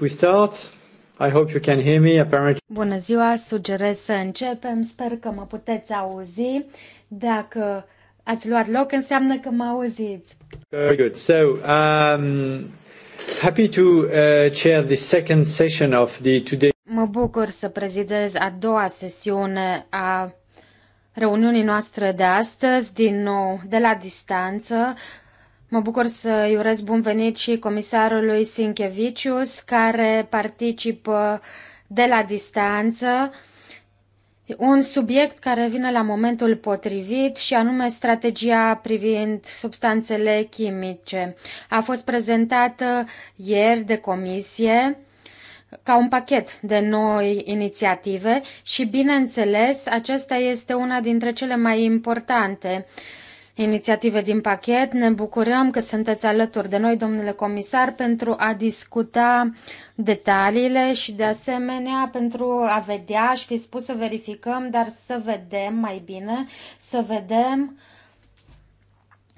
we start. I hope you can hear me, apparently. Bună ziua, sugerez să începem. Sper că mă puteți auzi. Dacă ați luat loc, înseamnă că mă auziți. Very good. So, um, happy to uh, chair the second session of the today. Mă bucur să prezidez a doua sesiune a reuniunii noastre de astăzi, din nou de la distanță, Mă bucur să îi urez bun venit și comisarului Sinchevicius, care participă de la distanță. Un subiect care vine la momentul potrivit și anume strategia privind substanțele chimice. A fost prezentată ieri de comisie ca un pachet de noi inițiative și, bineînțeles, aceasta este una dintre cele mai importante uh, inițiative din pachet. Ne bucurăm că sunteți alături de noi, domnule comisar, pentru a discuta detaliile și, de asemenea, pentru a vedea și fi spus să verificăm, dar să vedem mai bine, să vedem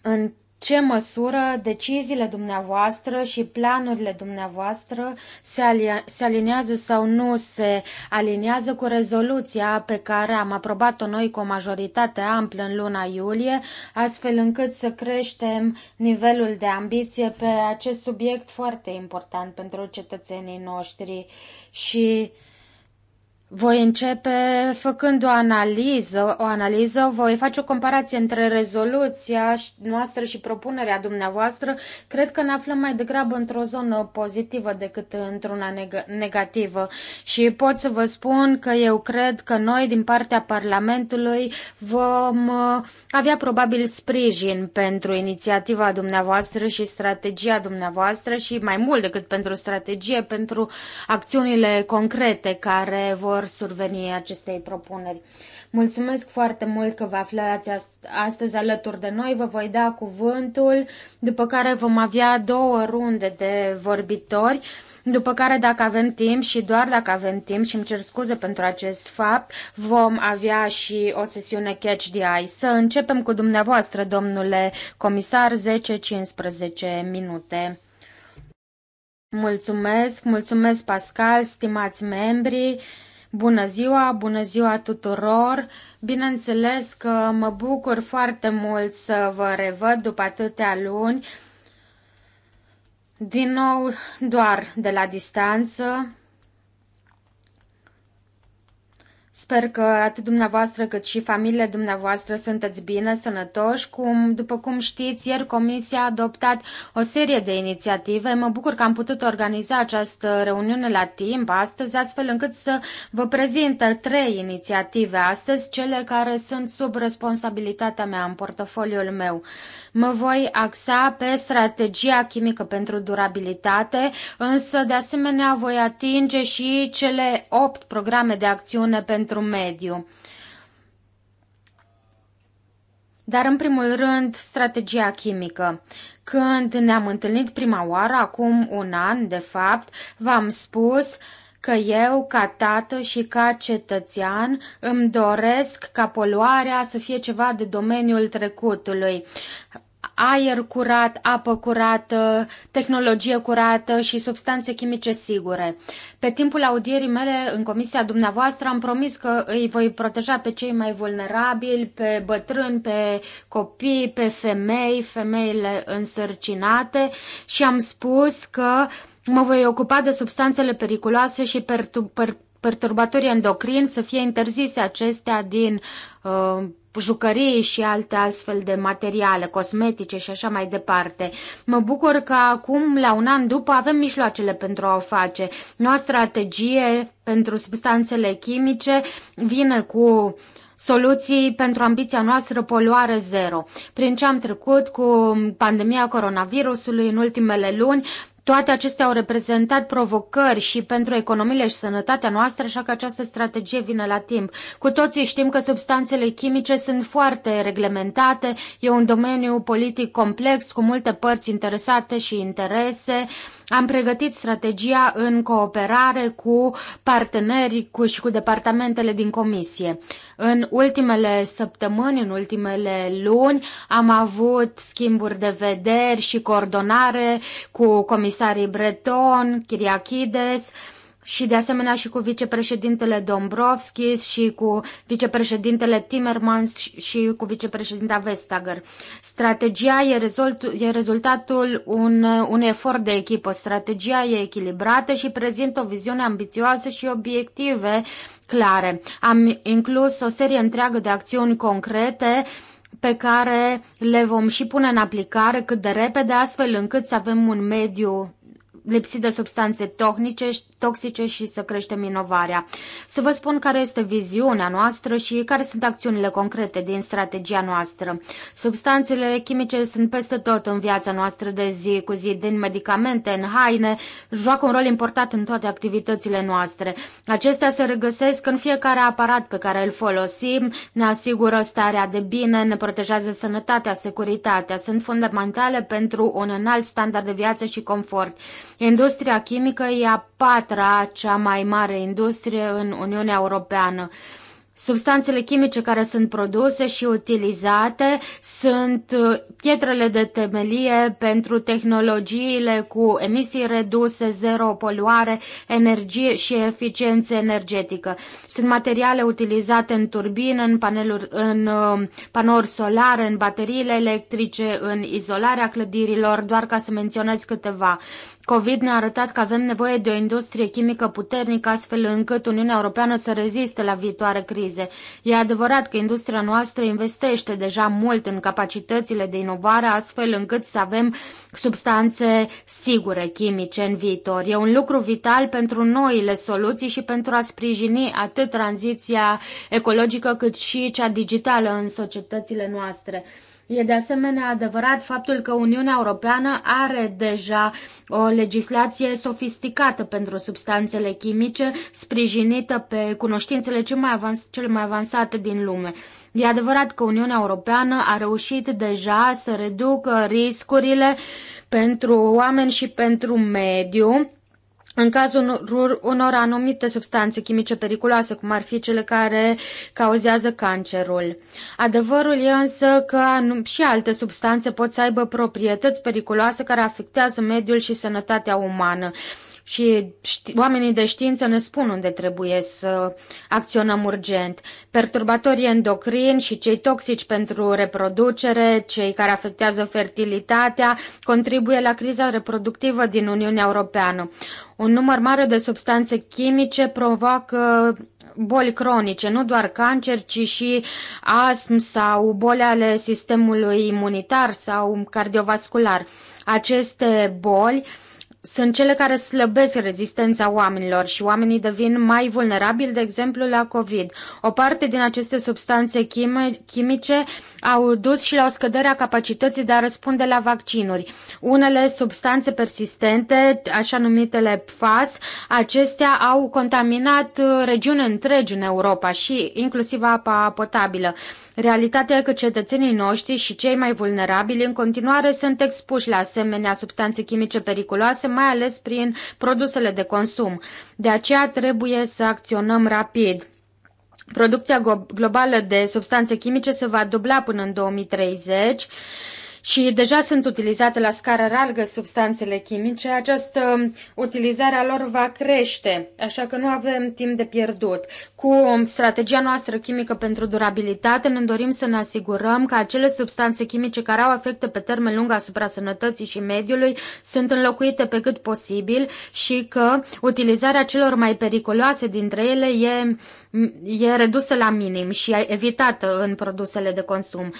în ce măsură deciziile dumneavoastră și planurile dumneavoastră se, alia- se alinează sau nu se alinează cu rezoluția pe care am aprobat-o noi cu o majoritate amplă în luna iulie, astfel încât să creștem nivelul de ambiție pe acest subiect foarte important pentru cetățenii noștri și voi începe făcând o analiză, o analiză, voi face o comparație între rezoluția noastră și propunerea dumneavoastră. Cred că ne aflăm mai degrabă într-o zonă pozitivă decât într-una neg- negativă. Și pot să vă spun că eu cred că noi, din partea Parlamentului, vom uh, avea probabil sprijin pentru inițiativa dumneavoastră și strategia dumneavoastră și mai mult decât pentru strategie, pentru acțiunile concrete care vor vor surveni acestei propuneri. Mulțumesc foarte mult că vă aflați astăzi alături de noi. Vă voi da cuvântul, după care vom avea două runde de vorbitori. După care, dacă avem timp și doar dacă avem timp, și îmi cer scuze pentru acest fapt, vom avea și o sesiune Catch the Eye. Să începem cu dumneavoastră, domnule comisar, 10-15 minute. Mulțumesc, mulțumesc Pascal, stimați membri. Bună ziua, bună ziua tuturor! Bineînțeles că mă bucur foarte mult să vă revăd după atâtea luni, din nou doar de la distanță, Sper că atât dumneavoastră cât și familiile dumneavoastră sunteți bine, sănătoși. Cum, după cum știți, ieri Comisia a adoptat o serie de inițiative. Mă bucur că am putut organiza această reuniune la timp astăzi, astfel încât să vă prezint trei inițiative astăzi, cele care sunt sub responsabilitatea mea în portofoliul meu. Mă voi axa pe strategia chimică pentru durabilitate, însă de asemenea voi atinge și cele opt programe de acțiune pentru mediu. Dar în primul rând, strategia chimică. Când ne-am întâlnit prima oară, acum un an de fapt, v-am spus uh, că eu, ca tată și ca cetățean, îmi doresc ca poluarea să fie ceva de domeniul trecutului aer curat, apă curată, tehnologie curată și substanțe chimice sigure. Pe timpul audierii mele în comisia dumneavoastră am promis că îi voi proteja pe cei mai vulnerabili, pe bătrâni, pe copii, pe femei, femeile însărcinate și am spus că uh, Mă voi ocupa de substanțele periculoase și perturbatorii endocrini, să fie interzise acestea din uh, jucării și alte astfel de materiale, cosmetice și așa mai departe. Mă bucur că acum, la un an după, avem mijloacele pentru a o face. Noua strategie pentru substanțele chimice vine cu soluții pentru ambiția noastră poluare zero. Prin ce am trecut cu pandemia coronavirusului în ultimele luni, toate acestea au reprezentat provocări și pentru economiile și sănătatea noastră, așa că această strategie vine la timp. Cu toții știm că substanțele chimice sunt foarte reglementate, e un domeniu politic complex cu multe părți interesate și interese. Am pregătit strategia în cooperare cu partenerii cu și cu departamentele din comisie. În ultimele săptămâni, în ultimele luni, am avut schimburi de vederi și coordonare cu comisia comisarii Breton, Chiriachides și de asemenea și cu vicepreședintele Dombrovskis și cu vicepreședintele Timmermans și cu vicepreședinta Vestager. Strategia e, rezult, e rezultatul un, un efort de echipă. Strategia e echilibrată și prezintă o viziune ambițioasă și obiective clare. Am inclus o serie întreagă de acțiuni concrete uh, pe care le vom și pune în aplicare cât de repede, astfel încât să avem un mediu lipsi de substanțe tohnice, toxice și să creștem inovarea. Să vă spun care este viziunea noastră și care sunt acțiunile concrete din strategia noastră. Substanțele chimice sunt peste tot în viața noastră de zi cu zi, din medicamente, în haine, joacă un rol important în toate activitățile noastre. Acestea se regăsesc în fiecare aparat pe care îl folosim, ne asigură starea de bine, ne protejează sănătatea, securitatea, sunt fundamentale pentru un înalt standard de viață și confort. Industria chimică e a patra cea mai mare industrie în Uniunea Europeană. Substanțele chimice care sunt produse și utilizate sunt uh, pietrele de temelie pentru tehnologiile cu emisii reduse, zero poluare, energie și eficiență energetică. Sunt materiale utilizate în turbine, în, paneluri, în uh, panouri solare, în bateriile electrice, în izolarea clădirilor, doar ca să menționez câteva. COVID ne-a arătat că avem nevoie de o industrie chimică puternică, astfel încât Uniunea Europeană să reziste la viitoare crize. E adevărat că industria noastră investește deja mult în capacitățile de inovare, astfel încât să avem substanțe sigure chimice în viitor. E un lucru vital pentru noile soluții și pentru a sprijini atât tranziția ecologică cât și cea digitală în societățile noastre. E de asemenea adevărat faptul că Uniunea Europeană are deja o legislație sofisticată pentru substanțele chimice, sprijinită pe cunoștințele cele mai, avans- cele mai avansate din lume. E adevărat că Uniunea Europeană a reușit deja să reducă riscurile pentru oameni și pentru mediu în cazul unor anumite substanțe chimice periculoase, cum ar fi cele care cauzează cancerul. Adevărul e însă că și alte substanțe pot să aibă proprietăți periculoase care afectează mediul și sănătatea umană și oamenii de știință ne spun unde trebuie să acționăm urgent. Perturbatorii endocrini și cei toxici pentru reproducere, cei care afectează fertilitatea, contribuie la criza reproductivă din Uniunea Europeană. Un număr mare de substanțe chimice provoacă boli cronice, nu doar cancer, ci și astm sau boli ale sistemului imunitar sau cardiovascular. Aceste boli uh, sunt cele care slăbesc rezistența oamenilor și oamenii devin mai vulnerabili, de exemplu, la COVID. O parte din aceste substanțe chimice au dus și la o scădere a capacității de a răspunde la vaccinuri. Unele substanțe persistente, așa numitele PFAS, acestea au contaminat uh, regiuni întregi în Europa și inclusiv apa potabilă. Realitatea este că cetățenii noștri și cei mai vulnerabili în continuare sunt expuși la asemenea substanțe chimice periculoase, mai ales prin produsele de consum. De aceea trebuie să acționăm rapid. Producția globală de substanțe chimice se va dubla până în 2030 și deja sunt utilizate la scară largă substanțele chimice, această um, utilizare a lor va crește, așa că nu avem timp de pierdut. Cu um, strategia noastră chimică pentru durabilitate ne dorim să ne asigurăm că acele substanțe chimice care au efecte pe termen lung asupra sănătății și mediului sunt înlocuite pe cât posibil și că utilizarea celor mai periculoase dintre ele e, e redusă la minim și evitată în produsele de consum.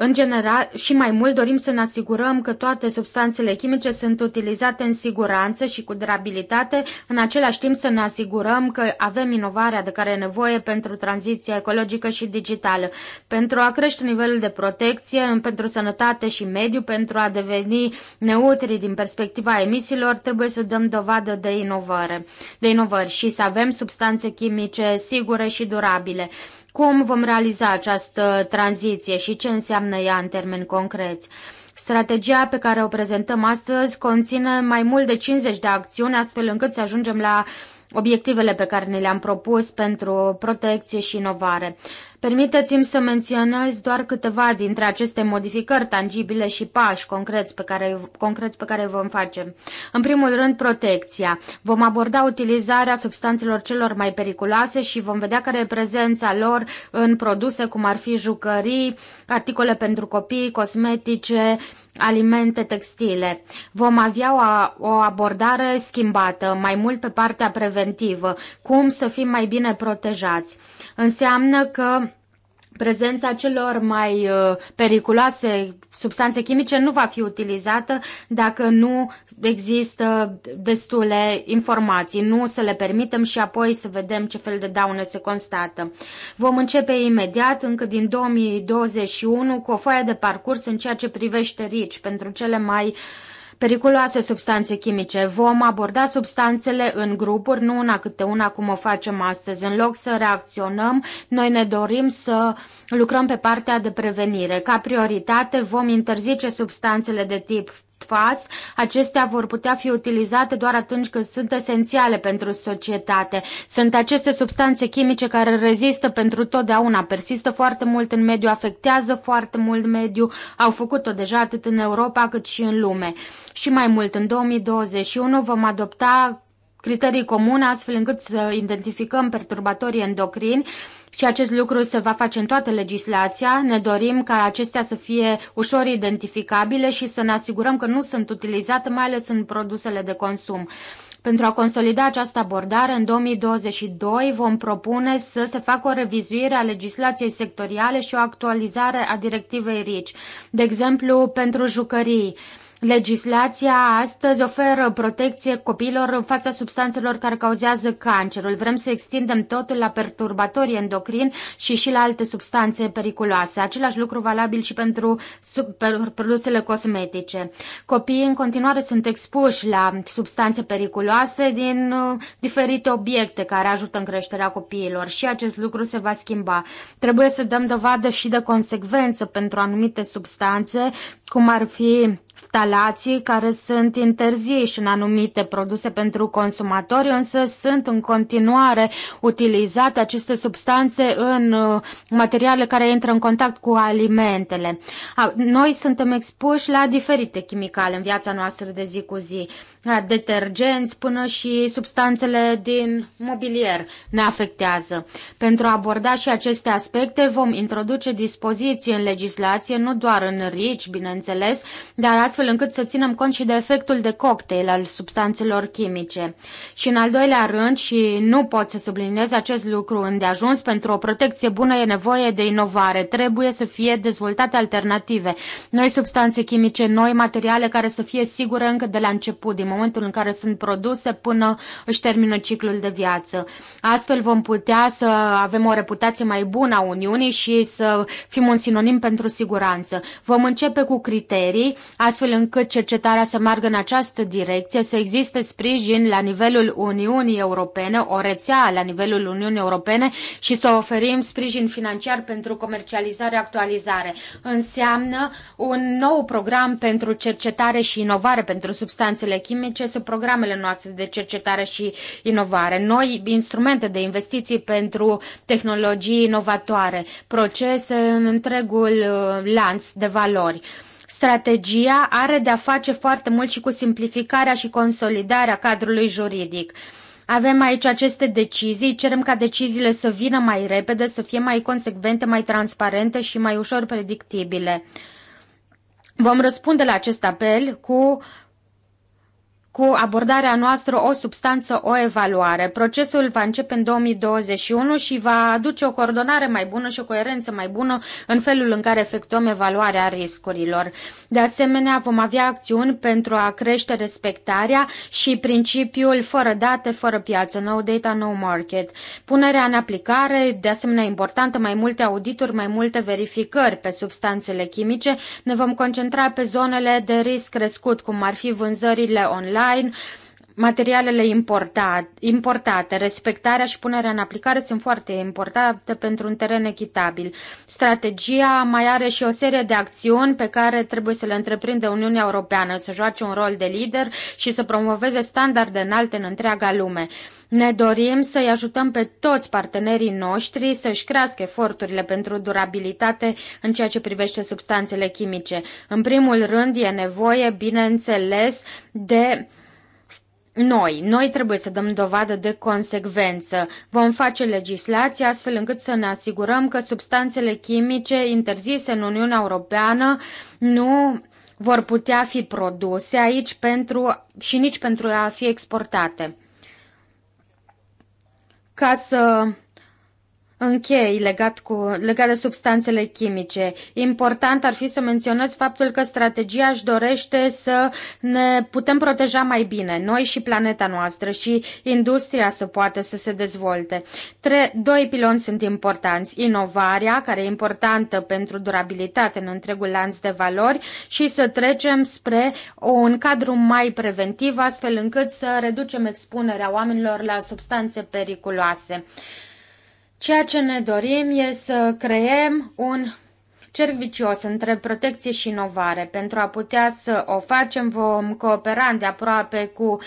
În general, și mai mult dorim să ne asigurăm că toate substanțele chimice sunt utilizate în siguranță și cu durabilitate, în același timp să ne asigurăm că avem inovarea de care e nevoie pentru tranziția ecologică și digitală, pentru a crește nivelul de protecție, pentru sănătate și mediu, pentru a deveni neutri din perspectiva emisiilor, trebuie să dăm dovadă de inovare, de inovări și să avem substanțe chimice sigure și durabile cum vom realiza această tranziție și ce înseamnă ea în termeni concreți. Strategia pe care o prezentăm astăzi conține mai mult de 50 de acțiuni, astfel încât să ajungem la obiectivele pe care ne le-am propus pentru protecție și inovare. Permiteți-mi să menționez doar câteva dintre aceste modificări tangibile și pași concreți pe care, concreți pe care vom face. În primul rând, protecția. Vom aborda utilizarea substanțelor celor mai periculoase și vom vedea care e prezența lor în produse, cum ar fi jucării, articole pentru copii, cosmetice, alimente textile. Vom avea o, o abordare schimbată, mai mult pe partea preventivă, cum să fim mai bine protejați. Înseamnă că prezența celor mai uh, periculoase substanțe chimice nu va fi utilizată dacă nu există destule informații. Nu să le permitem și apoi să vedem ce fel de daune se constată. Vom începe imediat, încă din 2021, cu o foaie de parcurs în ceea ce privește RICI pentru cele mai uh, periculoase substanțe chimice. Vom aborda substanțele în grupuri, nu una câte una cum o facem astăzi. În loc să reacționăm, noi ne dorim să lucrăm pe partea de prevenire. Ca prioritate vom interzice substanțele de tip pas, acestea vor putea fi utilizate doar atunci când sunt esențiale pentru societate. Sunt aceste substanțe chimice care rezistă pentru totdeauna, persistă foarte mult în mediu, afectează foarte mult mediu, au făcut-o deja atât în Europa cât și în lume. Și mai mult, în 2021 vom adopta criterii comune astfel încât să identificăm perturbatorii endocrini și acest lucru se va face în toată legislația. Ne dorim ca acestea să fie ușor identificabile și să ne asigurăm că nu sunt utilizate, mai ales în produsele de consum. Pentru a consolida această abordare, în 2022 vom propune să se facă o revizuire a legislației sectoriale și o actualizare a directivei RICI, de exemplu pentru jucării. Legislația astăzi oferă protecție copiilor în fața substanțelor care cauzează cancerul. Vrem să extindem totul la perturbatorii endocrini și și la alte substanțe periculoase. Același lucru valabil și pentru produsele cosmetice. Copiii în continuare sunt expuși la substanțe periculoase din uh, diferite obiecte care ajută în creșterea copiilor și acest lucru se va schimba. Trebuie să dăm dovadă și de consecvență pentru anumite substanțe, cum ar fi instalații care sunt interziși în anumite produse pentru consumatori, însă sunt în continuare utilizate aceste substanțe în uh, materiale care intră în contact cu alimentele. Noi suntem expuși la diferite chimicale în viața noastră de zi cu zi detergenți până și substanțele din mobilier ne afectează. Pentru a aborda și aceste aspecte vom introduce dispoziții în legislație, nu doar în RICI, bineînțeles, dar astfel încât să ținem cont și de efectul de cocktail al substanțelor chimice. Și în al doilea rând, și nu pot să subliniez acest lucru îndeajuns, pentru o protecție bună e nevoie de inovare, trebuie să fie dezvoltate alternative, noi substanțe chimice, noi materiale care să fie sigure încă de la început, din momentul în care sunt produse până își termină ciclul de viață. Astfel vom putea să avem o reputație mai bună a Uniunii și să fim un sinonim pentru siguranță. Vom începe cu criterii, astfel încât cercetarea să meargă în această direcție, să existe sprijin la nivelul Uniunii Europene, o rețea la nivelul Uniunii Europene și să oferim sprijin financiar pentru comercializare actualizare. Înseamnă un nou program pentru cercetare și inovare pentru substanțele chimice chimice programele noastre de cercetare și inovare, noi instrumente de investiții pentru tehnologii inovatoare, procese în întregul uh, lanț de valori. Strategia are de-a face foarte mult și cu simplificarea și consolidarea cadrului juridic. Avem aici aceste decizii, cerem ca deciziile să vină mai repede, să fie mai consecvente, mai transparente și mai ușor predictibile. Vom răspunde la acest apel cu cu abordarea noastră o substanță, o evaluare. Procesul va începe în 2021 și va aduce o coordonare mai bună și o coerență mai bună în felul în care efectuăm evaluarea riscurilor. De asemenea, vom avea acțiuni pentru a crește respectarea și principiul fără date, fără piață, no data, no market. Punerea în aplicare, de asemenea importantă, mai multe audituri, mai multe verificări pe substanțele chimice. Ne vom concentra pe zonele de risc crescut, cum ar fi vânzările online, online, materialele importat, importate, respectarea și punerea în aplicare sunt foarte importante pentru un teren echitabil. Strategia mai are și o serie de acțiuni pe care trebuie să le întreprindă Uniunea Europeană, să joace un rol de lider și să promoveze standarde înalte în întreaga lume. Ne dorim să-i ajutăm pe toți partenerii noștri să-și crească eforturile pentru durabilitate în ceea ce privește substanțele chimice. În primul rând e nevoie, bineînțeles, de noi, noi trebuie să dăm dovadă de consecvență. Vom face legislație astfel încât să ne asigurăm că substanțele chimice interzise în Uniunea Europeană nu vor putea fi produse aici pentru, și nici pentru a fi exportate ca să Închei legat, cu, legat de substanțele chimice. Important ar fi să menționez faptul că strategia își dorește să ne putem proteja mai bine, noi și planeta noastră și industria să poată să se dezvolte. Tre, doi piloni sunt importanți. Inovarea, care e importantă pentru durabilitate în întregul lanț de valori și să trecem spre un cadru mai preventiv, astfel încât să reducem expunerea oamenilor la substanțe periculoase. Ceea ce ne dorim e să creem un cerc vicios între protecție și inovare. Pentru a putea să o facem, vom coopera de aproape cu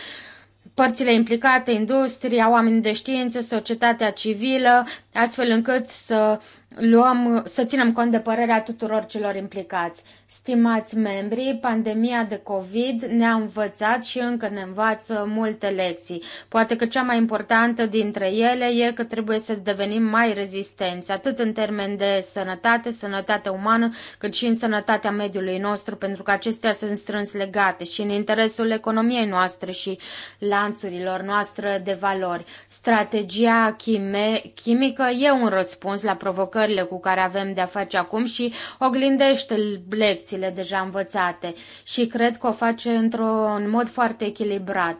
părțile implicate, industria, oamenii de știință, societatea civilă, astfel încât să luăm, să ținem cont de părerea tuturor celor implicați. Stimați membri, pandemia de COVID ne-a învățat și încă ne învață multe lecții. Poate că cea mai importantă dintre ele e că trebuie să devenim mai rezistenți, atât în termen de sănătate, sănătate umană, cât și în sănătatea mediului nostru, pentru că acestea sunt strâns legate și în interesul economiei noastre și lanțurilor noastre de valori. Strategia chime- chimică e un răspuns la provocări provocările cu care avem de-a face acum și oglindește lecțiile deja învățate și cred că o face într-un mod foarte echilibrat.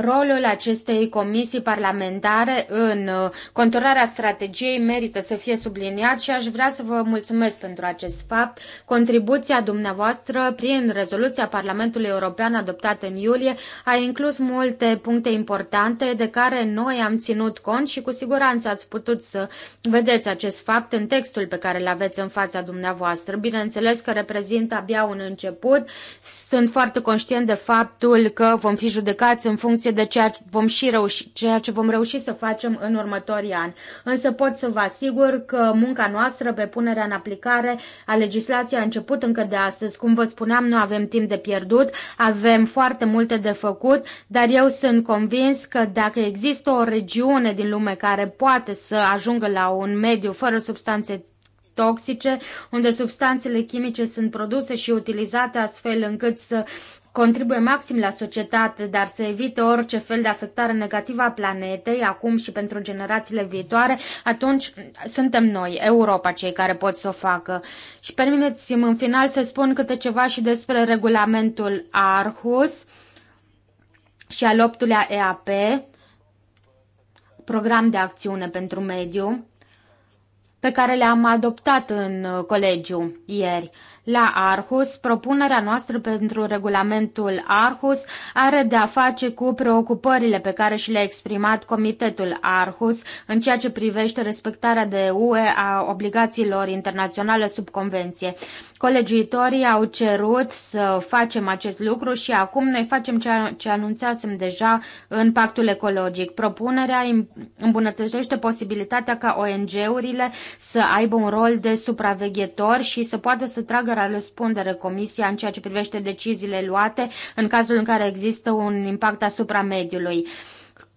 Rolul acestei comisii parlamentare în uh, conturarea strategiei merită să fie subliniat și aș vrea să vă mulțumesc pentru acest fapt. Contribuția dumneavoastră prin rezoluția Parlamentului European adoptată în iulie a inclus multe puncte importante de care noi am ținut cont și cu siguranță ați putut să vedeți acest fapt în textul pe care îl aveți în fața dumneavoastră. Bineînțeles că reprezintă abia un început. Sunt foarte conștient de faptul că vom fi judecați în funcție funcție de ceea ce vom, și reuși, ceea ce vom reuși să facem în următorii ani. Însă pot să vă asigur că munca noastră pe punerea în aplicare a legislației a început încă de astăzi. Cum vă spuneam, nu avem timp de pierdut, avem foarte multe de făcut, dar eu sunt convins că dacă există o regiune din lume care poate să ajungă la un mediu fără substanțe toxice, unde substanțele chimice sunt produse și utilizate astfel încât să contribuie maxim la societate, dar să evite orice fel de afectare negativă a planetei, acum și pentru generațiile viitoare, atunci suntem noi, Europa, cei care pot să o facă. Și permiteți-mi în final să spun câte ceva și despre regulamentul Arhus și al optulea EAP, program de acțiune pentru mediu, pe care le-am adoptat în colegiu ieri la Arhus, propunerea noastră pentru regulamentul Arhus are de a face cu preocupările pe care și le-a exprimat Comitetul Arhus în ceea ce privește respectarea de UE a obligațiilor internaționale sub convenție. Colegiuitorii au cerut să facem acest lucru și acum noi facem ceea ce anunțasem deja în pactul ecologic. Propunerea îmbunătățește posibilitatea ca ONG-urile să aibă un rol de supraveghetor și să poată să tragă a răspundere Comisia în ceea ce privește deciziile luate în cazul în care există un impact asupra mediului.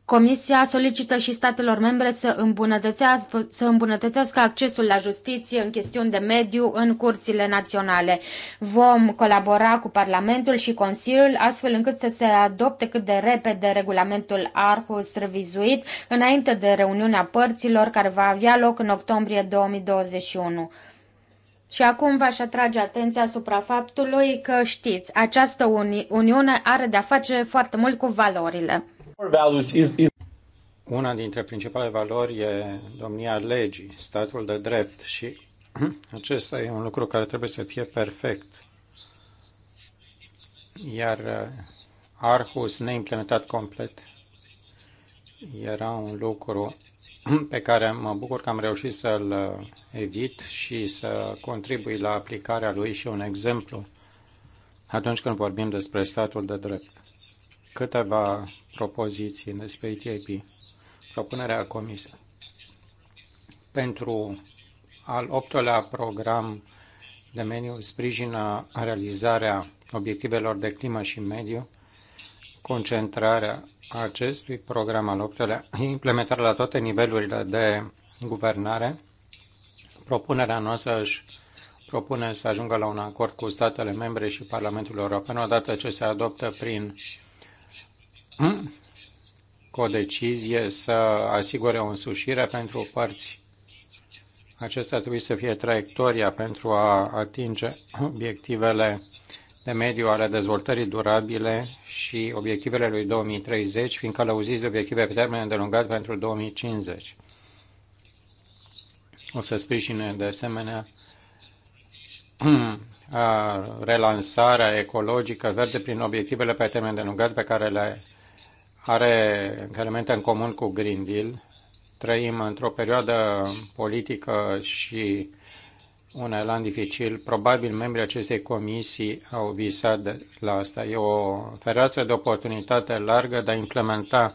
Comisia solicită și statelor membre să îmbunătățească, să îmbunătățească accesul la justiție în chestiuni de mediu în curțile naționale. Vom colabora cu Parlamentul și Consiliul astfel încât să se adopte cât de repede regulamentul Arhus revizuit înainte de reuniunea părților care va avea loc în octombrie 2021. Și acum v-aș atrage atenția asupra faptului că știți, această uni- Uniune are de-a face foarte mult cu valorile. Una dintre principalele valori e domnia legii, statul de drept și acesta e un lucru care trebuie să fie perfect. Iar uh, Arhus neimplementat complet era un lucru pe care mă bucur că am reușit să-l evit și să contribui la aplicarea lui și un exemplu atunci când vorbim despre statul de drept. Câteva propoziții despre ETIP. Propunerea comisă. Pentru al optulea program de mediu sprijină realizarea obiectivelor de climă și mediu, concentrarea acestui program al optelea, implementarea la toate nivelurile de guvernare, propunerea noastră își propune să ajungă la un acord cu statele membre și Parlamentul European odată ce se adoptă prin o decizie să asigure o însușire pentru părți. Acesta trebuie să fie traiectoria pentru a atinge obiectivele de mediu ale dezvoltării durabile și obiectivele lui 2030, fiind călăuziți de obiective pe termen îndelungat pentru 2050. O să sprijine de asemenea relansarea ecologică verde prin obiectivele pe termen îndelungat pe care le are elemente în comun cu Green Deal. Trăim într-o perioadă politică și uh, un elan dificil. Probabil membrii acestei comisii au visat de la asta. E o fereastră de oportunitate largă de a implementa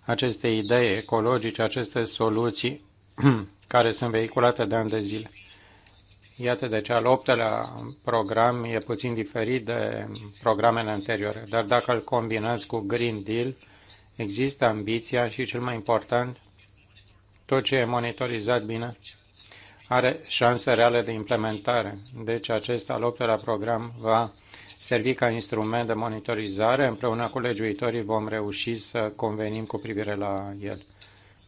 aceste idei ecologice, aceste soluții care sunt vehiculate de ani de zile. Iată de ce al optelea program e puțin diferit de programele anterioare, dar dacă îl combinați cu Green Deal, există ambiția și, cel mai important, tot ce e monitorizat bine are șanse reale de implementare. Deci acest al optelea program va servi ca instrument de monitorizare. Împreună cu legiuitorii vom reuși să convenim cu privire la el.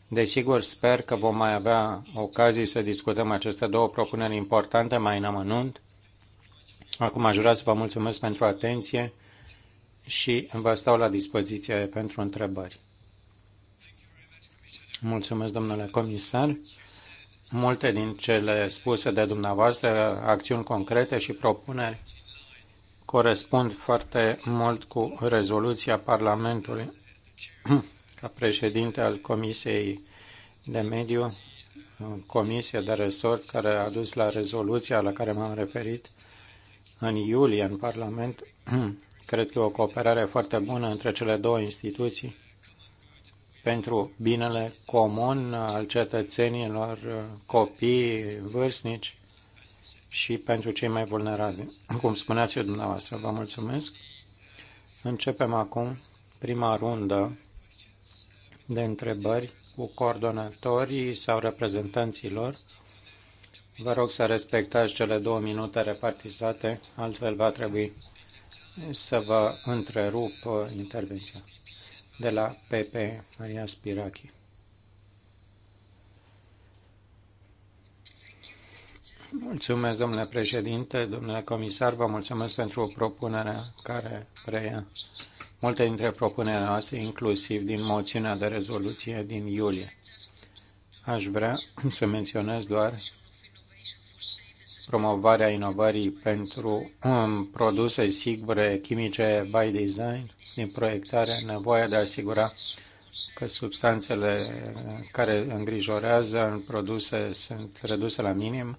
Desigur, sper că vom mai avea ocazii să discutăm aceste două propuneri importante mai în amănunt. Acum aș vrea să vă mulțumesc pentru atenție și vă stau la dispoziție pentru întrebări. Mulțumesc, domnule comisar multe din cele spuse de dumneavoastră, acțiuni concrete și propuneri, corespund foarte mult cu rezoluția Parlamentului. Ca președinte al Comisiei de Mediu, comisie de resort care a dus la rezoluția la care m-am referit în iulie în Parlament, cred că e o cooperare foarte bună între cele două instituții pentru binele comun al cetățenilor, copii, vârstnici și pentru cei mai vulnerabili. Cum spuneați eu dumneavoastră, vă mulțumesc. Începem acum prima rundă de întrebări cu coordonatorii sau reprezentanților. Vă rog să respectați cele două minute repartizate, altfel va trebui să vă întrerup intervenția de la PP, Maria Spirachi. Mulțumesc, domnule președinte, domnule comisar, vă mulțumesc pentru propunerea care preia multe dintre propunerea noastre, inclusiv din moțiunea de rezoluție din iulie. Aș vrea să menționez doar promovarea inovării pentru um, produse sigure chimice by design, din proiectare, nevoia de a asigura că substanțele care îngrijorează în produse sunt reduse la minim.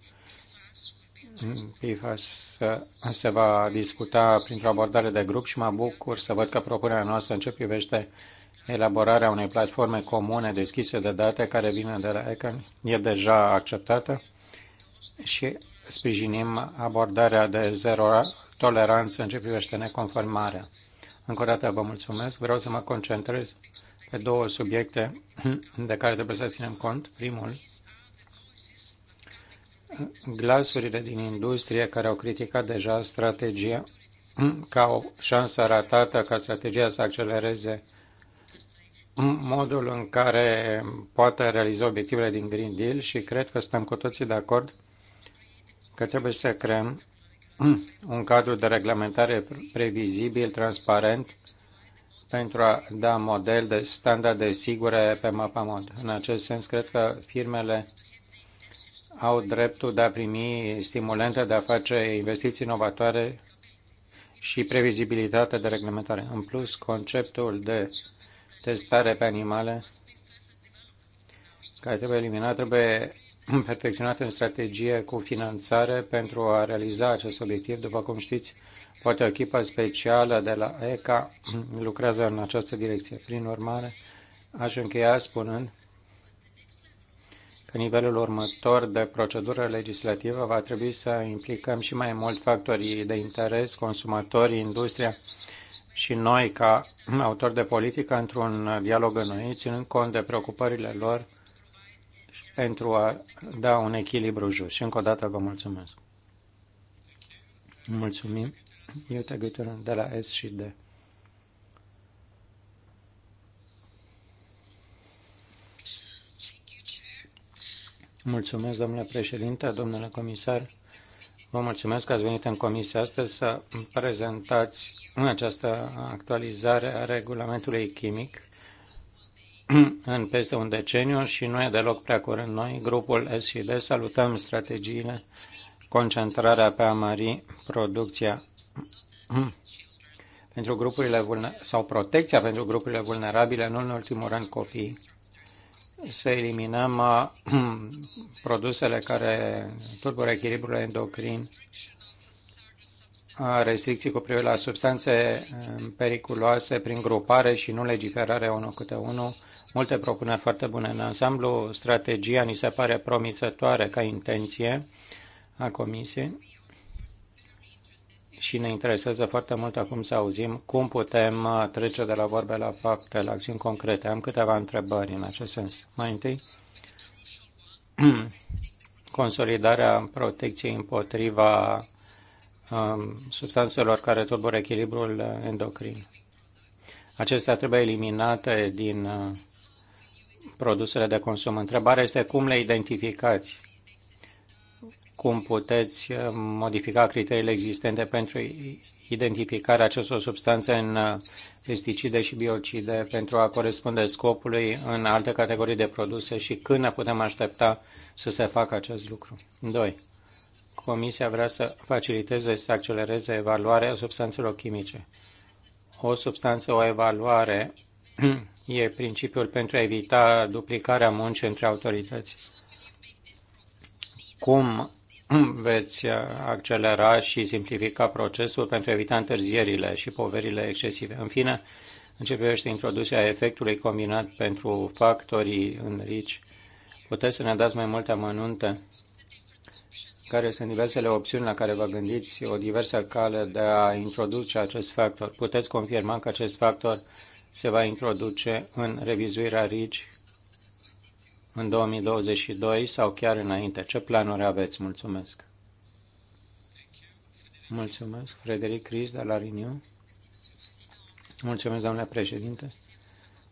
PFAS se va discuta printr-o abordare de grup și mă bucur să văd că propunerea noastră în ce privește elaborarea unei platforme comune deschise de date care vine de la ECAN e deja acceptată și sprijinim abordarea de zero toleranță în ce privește neconformarea. Încă o dată vă mulțumesc. Vreau să mă concentrez pe două subiecte de care trebuie să ținem cont. Primul, glasurile din industrie care au criticat deja strategia ca o șansă ratată ca strategia să accelereze modul în care poate realiza obiectivele din Green Deal și cred că suntem cu toții de acord că trebuie să creăm un cadru de reglementare previzibil, transparent, pentru a da model de standarde sigure pe mapamod. În acest sens, cred că firmele au dreptul de a primi stimulente de a face investiții inovatoare și previzibilitate de reglementare. În plus, conceptul de testare pe animale care trebuie eliminat trebuie perfecționat în strategie cu finanțare pentru a realiza acest obiectiv. După cum știți, poate o echipă specială de la ECA lucrează în această direcție. Prin urmare, aș încheia spunând că nivelul următor de procedură legislativă va trebui să implicăm și mai mult factorii de interes, consumatorii, industria și noi ca autori de politică într-un dialog înnoit, ținând cont de preocupările lor pentru a da un echilibru just. Și încă o dată vă mulțumesc. Mulțumim. Iute Gâtură de la S și D. Mulțumesc, domnule președinte, domnule comisar. Vă mulțumesc că ați venit în comisie astăzi să prezentați în această actualizare a regulamentului chimic în peste un deceniu și nu e deloc prea curând noi, grupul SID salutăm strategiile, concentrarea pe a mări producția pentru grupurile sau protecția pentru grupurile vulnerabile, nu în ultimul rând copiii, să eliminăm uh, produsele care tulbură echilibrul endocrin, uh, restricții cu privire la substanțe uh, periculoase prin grupare și nu legiferare unul câte unul, multe propuneri foarte bune. În ansamblu, strategia ni se pare promițătoare ca intenție a Comisiei și ne interesează foarte mult acum să auzim cum putem uh, trece de la vorbe la fapte, la acțiuni concrete. Am câteva întrebări în acest sens. Mai întâi, consolidarea protecției împotriva um, substanțelor care turbură echilibrul endocrin. Acestea trebuie eliminate din uh, produsele de consum. Întrebarea este cum le identificați, cum puteți uh, modifica criteriile existente pentru identificarea acestor substanțe în uh, pesticide și biocide pentru a corespunde scopului în alte categorii de produse și când ne putem aștepta să se facă acest lucru. 2. Comisia vrea să faciliteze și să accelereze evaluarea substanțelor chimice. O substanță, o evaluare e principiul pentru a evita duplicarea muncii între autorități. Cum veți accelera și simplifica procesul pentru a evita întârzierile și poverile excesive? În fine, în ce privește introducerea efectului combinat pentru factorii în RICI, puteți să ne dați mai multe amănunte? care sunt diversele opțiuni la care vă gândiți, o diversă cale de a introduce acest factor. Puteți confirma că acest factor se va introduce în revizuirea RIGI în 2022 sau chiar înainte. Ce planuri aveți? Mulțumesc! Mulțumesc, Frederic Cris de la Riniu. Mulțumesc, domnule președinte.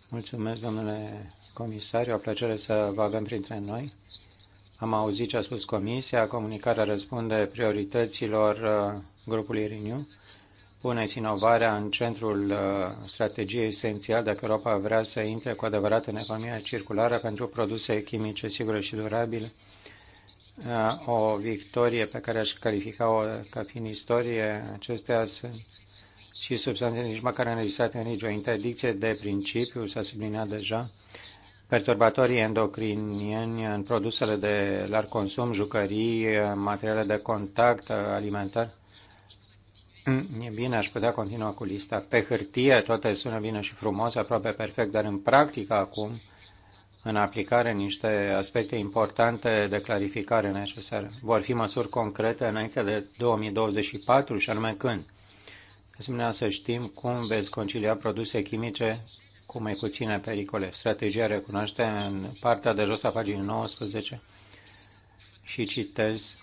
Mulțumesc, domnule comisar. E o plăcere să vă avem printre noi. Am auzit ce a spus Comisia. Comunicarea răspunde priorităților uh, grupului Riniu. Puneți inovarea în centrul uh, strategiei esențial dacă Europa vrea să intre cu adevărat în economia circulară pentru produse chimice sigure și durabile. Uh, o victorie pe care aș califica-o ca fiind istorie, acestea sunt și substanțe nici măcar înregistrate în nicio interdicție de principiu, s-a subliniat deja, perturbatorii endocrinieni în produsele de larg consum, jucării, uh, materiale de contact alimentar, Mm, e bine, aș putea continua cu lista. Pe hârtie toate sună bine și frumos, aproape perfect, dar în practică acum, în aplicare, niște aspecte importante de clarificare necesare. Vor fi măsuri concrete înainte de 2024 și anume când? asemenea, să știm cum veți concilia produse chimice cu mai puține pericole. Strategia recunoaște în partea de jos a paginii 19 și citez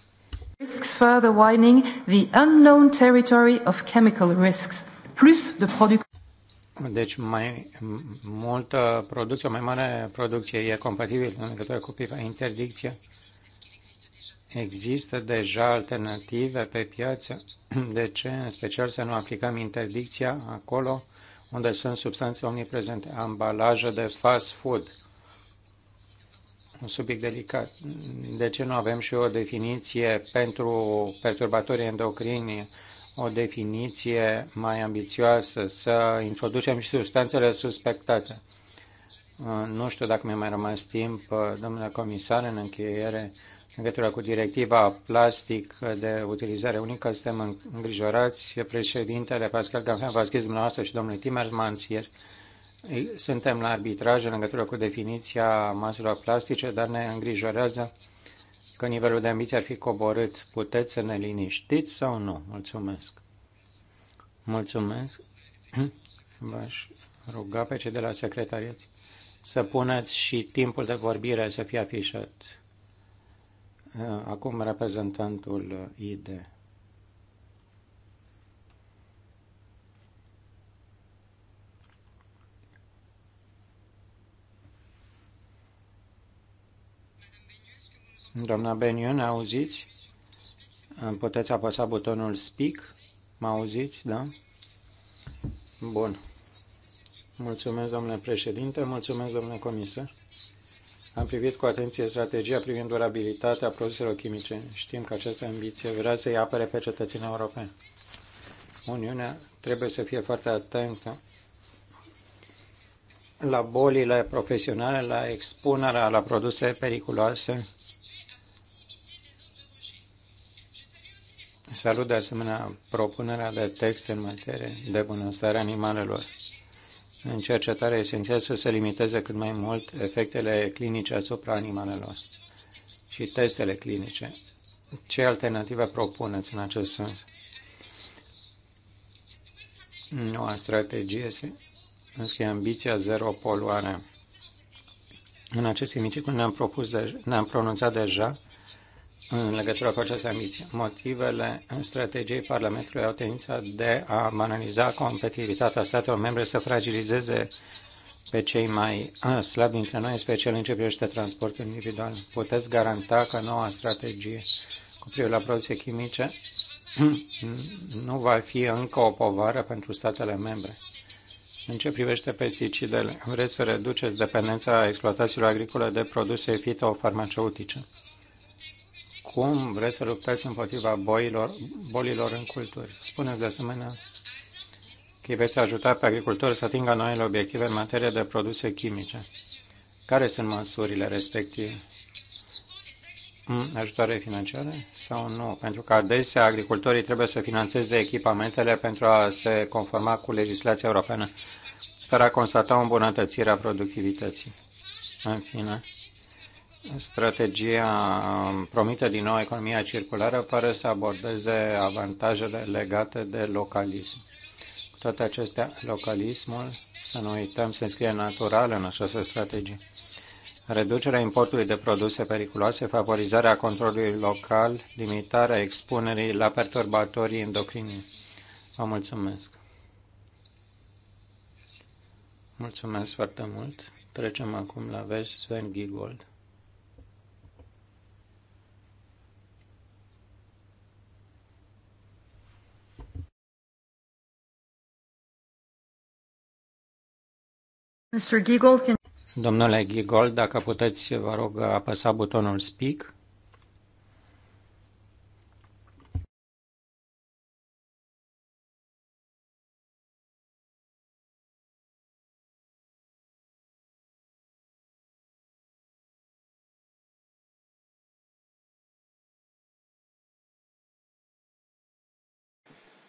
risks further widening the unknown territory of chemical risks, plus de production. Deci mai multă producție, mai mare producție e compatibil în legătură cu pipa interdicție. Există deja alternative pe piață, de ce în special să nu aplicăm interdicția acolo unde sunt substanțe omniprezente, ambalaje de fast food un subiect delicat. De ce nu avem și o definiție pentru perturbatorii endocrini, o definiție mai ambițioasă, să introducem și substanțele suspectate? Nu știu dacă mi-a mai rămas timp, domnule comisar, în încheiere, în legătură cu directiva plastic de utilizare unică, suntem îngrijorați. Președintele Pascal Canfean v-a scris dumneavoastră și domnul Timmermans ieri suntem la arbitraj în legătură cu definiția maselor plastice, dar ne îngrijorează că nivelul de ambiție ar fi coborât. Puteți să ne liniștiți sau nu? Mulțumesc. Mulțumesc. V-aș ruga pe cei de la secretariat să puneți și timpul de vorbire să fie afișat. Acum reprezentantul ID. Doamna Benion, auziți? Puteți apăsa butonul Speak? Mă auziți, da? Bun. Mulțumesc, domnule președinte, mulțumesc, domnule comisar. Am privit cu atenție strategia privind durabilitatea produselor chimice. Știm că această ambiție vrea să-i apere pe cetățenii europeni. Uniunea trebuie să fie foarte atentă la bolile profesionale, la expunerea la produse periculoase Salut de asemenea propunerea de text în materie de bunăstare animalelor. În cercetare esențial să se limiteze cât mai mult efectele clinice asupra animalelor și testele clinice. Ce alternative propuneți în acest sens? Noua strategie se înscrie ambiția zero poluare. În acest emiciclu ne-am propus, de, ne-am pronunțat deja în legătură cu această ambiție. Motivele strategiei Parlamentului au tendința de a banaliza competitivitatea statelor membre să fragilizeze pe cei mai slabi dintre noi, în special în ce privește transportul individual. Puteți garanta că noua strategie cu privire la producție chimice nu va fi încă o povară pentru statele membre. În ce privește pesticidele, vreți să reduceți dependența exploatațiilor agricole de produse fitofarmaceutice cum vreți să luptați împotriva boilor, bolilor în culturi. Spuneți de asemenea că veți ajuta pe agricultori să atingă noile obiective în materie de produse chimice. Care sunt măsurile respective? Mm, ajutoare financiare sau nu? Pentru că adesea agricultorii trebuie să financeze echipamentele pentru a se conforma cu legislația europeană, fără a constata o îmbunătățire a productivității. În fine, strategia um, promită din nou economia circulară fără să abordeze avantajele legate de localism. Cu toate acestea, localismul, să nu uităm, se înscrie natural în această strategie. Reducerea importului de produse periculoase, favorizarea controlului local, limitarea expunerii la perturbatorii endocrini. Vă mulțumesc! Mulțumesc foarte mult! Trecem acum la vers Sven Giegold. Mr. Giegold, can... Domnule Gigol, dacă puteți, vă rog, apăsa butonul Speak.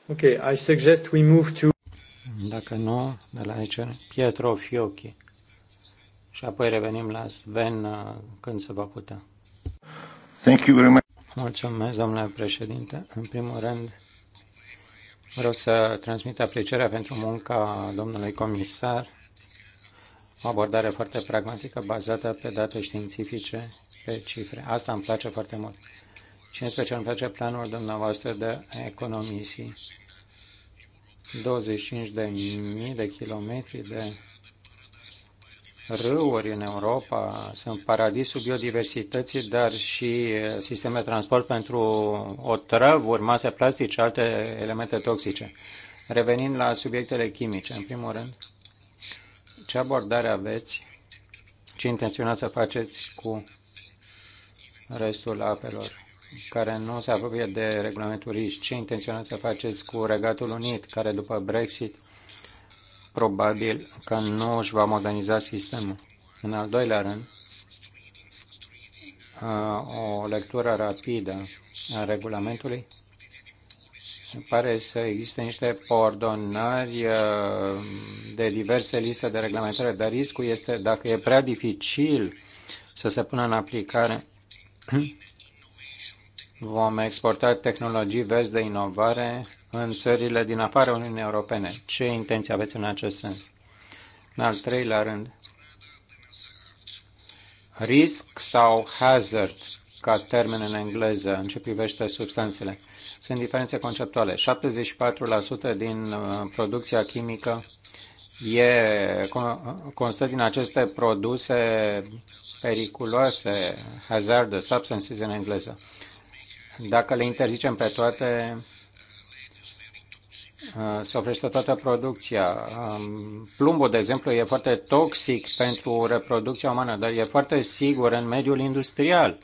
Okay, I suggest we move to dacă nu, de la aici, Pietro Fiocchi. Și apoi revenim la Sven uh, când se va putea. Thank you very much. Mulțumesc, domnule președinte. În primul rând, vreau să transmit aprecierea pentru munca domnului comisar, o abordare foarte pragmatică bazată pe date științifice, pe cifre. Asta îmi place foarte mult. Și în special îmi place planul dumneavoastră de economisii 25 de mii de kilometri de râuri în Europa sunt paradisul biodiversității, dar și sisteme de transport pentru otrăvuri, mase plastice, alte elemente toxice. Revenind la subiectele chimice, în primul rând, ce abordare aveți, ce intenționați să faceți cu restul apelor? care nu se apropie de regulamentul RIS. Ce intenționați să faceți cu Regatul Unit, care după Brexit probabil că nu își va moderniza sistemul? În al doilea rând, uh, o lectură rapidă a regulamentului. Pare să existe niște coordonări uh, de diverse liste de reglementare, dar riscul este dacă e prea dificil să se pună în aplicare vom exporta tehnologii verzi de inovare în țările din afara Uniunii Europene. Ce intenții aveți în acest sens? În al treilea rând, risc sau hazard ca termen în engleză în ce privește substanțele. Sunt diferențe conceptuale. 74% din uh, producția chimică e, constă din aceste produse periculoase, hazard substances în engleză. Dacă le interzicem pe toate, uh, se oprește toată producția. Um, plumbul, de exemplu, e foarte toxic pentru reproducția umană, dar e foarte sigur în mediul industrial.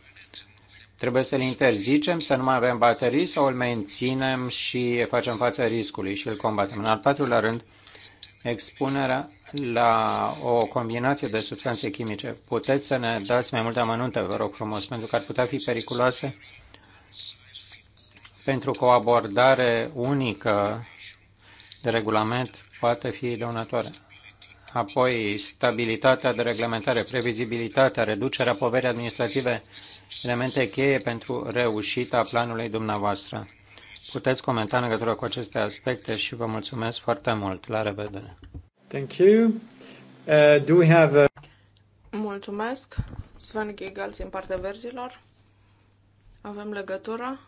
Trebuie să-l interzicem, să nu mai avem baterii sau îl menținem și facem față riscului și îl combatem. În al patrulea rând, expunerea la o combinație de substanțe chimice. Puteți să ne dați mai multe amănunte, vă rog frumos, pentru că ar putea fi periculoase pentru că o abordare unică de regulament poate fi dăunătoare. Apoi, stabilitatea de reglementare, previzibilitatea, reducerea poverii administrative, elemente cheie pentru reușita planului dumneavoastră. Puteți comenta în legătură cu aceste aspecte și vă mulțumesc foarte mult. La revedere! Thank you. Uh, do we have a... Mulțumesc. Sven Giegel din partea verzilor. Avem legătura.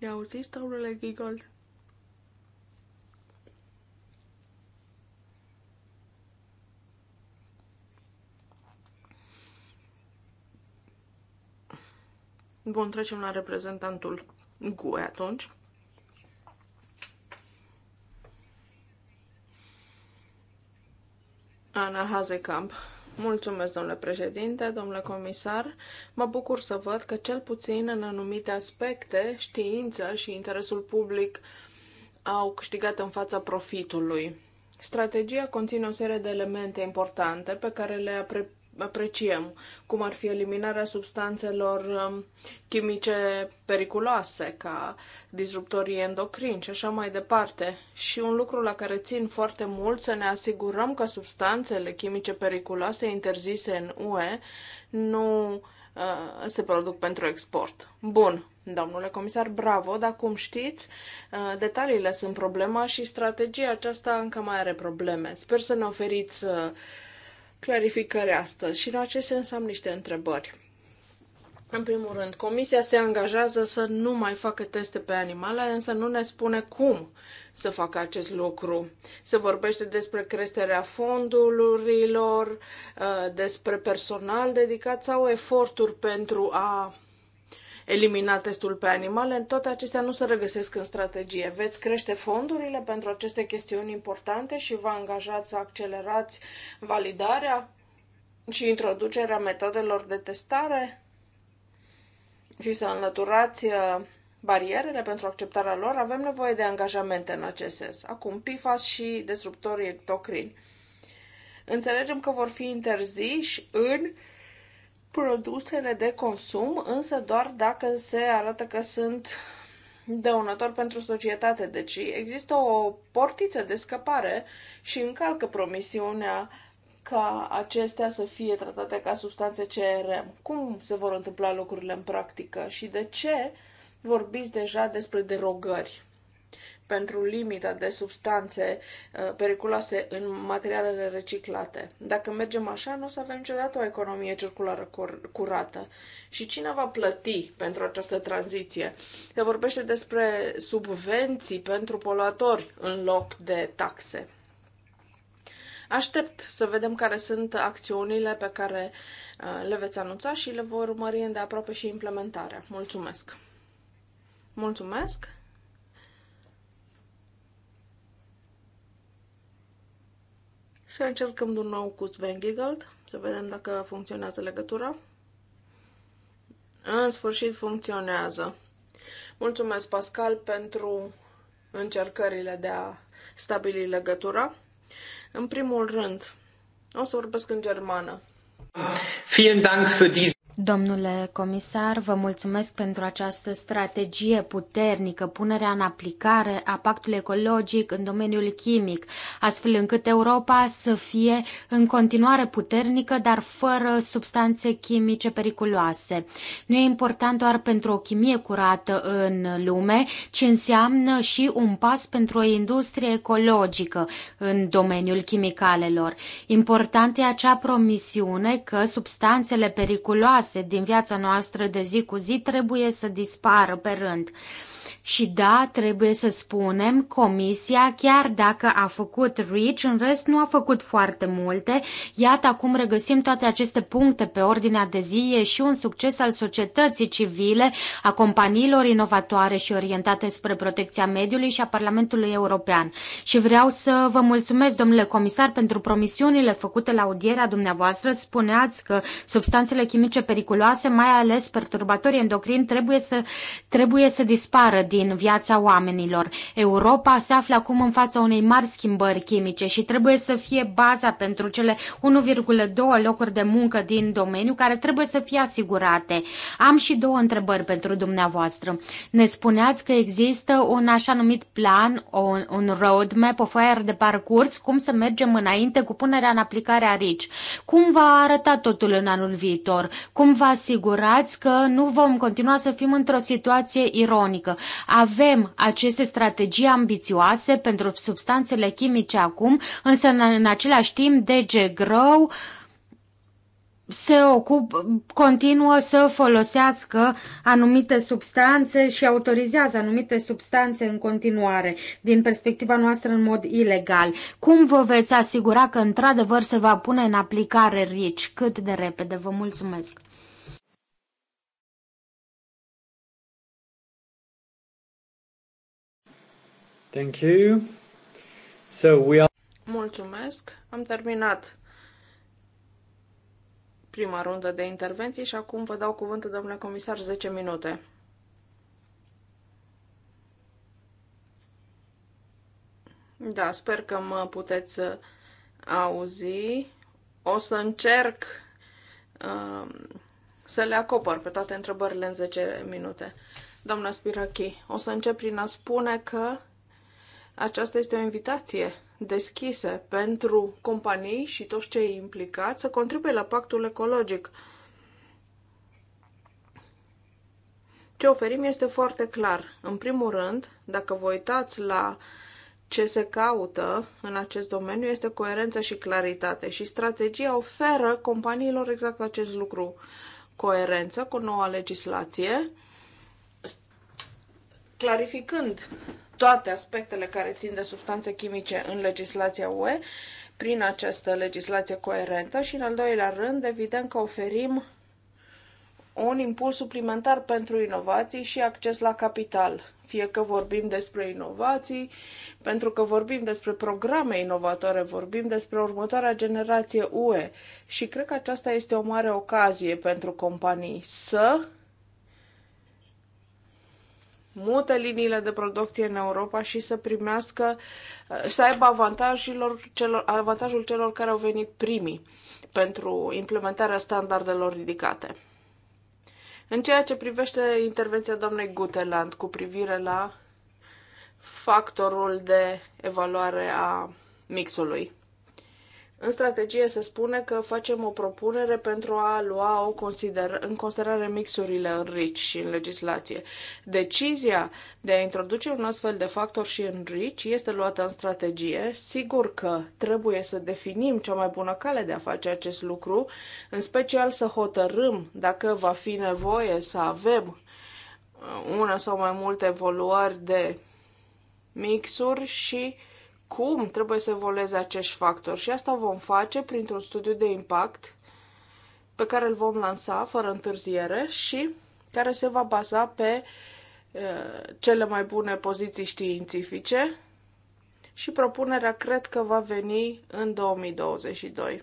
De auzit, taurele Giggle? Bun, trecem la reprezentantul GUE atunci. Ana Hazekamp. Mulțumesc, domnule președinte, domnule comisar. Mă bucur să văd că, cel puțin în anumite aspecte, știința și interesul public au câștigat în fața profitului. Strategia conține o serie de elemente importante pe care le apre- apreciem, cum ar fi eliminarea substanțelor um, chimice periculoase, ca disruptorii endocrini și așa mai departe. Și un lucru la care țin foarte mult, să ne asigurăm că substanțele chimice periculoase interzise în UE nu uh, se produc pentru export. Bun, Domnule comisar, bravo, dar cum știți, uh, detaliile sunt problema și strategia aceasta încă mai are probleme. Sper să ne oferiți uh, clarificări astăzi și în acest sens am niște întrebări. În primul rând, comisia se angajează să nu mai facă teste pe animale, însă nu ne spune cum să facă acest lucru. Se vorbește despre creșterea fondurilor, uh, despre personal dedicat sau eforturi pentru a elimina testul pe animale, toate acestea nu se regăsesc în strategie. Veți crește fondurile pentru aceste chestiuni importante și vă angajați să accelerați validarea și introducerea metodelor de testare și să înlăturați uh, barierele pentru acceptarea lor, avem nevoie de angajamente în acest sens. Acum, PFAS și disruptorii endocrini. Înțelegem că vor fi interziși în produsele de consum, însă doar dacă se arată că sunt dăunător pentru societate. Deci există o portiță de scăpare și încalcă promisiunea ca acestea să fie tratate ca substanțe CRM. Cum se vor întâmpla lucrurile în practică și de ce vorbiți deja despre derogări? pentru limita de substanțe uh, periculoase în materialele reciclate. Dacă mergem așa, nu o să avem niciodată o economie circulară curată. Și cine va plăti pentru această tranziție? Se vorbește despre subvenții pentru poluatori în loc de taxe. Aștept să vedem care sunt acțiunile pe care uh, le veți anunța și le vor urmări îndeaproape și implementarea. Mulțumesc! Mulțumesc! Și încercăm din nou cu Sven Gigald, să vedem dacă funcționează legătura. În sfârșit funcționează. Mulțumesc, Pascal, pentru încercările de a stabili legătura. În primul rând, o să vorbesc în germană. Vielen Dank für diese Domnule comisar, vă mulțumesc pentru această strategie puternică, punerea în aplicare a pactului ecologic în domeniul chimic, astfel încât Europa să fie în continuare puternică, dar fără substanțe chimice periculoase. Nu e important doar pentru o chimie curată în lume, ci înseamnă și un pas pentru o industrie ecologică în domeniul chimicalelor. Important e acea promisiune că substanțele periculoase serioase din viața noastră de zi cu zi trebuie să dispară pe rând. Și da, trebuie să spunem, comisia, chiar dacă a făcut RICH, în rest nu a făcut foarte multe. Iată, acum regăsim toate aceste puncte pe ordinea de zi. E și un succes al societății civile, a companiilor inovatoare și orientate spre protecția mediului și a Parlamentului European. Și vreau să vă mulțumesc, domnule comisar, pentru promisiunile făcute la audierea dumneavoastră. Spuneați că substanțele chimice periculoase, mai ales perturbatorii endocrini, trebuie să, trebuie să dispară din din viața oamenilor. Europa se află acum în fața unei mari schimbări chimice și trebuie să fie baza pentru cele 1,2 locuri de muncă din domeniu care trebuie să fie asigurate. Am și două întrebări pentru dumneavoastră. Ne spuneați că există un așa numit plan, un, un roadmap, o foaie de parcurs, cum să mergem înainte cu punerea în aplicare a RICI. Cum va arăta totul în anul viitor? Cum vă asigurați că nu vom continua să fim într-o situație ironică? Avem aceste strategii ambițioase pentru substanțele chimice acum, însă în, în același timp DG Grow se ocup, continuă să folosească anumite substanțe și autorizează anumite substanțe în continuare, din perspectiva noastră în mod ilegal. Cum vă veți asigura că într-adevăr se va pune în aplicare RICI cât de repede? Vă mulțumesc! Thank you. So we are... Mulțumesc. Am terminat prima rundă de intervenții și acum vă dau cuvântul, domnule comisar, 10 minute. Da, sper că mă puteți uh, auzi. O să încerc um, să le acopăr pe toate întrebările în 10 minute. Doamna Spirachi, o să încep prin a spune că aceasta este o invitație deschisă pentru companii și toți cei implicați să contribuie la pactul ecologic. Ce oferim este foarte clar. În primul rând, dacă vă uitați la ce se caută în acest domeniu, este coerență și claritate. Și strategia oferă companiilor exact acest lucru. Coerență cu noua legislație, clarificând toate aspectele care țin de substanțe chimice în legislația UE prin această legislație coerentă și, în al doilea rând, evident că oferim un impuls suplimentar pentru inovații și acces la capital. Fie că vorbim despre inovații, pentru că vorbim despre programe inovatoare, vorbim despre următoarea generație UE și cred că aceasta este o mare ocazie pentru companii să mută liniile de producție în Europa și să primească, uh, să aibă avantajilor celor, avantajul celor care au venit primii pentru implementarea standardelor ridicate. În ceea ce privește intervenția doamnei Guteland cu privire la factorul de evaluare a mixului. În strategie se spune că facem o propunere pentru a lua o consider- în considerare mixurile în RICI și în legislație. Decizia de a introduce un astfel de factor și în RICI este luată în strategie. Sigur că trebuie să definim cea mai bună cale de a face acest lucru, în special să hotărâm dacă va fi nevoie să avem uh, una sau mai multe evoluări de mixuri și cum trebuie să evolueze acești factori și asta vom face printr-un studiu de impact pe care îl vom lansa fără întârziere și care se va baza pe cele mai bune poziții științifice și propunerea cred că va veni în 2022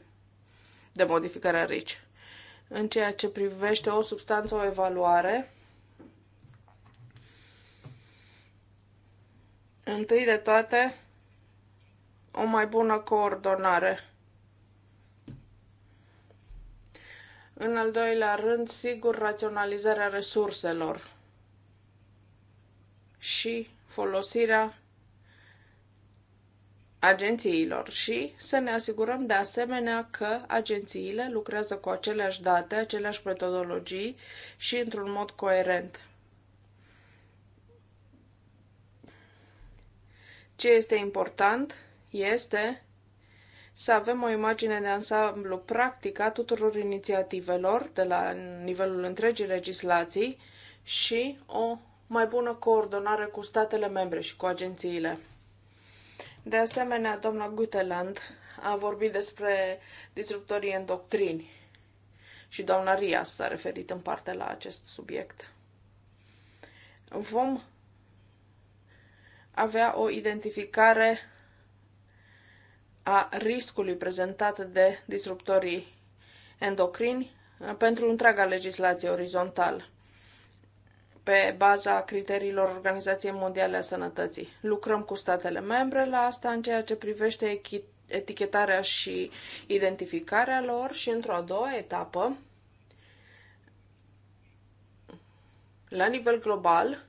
de modificarea RICI. În ceea ce privește o substanță, o evaluare, întâi de toate o mai bună coordonare. În al doilea rând, sigur, raționalizarea resurselor și folosirea agențiilor și să ne asigurăm de asemenea că agențiile lucrează cu aceleași date, aceleași metodologii și într-un mod coerent. Ce este important este să avem o imagine de ansamblu practică a tuturor inițiativelor de la nivelul întregii legislații și o mai bună coordonare cu statele membre și cu agențiile. De asemenea, doamna Guteland a vorbit despre disruptorii doctrini și doamna Rias s-a referit în parte la acest subiect. Vom avea o identificare a riscului prezentat de disruptorii endocrini uh, pentru întreaga legislație orizontală pe baza criteriilor Organizației Mondiale a Sănătății. Lucrăm cu statele membre la asta în ceea ce privește etichetarea și identificarea lor și într-o a doua etapă, la nivel global,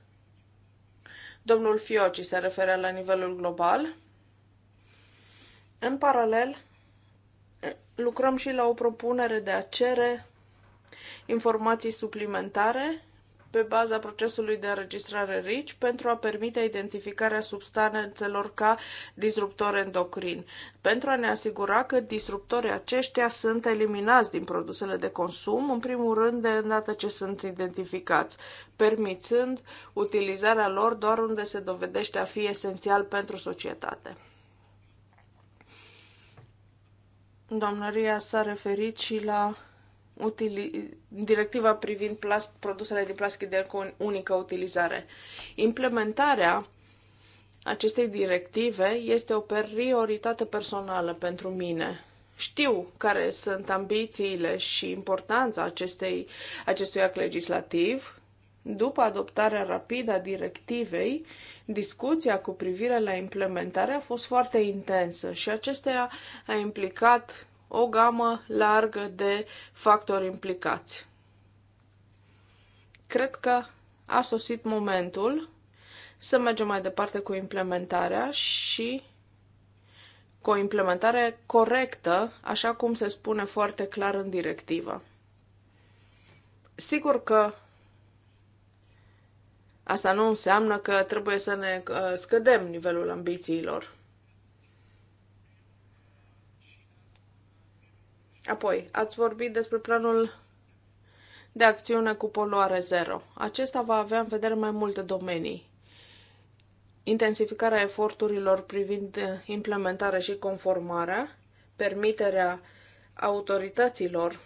domnul Fioci se referă la nivelul global, în paralel, lucrăm și la o propunere de a cere informații suplimentare pe baza procesului de înregistrare RICI pentru a permite identificarea substanțelor ca disruptori endocrini, pentru a ne asigura că disruptorii aceștia sunt eliminați din produsele de consum, în primul rând de îndată ce sunt identificați, permițând utilizarea lor doar unde se dovedește a fi esențial pentru societate. Doamna s-a referit și la utili- directiva privind plast, produsele din plastic de unică utilizare. Implementarea acestei directive este o prioritate personală pentru mine. Știu care sunt ambițiile și importanța acestei, acestui act legislativ după adoptarea rapidă a directivei, discuția cu privire la implementare a fost foarte intensă și acestea a implicat o gamă largă de factori implicați. Cred că a sosit momentul să mergem mai departe cu implementarea și cu o implementare corectă, așa cum se spune foarte clar în directivă. Sigur că Asta nu înseamnă că trebuie să ne uh, scădem nivelul ambițiilor. Apoi, ați vorbit despre planul de acțiune cu poluare zero. Acesta va avea în vedere mai multe domenii. Intensificarea eforturilor privind uh, implementarea și conformarea, permiterea autorităților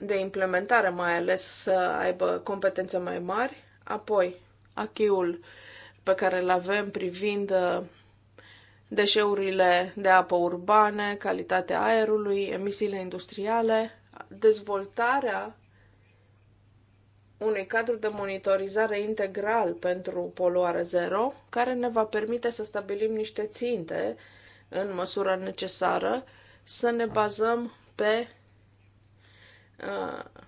de implementare mai ales să aibă competențe mai mari, Apoi, acheul pe care îl avem privind uh, deșeurile de apă urbane, calitatea aerului, emisiile industriale, dezvoltarea unui cadru de monitorizare integral pentru poluare zero, care ne va permite să stabilim niște ținte în măsura necesară, să ne bazăm pe uh,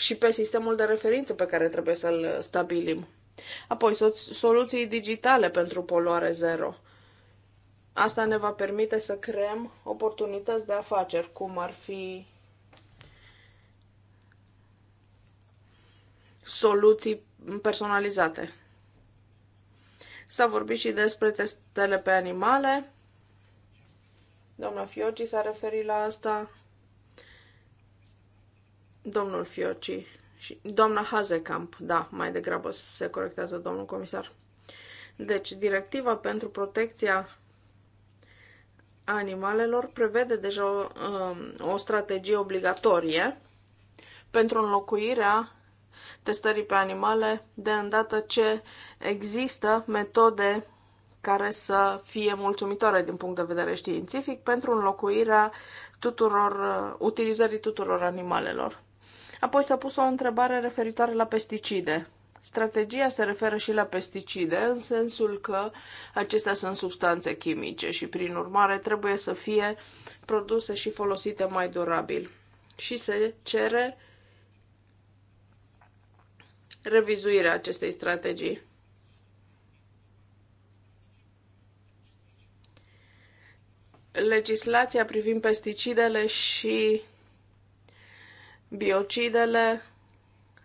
și pe sistemul de referință pe care trebuie să-l stabilim. Apoi, soluții digitale pentru poluare zero. Asta ne va permite să creăm oportunități de afaceri, cum ar fi soluții personalizate. S-a vorbit și despre testele pe animale. Doamna Fioci s-a referit la asta. Domnul Fioci și doamna Hazekamp, da, mai degrabă se corectează domnul comisar. Deci, directiva pentru protecția animalelor prevede deja o, um, o strategie obligatorie pentru înlocuirea testării pe animale de îndată ce există metode care să fie mulțumitoare din punct de vedere științific pentru înlocuirea tuturor, uh, utilizării tuturor animalelor. Apoi s-a pus o întrebare referitoare la pesticide. Strategia se referă și la pesticide, în sensul că acestea sunt substanțe chimice și, prin urmare, trebuie să fie produse și folosite mai durabil. Și se cere revizuirea acestei strategii. Legislația privind pesticidele și biocidele,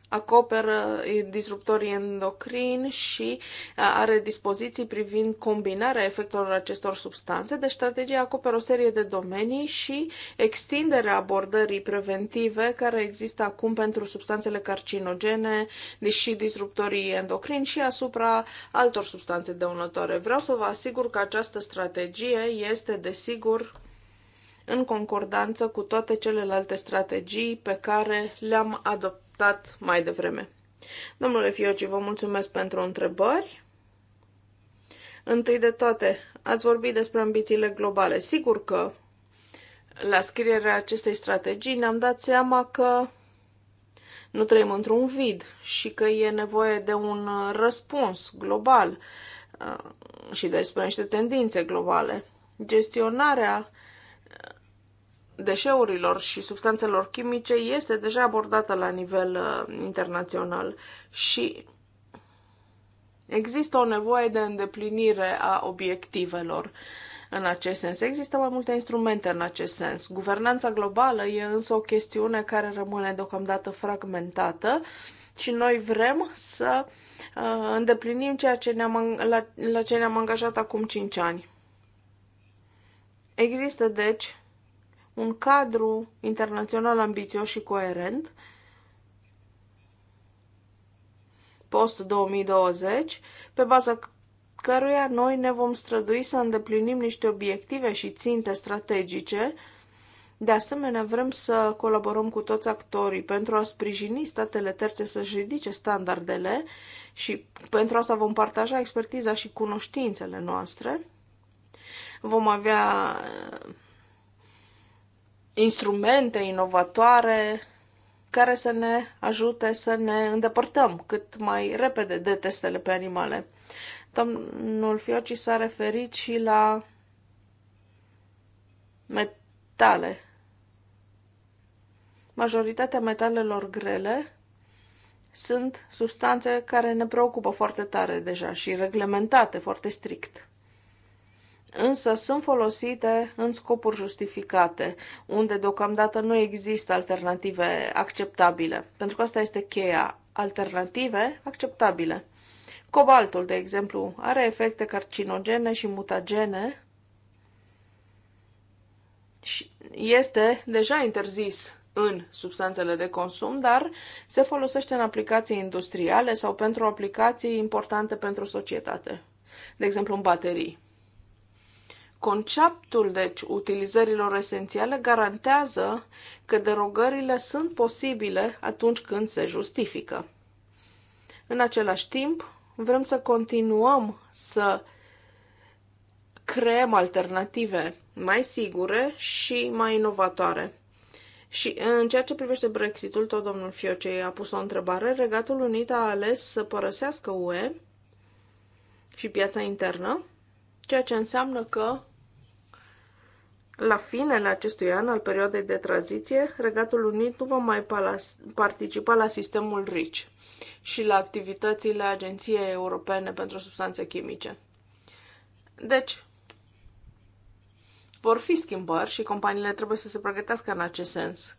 acoperă disruptorii endocrini și are dispoziții privind combinarea efectelor acestor substanțe. Deci strategia acoperă o serie de domenii și extinderea abordării preventive care există acum pentru substanțele carcinogene și disruptorii endocrini și asupra altor substanțe dăunătoare. Vreau să vă asigur că această strategie este, desigur, în concordanță cu toate celelalte strategii pe care le-am adoptat mai devreme. Domnule Fioci, vă mulțumesc pentru întrebări. Întâi de toate, ați vorbit despre ambițiile globale. Sigur că la scrierea acestei strategii ne-am dat seama că nu trăim într-un vid și că e nevoie de un răspuns global uh, și despre niște tendințe globale. Gestionarea deșeurilor și substanțelor chimice este deja abordată la nivel uh, internațional și există o nevoie de îndeplinire a obiectivelor. În acest sens, există mai multe instrumente în acest sens. Guvernanța globală e însă o chestiune care rămâne deocamdată fragmentată și noi vrem să uh, îndeplinim ceea ce ne-am, la, la ce ne-am angajat acum 5 ani. Există, deci, un cadru internațional ambițios și coerent post-2020, pe baza căruia noi ne vom strădui să îndeplinim niște obiective și ținte strategice. De asemenea, vrem să colaborăm cu toți actorii pentru a sprijini statele terțe să-și ridice standardele și pentru asta vom partaja expertiza și cunoștințele noastre. Vom avea instrumente inovatoare care să ne ajute să ne îndepărtăm cât mai repede de testele pe animale. Domnul Fioci s-a referit și la metale. Majoritatea metalelor grele sunt substanțe care ne preocupă foarte tare deja și reglementate foarte strict însă sunt folosite în scopuri justificate, unde deocamdată nu există alternative acceptabile. Pentru că asta este cheia, alternative acceptabile. Cobaltul, de exemplu, are efecte carcinogene și mutagene și este deja interzis în substanțele de consum, dar se folosește în aplicații industriale sau pentru aplicații importante pentru societate, de exemplu în baterii. Conceptul, deci, utilizărilor esențiale garantează că derogările sunt posibile atunci când se justifică. În același timp, vrem să continuăm să creăm alternative mai sigure și mai inovatoare. Și în ceea ce privește Brexitul, tot domnul Fiocei a pus o întrebare. Regatul Unit a ales să părăsească UE și piața internă, ceea ce înseamnă că la finele acestui an al perioadei de tranziție, Regatul Unit nu va mai participa la sistemul RICI și la activitățile Agenției Europene pentru Substanțe Chimice. Deci, vor fi schimbări și companiile trebuie să se pregătească în acest sens.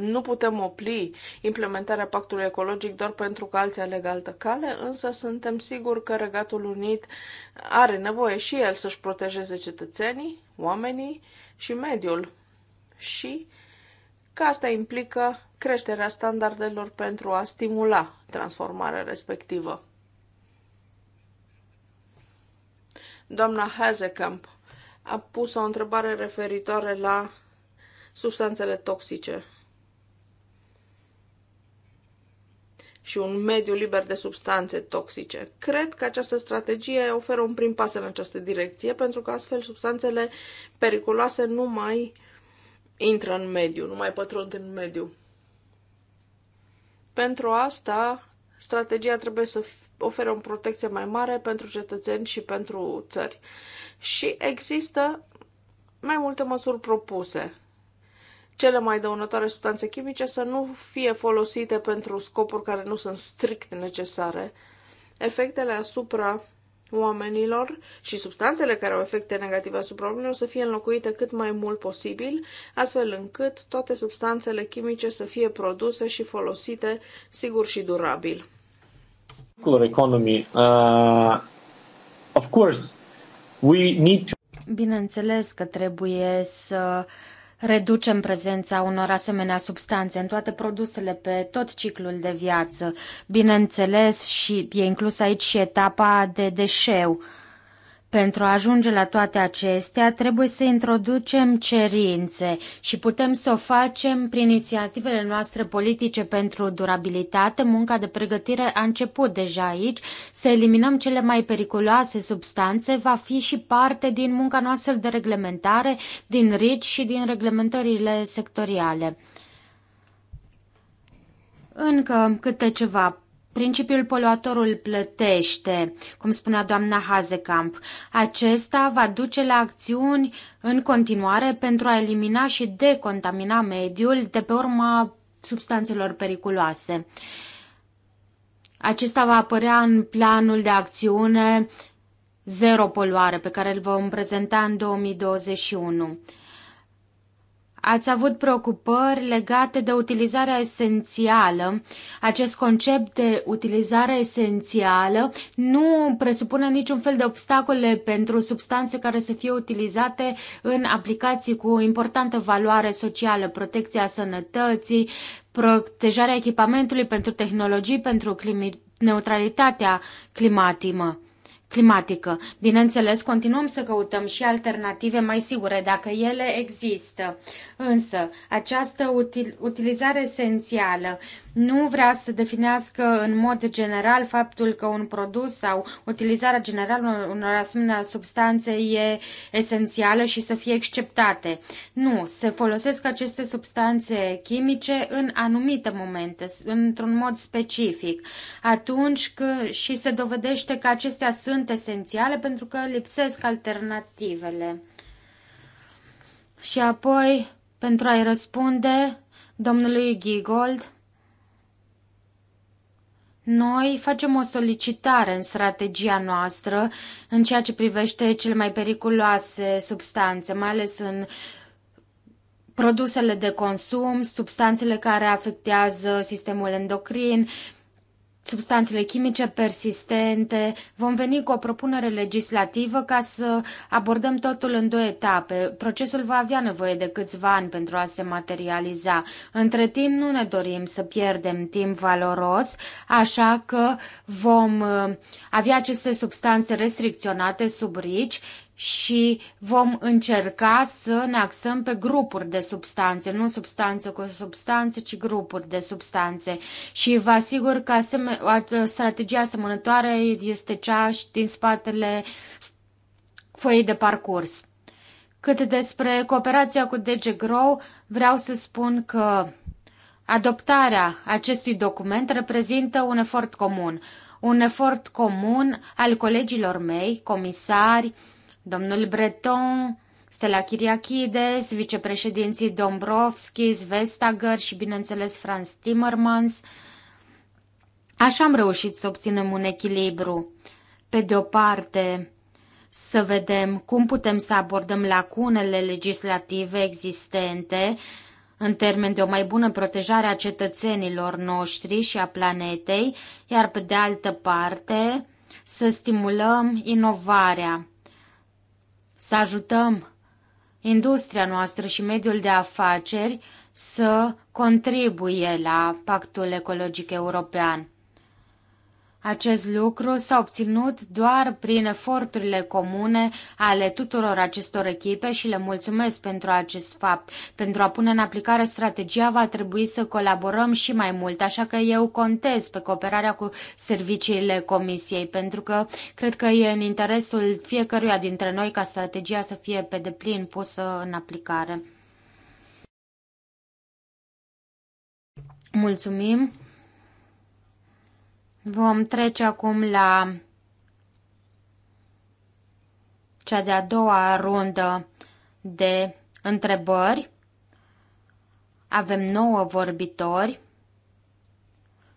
Nu putem opri implementarea pactului ecologic doar pentru că alții aleg altă cale, însă suntem siguri că Regatul Unit are nevoie și el să-și protejeze cetățenii, oamenii și mediul. Și că asta implică creșterea standardelor pentru a stimula transformarea respectivă. Doamna Hazekamp a pus o întrebare referitoare la substanțele toxice. și un mediu liber de substanțe toxice. Cred că această strategie oferă un prim pas în această direcție, pentru că astfel substanțele periculoase nu mai intră în mediu, nu mai pătrund în mediu. Pentru asta, strategia trebuie să ofere o protecție mai mare pentru cetățeni și pentru țări. Și există mai multe măsuri propuse cele mai dăunătoare substanțe chimice să nu fie folosite pentru scopuri care nu sunt strict necesare. Efectele asupra oamenilor și substanțele care au efecte negative asupra oamenilor să fie înlocuite cât mai mult posibil, astfel încât toate substanțele chimice să fie produse și folosite sigur și durabil. Economy. Uh, of course, we need to... Bineînțeles că trebuie să reducem prezența unor asemenea substanțe în toate produsele pe tot ciclul de viață. Bineînțeles, și e inclus aici și etapa de deșeu pentru a ajunge la toate acestea, trebuie să introducem cerințe și putem să o facem prin inițiativele noastre politice pentru durabilitate. Munca de pregătire a început deja aici. Să eliminăm cele mai periculoase substanțe va fi și parte din munca noastră de reglementare, din RIC și din reglementările sectoriale. Încă câte ceva Principiul poluatorul plătește, cum spunea doamna Hazekamp. Acesta va duce la acțiuni în continuare pentru a elimina și decontamina mediul de pe urma substanțelor periculoase. Acesta va apărea în planul de acțiune Zero Poluare, pe care îl vom prezenta în 2021. Ați avut preocupări legate de utilizarea esențială. Acest concept de utilizare esențială nu presupune niciun fel de obstacole pentru substanțe care să fie utilizate în aplicații cu importantă valoare socială, protecția sănătății, protejarea echipamentului pentru tehnologii, pentru climi- neutralitatea climatică climatică. Bineînțeles, continuăm să căutăm și alternative mai sigure dacă ele există. Însă, această util- utilizare esențială nu vrea să definească în mod general faptul că un produs sau utilizarea generală unor asemenea substanțe e esențială și să fie acceptate. Nu, se folosesc aceste substanțe chimice în anumite momente, într-un mod specific, atunci când și se dovedește că acestea sunt sunt esențiale pentru că lipsesc alternativele. Și apoi, pentru a-i răspunde domnului Gigold, noi facem o solicitare în strategia noastră în ceea ce privește cele mai periculoase substanțe, mai ales în produsele de consum, substanțele care afectează sistemul endocrin, substanțele chimice persistente. Vom veni cu o propunere legislativă ca să abordăm totul în două etape. Procesul va avea nevoie de câțiva ani pentru a se materializa. Între timp nu ne dorim să pierdem timp valoros, așa că vom uh, avea aceste substanțe restricționate sub rici și vom încerca să ne axăm pe grupuri de substanțe, nu substanță cu substanță, ci grupuri de substanțe. Și vă asigur că asem- strategia asemănătoare este cea și din spatele foii de parcurs. Cât despre cooperația cu DG Grow, vreau să spun că adoptarea acestui document reprezintă un efort comun. Un efort comun al colegilor mei, comisari, domnul Breton, Stella Kiriakides, vicepreședinții Dombrovskis, Vestager și, bineînțeles, Franz Timmermans. Așa am reușit să obținem un echilibru. Pe de o parte, să vedem cum putem să abordăm lacunele legislative existente în termen de o mai bună protejare a cetățenilor noștri și a planetei, iar pe de altă parte să stimulăm inovarea să ajutăm industria noastră și mediul de afaceri să contribuie la pactul ecologic european. Acest lucru s-a obținut doar prin eforturile comune ale tuturor acestor echipe și le mulțumesc pentru acest fapt. Pentru a pune în aplicare strategia va trebui să colaborăm și mai mult, așa că eu contez pe cooperarea cu serviciile Comisiei, pentru că cred că e în interesul fiecăruia dintre noi ca strategia să fie pe deplin pusă în aplicare. Mulțumim! Vom trece acum la cea de-a doua rundă de întrebări. Avem nouă vorbitori.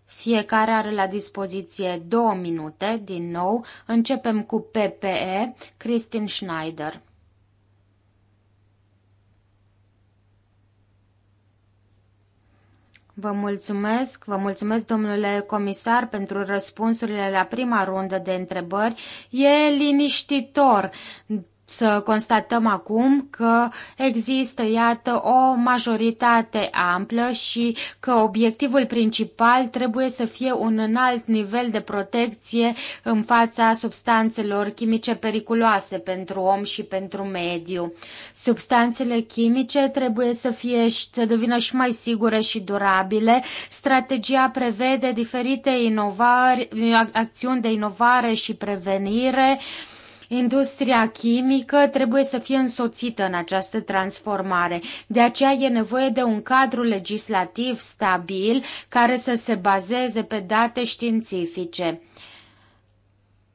Fiecare are la dispoziție două minute. Din nou, începem cu PPE, Christine Schneider. Vă mulțumesc, vă mulțumesc domnule comisar pentru răspunsurile la prima rundă de întrebări. E liniștitor să constatăm acum că există, iată, o majoritate amplă și că obiectivul principal trebuie să fie un înalt nivel de protecție în fața substanțelor chimice periculoase pentru om și pentru mediu. Substanțele chimice trebuie să fie să devină și mai sigure și durabile. Strategia prevede diferite inovări, acțiuni de inovare și prevenire, uh, Industria chimică trebuie să fie însoțită în această transformare. De aceea e nevoie de un cadru legislativ stabil care să se bazeze pe date științifice.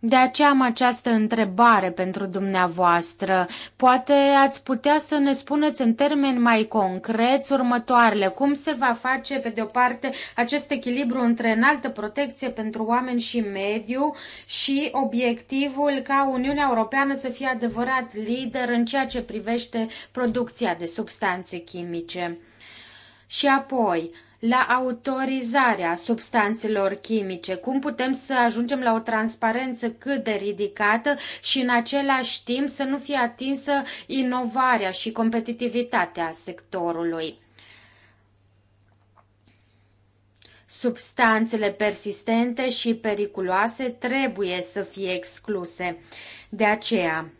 De aceea am această întrebare pentru dumneavoastră. Poate ați putea să ne spuneți în termeni mai concreți următoarele. Cum se va face, pe de o parte, acest echilibru între înaltă protecție pentru oameni și mediu și obiectivul ca Uniunea Europeană să fie adevărat lider în ceea ce privește producția de substanțe chimice? Și apoi, la autorizarea substanțelor chimice, cum putem să ajungem la o transparență cât de ridicată și în același timp să nu fie atinsă inovarea și competitivitatea sectorului. Substanțele persistente și periculoase trebuie să fie excluse. De aceea,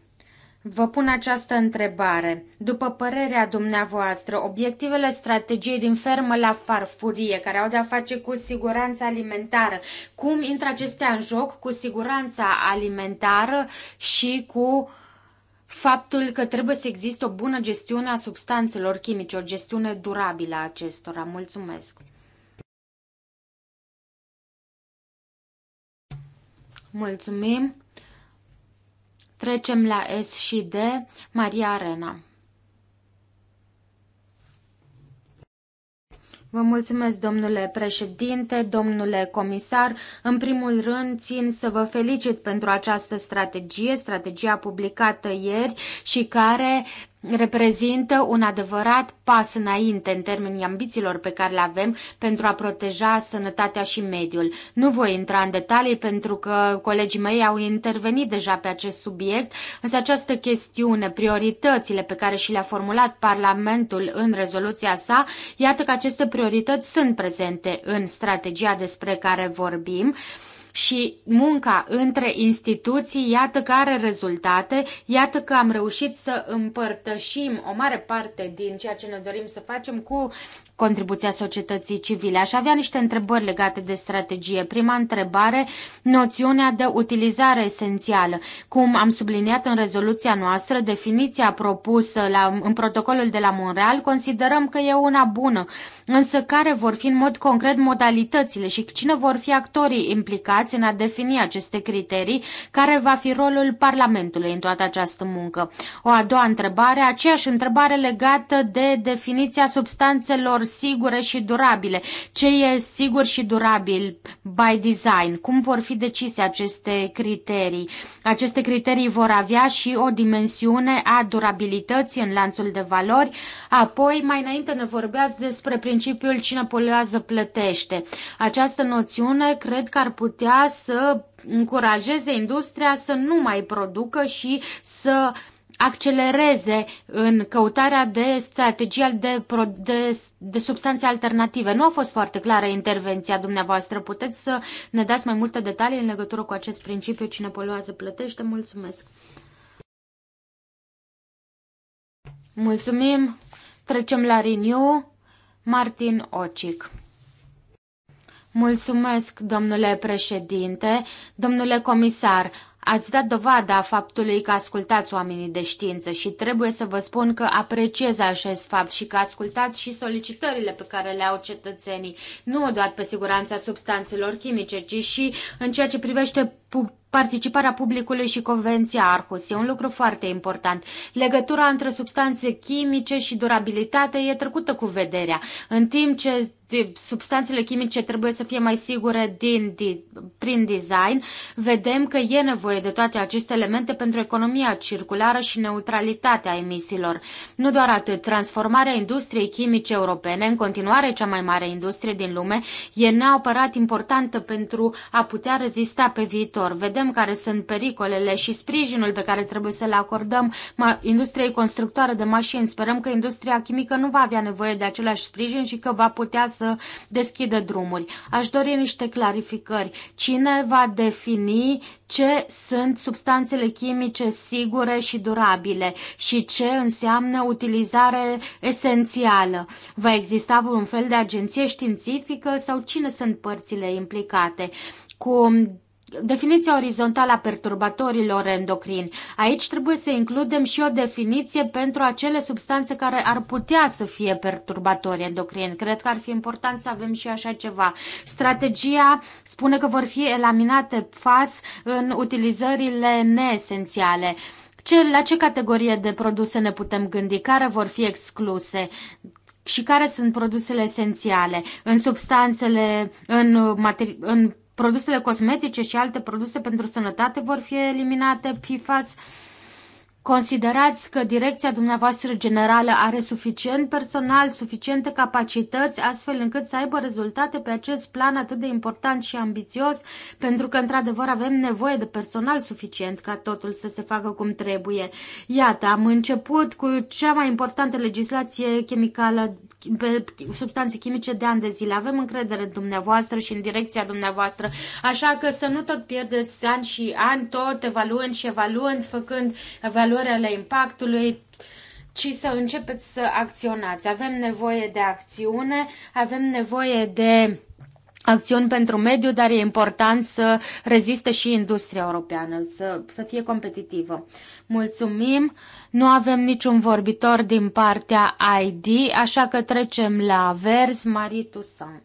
Vă pun această întrebare. După părerea dumneavoastră, obiectivele strategiei din fermă la farfurie, care au de-a face cu siguranța alimentară, cum intră acestea în joc cu siguranța alimentară și cu faptul că trebuie să existe o bună gestiune a substanțelor chimice, o gestiune durabilă a acestora? Mulțumesc! Mulțumim! Trecem la S și D, Maria Arena. Vă mulțumesc, domnule președinte, domnule comisar. În primul rând, țin să vă felicit pentru această strategie, strategia publicată ieri și care reprezintă un adevărat pas înainte în termenii ambițiilor pe care le avem pentru a proteja sănătatea și mediul. Nu voi intra în detalii pentru că colegii mei au intervenit deja pe acest subiect, însă această chestiune, prioritățile pe care și le-a formulat Parlamentul în rezoluția sa, iată că aceste priorități sunt prezente în strategia despre care vorbim. Uh, și munca între instituții, iată că are rezultate, iată că am reușit să împărtășim o mare parte din ceea ce ne dorim să facem cu contribuția societății civile. Aș avea niște întrebări legate de strategie. Prima întrebare, noțiunea de utilizare esențială. Cum am subliniat în rezoluția noastră, definiția propusă la, în protocolul de la Monreal considerăm că e una bună, însă care vor fi în mod concret modalitățile și cine vor fi actorii implicați în a defini aceste criterii, care va fi rolul Parlamentului în toată această muncă. O a doua întrebare, aceeași întrebare legată de definiția substanțelor sigure și durabile. Ce e sigur și durabil by design? Cum vor fi decise aceste criterii? Aceste criterii vor avea și o dimensiune a durabilității în lanțul de valori. Apoi, mai înainte ne vorbeați despre principiul cine poluează plătește. Această noțiune cred că ar putea să încurajeze industria să nu mai producă și să uh, accelereze în căutarea de strategii de, de, de substanțe alternative. Nu a fost foarte clară intervenția dumneavoastră. Puteți să ne dați mai multe detalii în legătură cu acest principiu? Cine poluează plătește? Mulțumesc! Mulțumim! Trecem la Renew. Martin Ocic. Mulțumesc, domnule președinte. Domnule comisar, Ați dat dovada a faptului că ascultați oamenii de știință și trebuie să vă spun că apreciez acest fapt și că ascultați și solicitările pe care le au cetățenii, nu doar pe siguranța substanțelor chimice, ci și în ceea ce privește pu- participarea publicului și Convenția Arhus. E un lucru foarte important. Legătura între substanțe chimice și durabilitate e trecută cu vederea, în timp ce substanțele chimice trebuie să fie mai sigure din, din, prin design, vedem că e nevoie de toate aceste elemente pentru economia circulară și neutralitatea emisiilor. Nu doar atât, transformarea industriei chimice europene, în continuare cea mai mare industrie din lume, e neapărat importantă pentru a putea rezista pe viitor. Vedem care sunt pericolele și sprijinul pe care trebuie să le acordăm industriei constructoare de mașini. Sperăm că industria chimică nu va avea nevoie de același sprijin și că va putea să deschidă drumuri. Aș dori niște clarificări. Cine va defini ce sunt substanțele chimice sigure și durabile și ce înseamnă utilizare esențială? Va exista un fel de agenție științifică sau cine sunt părțile implicate? Cu definiția orizontală a perturbatorilor endocrini. Aici trebuie să includem și o definiție pentru acele substanțe care ar putea să fie perturbatori endocrini. Cred că ar fi important să avem și așa ceva. Strategia spune că vor fi eliminate FAS în utilizările neesențiale. Ce, la ce categorie de produse ne putem gândi? Care vor fi excluse? Și care sunt produsele esențiale? În substanțele, în, materi- în produsele cosmetice și alte produse pentru sănătate vor fi eliminate PFAS. Considerați că direcția dumneavoastră generală are suficient personal, suficiente capacități, astfel încât să aibă rezultate pe acest plan atât de important și ambițios, pentru că, într-adevăr, avem nevoie de personal suficient ca totul să se facă cum trebuie. Iată, am început cu cea mai importantă legislație chimicală pe substanțe chimice de ani de zile. Avem încredere în dumneavoastră și în direcția dumneavoastră, așa că să nu tot pierdeți ani și ani tot evaluând și evaluând, făcând evaluări ale impactului, ci să începeți să acționați. Avem nevoie de acțiune, avem nevoie de acțiuni pentru mediu, dar e important să reziste și industria europeană, să, să fie competitivă. Mulțumim! Nu avem niciun vorbitor din partea ID, așa că trecem la vers Maritu San.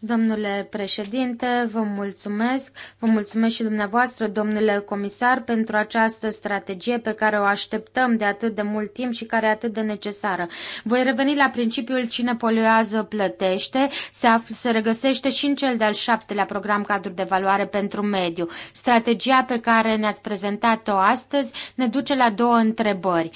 Domnule președinte, vă mulțumesc. Vă mulțumesc și dumneavoastră, domnule comisar, pentru această strategie pe care o așteptăm de atât de mult timp și care e atât de necesară. Voi reveni la principiul cine poluează plătește, se, af- se regăsește și în cel de-al șaptelea program cadru de valoare pentru mediu. Strategia pe care ne-ați prezentat-o astăzi ne duce la două întrebări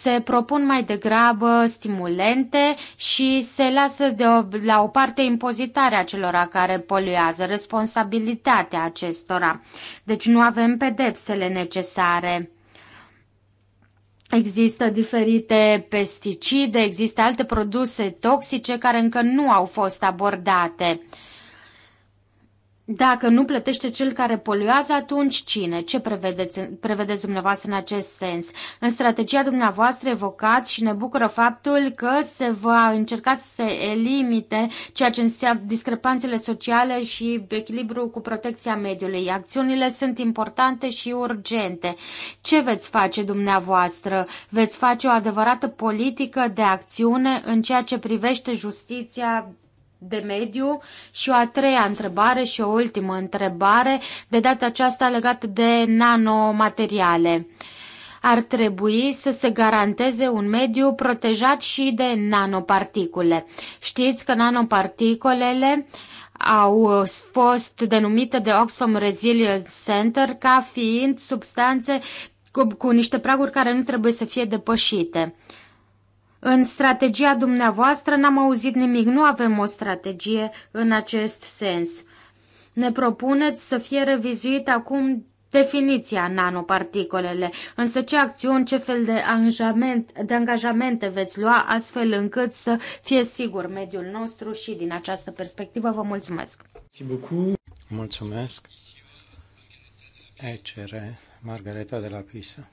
se propun mai degrabă stimulente și se lasă de o, la o parte impozitarea celor care poluează, responsabilitatea acestora. Deci nu avem pedepsele necesare. Există diferite pesticide, există alte produse toxice care încă nu au fost abordate. Dacă nu plătește cel care poluează, atunci cine? Ce prevedeți, prevedeți dumneavoastră în acest sens? În strategia dumneavoastră evocați și ne bucură faptul că se va încerca să se elimite ceea ce înseamnă discrepanțele sociale și echilibru cu protecția mediului. Acțiunile sunt importante și urgente. Ce veți face dumneavoastră? Veți face o adevărată politică de acțiune în ceea ce privește justiția de mediu și o a treia întrebare și o ultimă întrebare, de data aceasta legată de nanomateriale. Ar trebui să se garanteze un mediu protejat și de nanoparticule. Știți că nanoparticolele au fost denumite de Oxfam Resilience Center ca fiind substanțe cu, cu niște praguri care nu trebuie să fie depășite. În strategia dumneavoastră n-am auzit nimic, nu avem o strategie în acest sens. Ne propuneți să fie revizuit acum definiția nanoparticolele, însă ce acțiuni, ce fel de, angajament, de angajamente veți lua astfel încât să fie sigur mediul nostru și din această perspectivă vă mulțumesc. Mulțumesc. ECR, Margareta de la Pisa.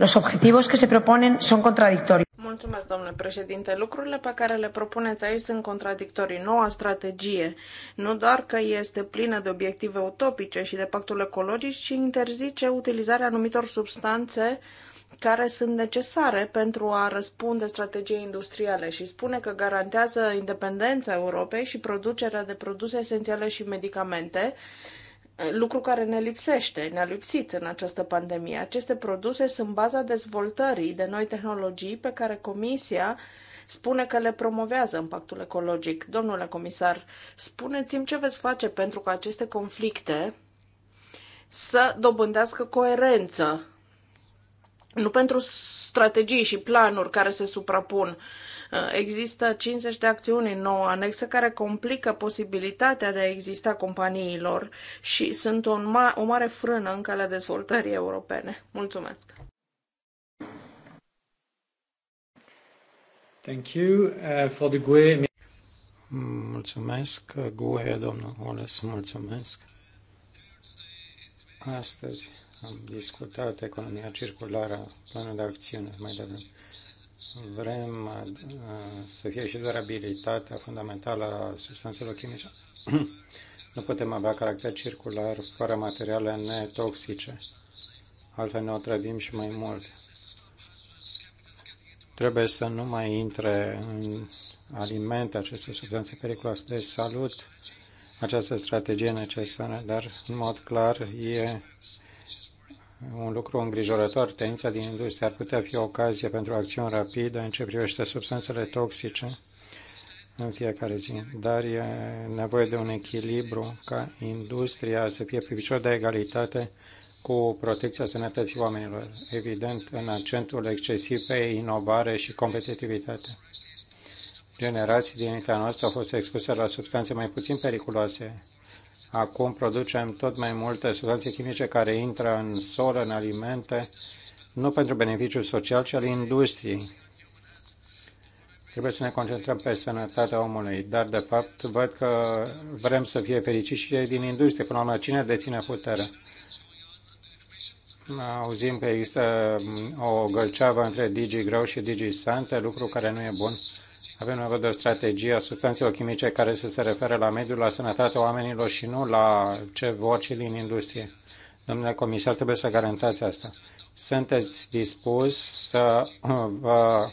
Los objetivos que se proponen son contradictorios. Mulțumesc, domnule președinte. Lucrurile pe care le propuneți aici sunt contradictorii. Noua strategie nu doar că este plină de obiective utopice și de pactul ecologic, ci interzice utilizarea anumitor substanțe care sunt necesare pentru a răspunde strategiei industriale și spune că garantează independența Europei și producerea de produse esențiale și medicamente lucru care ne lipsește, ne-a lipsit în această pandemie. Aceste produse sunt baza dezvoltării de noi tehnologii pe care Comisia spune că le promovează impactul ecologic. Domnule comisar, spuneți-mi ce veți face pentru ca aceste conflicte să dobândească coerență. Nu pentru strategii și planuri care se suprapun, Uh, există 50 de acțiuni în nouă anexă care complică posibilitatea de a exista companiilor și sunt o, ma- o mare frână în calea dezvoltării europene. Mulțumesc! Thank you uh, for the GUE. Mulțumesc, GUE, domnul Oles, mulțumesc. Astăzi am discutat economia circulară, planul de acțiune mai devreme vrem uh, să fie și durabilitatea fundamentală a substanțelor chimice, nu putem avea caracter circular fără materiale netoxice. Altfel ne otrăvim și mai mult. Trebuie să nu mai intre în alimente aceste substanțe periculoase. de salut această strategie necesară, dar în mod clar e un lucru îngrijorător, tendința din industrie ar putea fi o ocazie pentru acțiuni rapide în ce privește substanțele toxice în fiecare zi, dar e nevoie de un echilibru ca industria să fie pe picior de egalitate cu protecția sănătății oamenilor, evident în accentul excesiv pe inovare și competitivitate. Generații din noastră au fost expuse la substanțe mai puțin periculoase, Acum producem tot mai multe substanțe chimice care intră în sol, în alimente, nu pentru beneficiul social, ci al industriei. Trebuie să ne concentrăm pe sănătatea omului, dar de fapt văd că vrem să fie fericiți și din industrie. Până la urmă, cine deține puterea? Auzim că există o gălceavă între DigiGrow și DigiSante, lucru care nu e bun avem nevoie de o strategie a substanțelor chimice care să se refere la mediul, la sănătatea oamenilor și nu la ce voci din industrie. Domnule comisar, trebuie să garantați asta. Sunteți dispus să uh, vă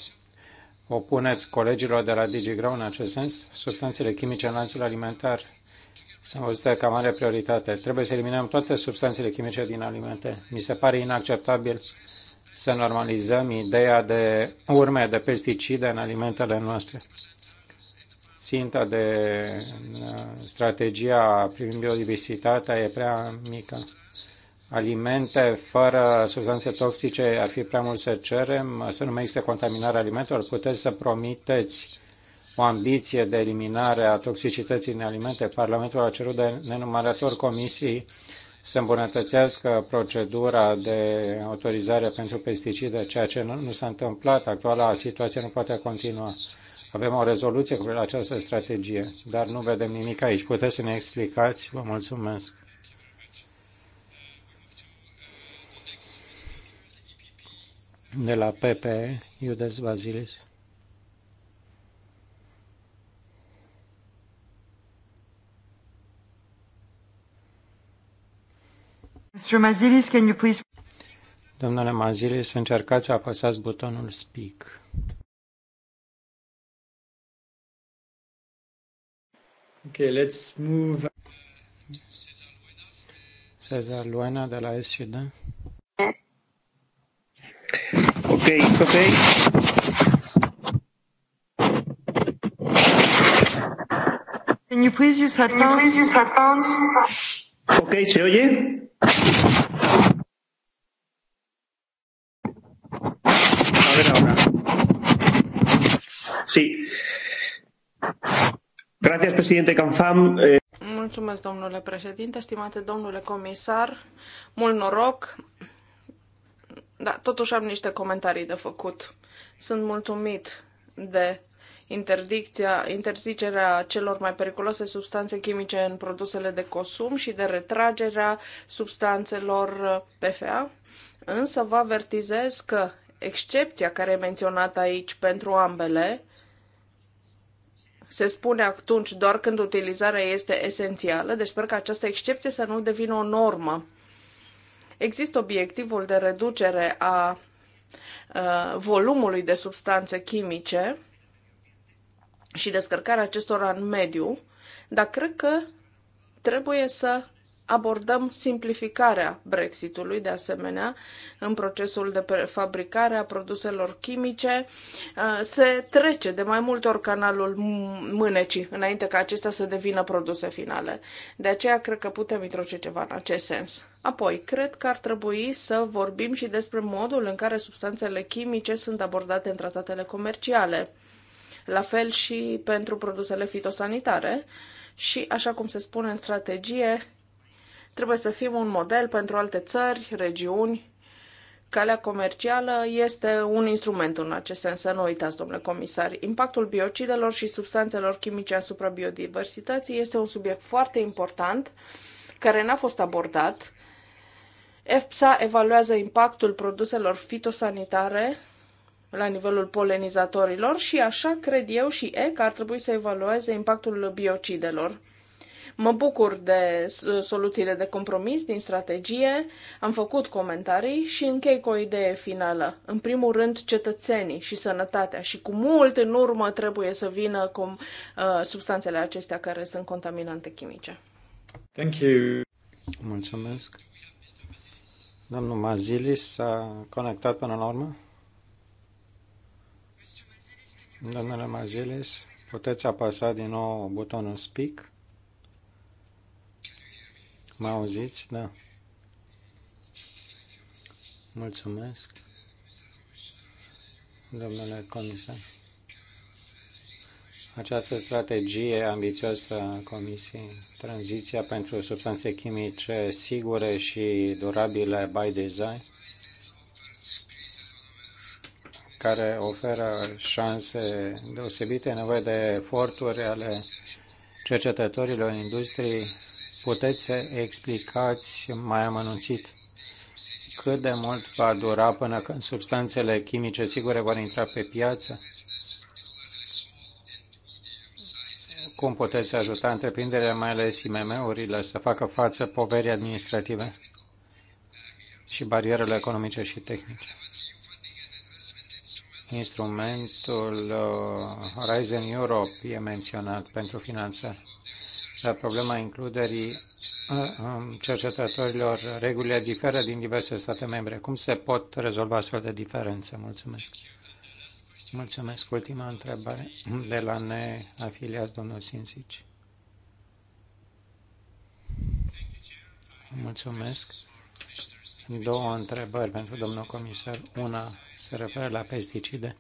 opuneți colegilor de la DigiGrow în acest sens? Substanțele chimice în lanțul alimentar sunt văzute ca mare prioritate. Trebuie să eliminăm toate substanțele chimice din alimente. Mi se pare inacceptabil să normalizăm ideea de urme de pesticide în alimentele noastre. Ținta de uh, strategia privind biodiversitatea e prea mică. Alimente fără substanțe toxice ar fi prea mult să cerem, să nu mai există contaminarea alimentelor. Puteți să promiteți o ambiție de eliminare a toxicității în alimente. Parlamentul a cerut de nenumărători comisii să îmbunătățească procedura de autorizare pentru pesticide, ceea ce nu, nu s-a întâmplat. Actuala situație nu poate continua. Avem o rezoluție cu această strategie, dar nu vedem nimic aici. Puteți să ne explicați? Vă mulțumesc. De la PP, Iudes Vasilis. Domnule can you Domnule Mazilis, încercați să apăsați butonul Speak. Okay, let's move. Cezar Luena de la SCD. Ok, ok. Can you please use headphones? Can you please use headphones? Ok, ¿se oye? A ver ahora. Sí. Gracias, presidente Canfam. Eh... Mulțumesc, domnule președinte, estimate domnule comisar, mult noroc. Da, totuși am niște comentarii de făcut. Sunt mulțumit de interdicția, interzicerea celor mai periculoase substanțe chimice în produsele de consum și de retragerea substanțelor PFA, însă vă avertizez că excepția care e menționată aici pentru ambele se spune atunci doar când utilizarea este esențială, deci sper că această excepție să nu devină o normă. Există obiectivul de reducere a uh, volumului de substanțe chimice și descărcarea acestora în mediu, dar cred că trebuie să abordăm simplificarea Brexitului, de asemenea, în procesul de fabricare a produselor chimice. Uh, se trece de mai multe ori canalul mânecii înainte ca acestea să devină produse finale. De aceea cred că putem introduce ceva în acest sens. Apoi, cred că ar trebui să vorbim și despre modul în care substanțele chimice sunt abordate în tratatele comerciale la fel și pentru produsele fitosanitare. Și, așa cum se spune în strategie, trebuie să fim un model pentru alte țări, regiuni. Calea comercială este un instrument în acest sens, să nu uitați, domnule comisar. Impactul biocidelor și substanțelor chimice asupra biodiversității este un subiect foarte important care n-a fost abordat. EFSA evaluează impactul produselor fitosanitare la nivelul polenizatorilor și așa cred eu și E că ar trebui să evalueze impactul biocidelor. Mă bucur de soluțiile de compromis din strategie, am făcut comentarii și închei cu o idee finală. În primul rând, cetățenii și sănătatea și cu mult în urmă trebuie să vină cu uh, substanțele acestea care sunt contaminante chimice. Thank you. Mulțumesc. Domnul Mazilis s-a conectat până la urmă? Domnule Mazilis, puteți apăsa din nou butonul speak? Mă auziți? Da. Mulțumesc. Domnule comisar, această strategie ambițioasă a Comisiei, tranziția pentru substanțe chimice sigure și durabile by design, care oferă șanse deosebite, nevoie de eforturi ale cercetătorilor în industrie. Puteți să explicați mai amănunțit cât de mult va dura până când substanțele chimice sigure vor intra pe piață? Cum puteți ajuta întreprinderea, mai ales IMM-urile, să facă față poverii administrative și barierele economice și tehnice? Instrumentul uh, Horizon Europe e menționat pentru finanță, Dar problema includerii uh, um, cercetătorilor, regulile diferă din diverse state membre. Cum se pot rezolva astfel de diferențe? Mulțumesc. Mulțumesc. Ultima întrebare de la neafiliați, domnul Sinsici. Mulțumesc. Două întrebări pentru domnul comisar. Una se referă la pesticide,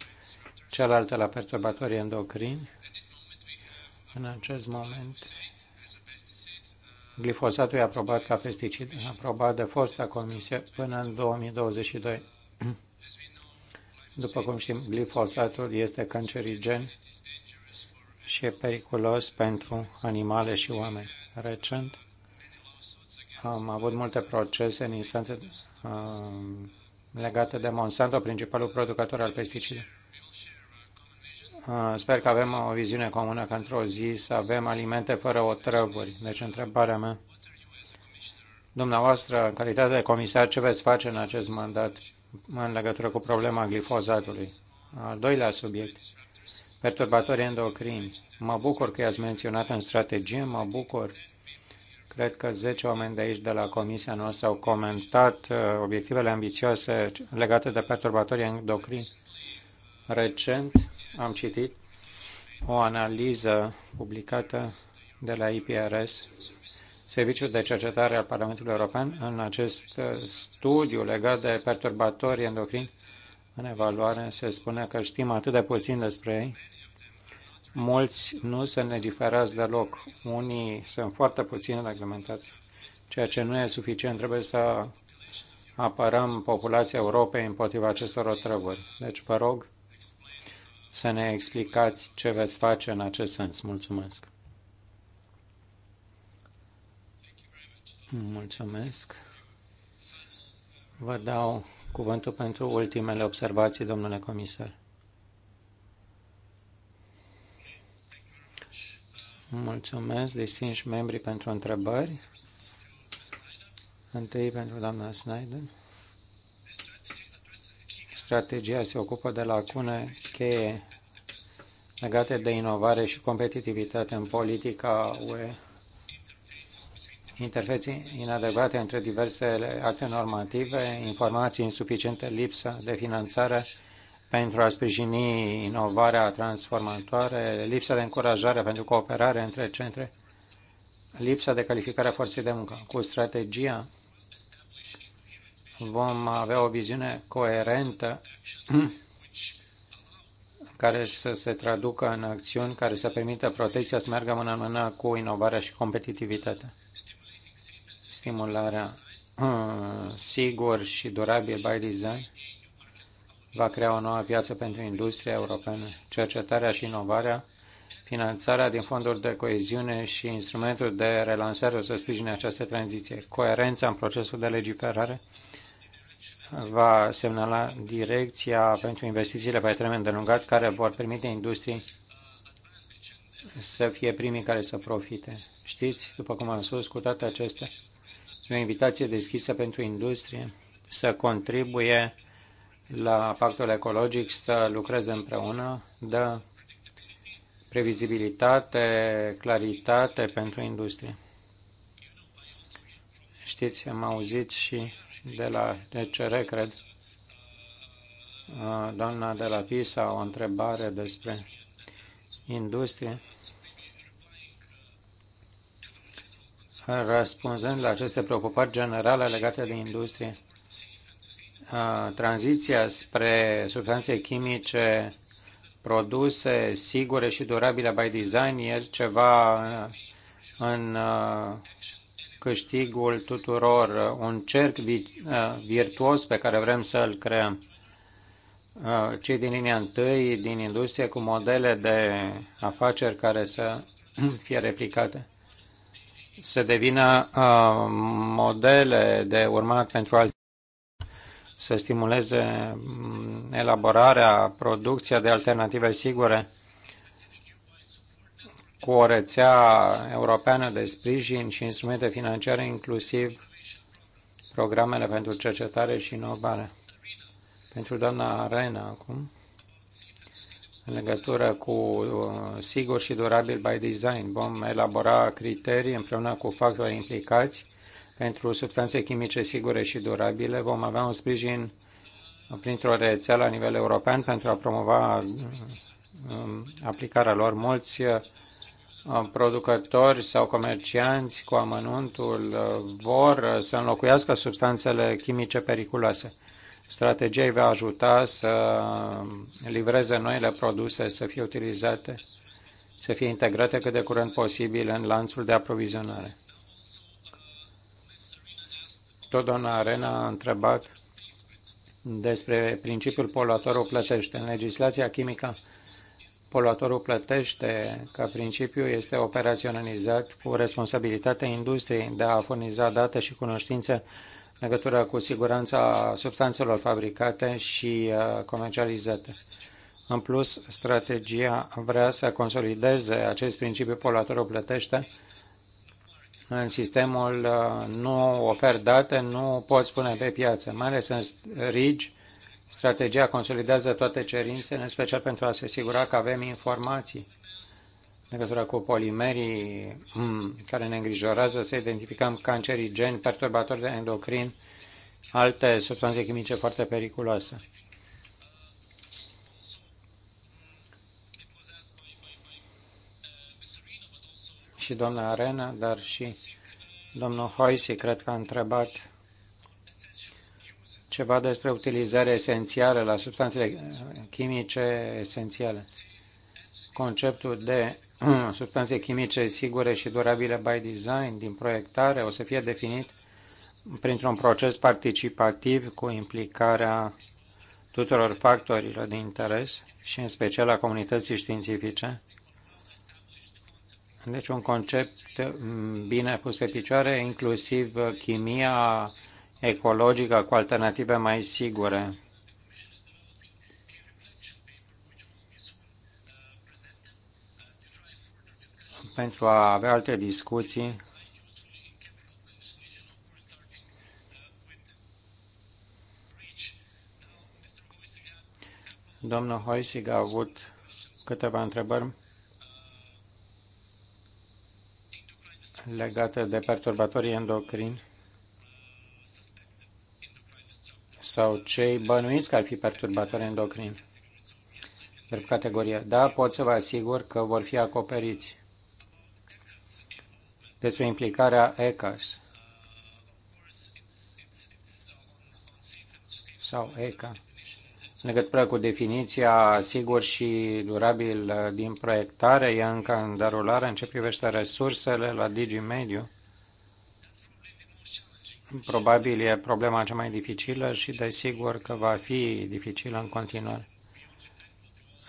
cealaltă la perturbatorii endocrini. În acest moment, glifosatul e aprobat ca pesticid, aprobat de fosta comisie până în 2022. După cum știm, glifosatul este cancerigen și e periculos pentru animale și oameni. Recent, am avut multe procese în instanțe uh, legate de Monsanto, principalul producător al pesticidelor. Uh, sper că avem o viziune comună, că într-o zi să avem alimente fără otrăvuri. Deci întrebarea mea, dumneavoastră, în calitate de comisar, ce veți face în acest mandat în legătură cu problema glifozatului? Al doilea subiect, perturbatorii endocrini. Mă bucur că i-ați menționat în strategie, mă bucur Cred că 10 oameni de aici, de la comisia noastră, au comentat uh, obiectivele ambițioase legate de perturbatorii endocrini. Recent am citit o analiză publicată de la IPRS, Serviciul de Cercetare al Parlamentului European, în acest uh, studiu legat de perturbatorii endocrini. În evaluare se spune că știm atât de puțin despre ei Mulți nu sunt legiferați deloc. Unii sunt foarte puțini reglementați, ceea ce nu e suficient. Trebuie să apărăm populația Europei împotriva acestor otrăvuri. Deci vă rog să ne explicați ce veți face în acest sens. Mulțumesc! Mulțumesc! Vă dau cuvântul pentru ultimele observații, domnule comisar. Mulțumesc, distinși membri, pentru întrebări. Întâi pentru doamna Snyder. Strategia se ocupă de lacune cheie legate de inovare și competitivitate în politica UE, interfețe inadecvate între diversele acte normative, informații insuficiente, lipsa de finanțare pentru a sprijini inovarea transformatoare, lipsa de încurajare pentru cooperare între centre, lipsa de calificare a forței de muncă. Cu strategia vom avea o viziune coerentă care să se traducă în acțiuni care să permită protecția să meargă mână în mână cu inovarea și competitivitatea. Stimularea sigur și durabil by design va crea o nouă piață pentru industria europeană, cercetarea și inovarea, finanțarea din fonduri de coeziune și instrumentul de relansare o să sprijine această tranziție. Coerența în procesul de legiferare va semnala direcția pentru investițiile pe termen lungat, care vor permite industriei să fie primii care să profite. Știți, după cum am spus, cu toate acestea, e o invitație deschisă pentru industrie să contribuie la pactul ecologic să lucreze împreună, dă previzibilitate, claritate pentru industrie. Știți, am auzit și de la DCR, cred, doamna de la PISA o întrebare despre industrie. Răspunzând la aceste preocupări generale legate de industrie, tranziția spre substanțe chimice produse sigure și durabile by design e ceva în câștigul tuturor, un cerc virtuos pe care vrem să-l creăm. Cei din linia întâi, din industrie, cu modele de afaceri care să fie replicate, să devină modele de urmat pentru alții să stimuleze mm, elaborarea, producția de alternative sigure cu o rețea europeană de sprijin și instrumente financiare, inclusiv programele pentru cercetare și inovare. Pentru doamna Arena acum, în legătură cu uh, sigur și durabil by design, vom elabora criterii împreună cu factorii implicați pentru substanțe chimice sigure și durabile. Vom avea un sprijin printr-o rețea la nivel european pentru a promova um, aplicarea lor. Mulți uh, producători sau comercianți cu amănuntul uh, vor uh, să înlocuiască substanțele chimice periculoase. Strategia îi va ajuta să um, livreze noile produse, să fie utilizate, să fie integrate cât de curând posibil în lanțul de aprovizionare. Tot doamna Arena a întrebat despre principiul poluatorul plătește. În legislația chimică, poluatorul plătește ca principiu este operaționalizat cu responsabilitatea industriei de a furniza date și cunoștințe în legătură cu siguranța substanțelor fabricate și uh, comercializate. În plus, strategia vrea să consolideze acest principiu poluatorul plătește în sistemul uh, nu ofer date, nu poți pune pe piață, mai ales în RIGI, Strategia consolidează toate cerințele, în special pentru a se asigura că avem informații în legătură cu polimerii hmm, care ne îngrijorează, să identificăm cancerigeni, perturbatori de endocrin, alte substanțe chimice foarte periculoase. și doamna Arena, dar și domnul Hoisi, cred că a întrebat ceva despre utilizarea esențială la substanțele chimice esențiale. Conceptul de substanțe chimice sigure și durabile by design din proiectare o să fie definit printr-un proces participativ cu implicarea tuturor factorilor de interes și în special a comunității științifice deci un concept mm, bine pus pe picioare, inclusiv chimia ecologică cu alternative mai sigure. Pentru a avea alte discuții, domnul Hoisig a avut câteva întrebări. legate de perturbatorii endocrini sau cei bănuiți că ar fi perturbatori endocrini. Drept categorie. Da, pot să vă asigur că vor fi acoperiți. Despre implicarea ECAS sau ECA în legătură cu definiția sigur și durabil uh, din proiectare, e încă în derulare în ce privește resursele la DigiMediu. Probabil e problema cea mai dificilă și desigur că va fi dificilă în continuare.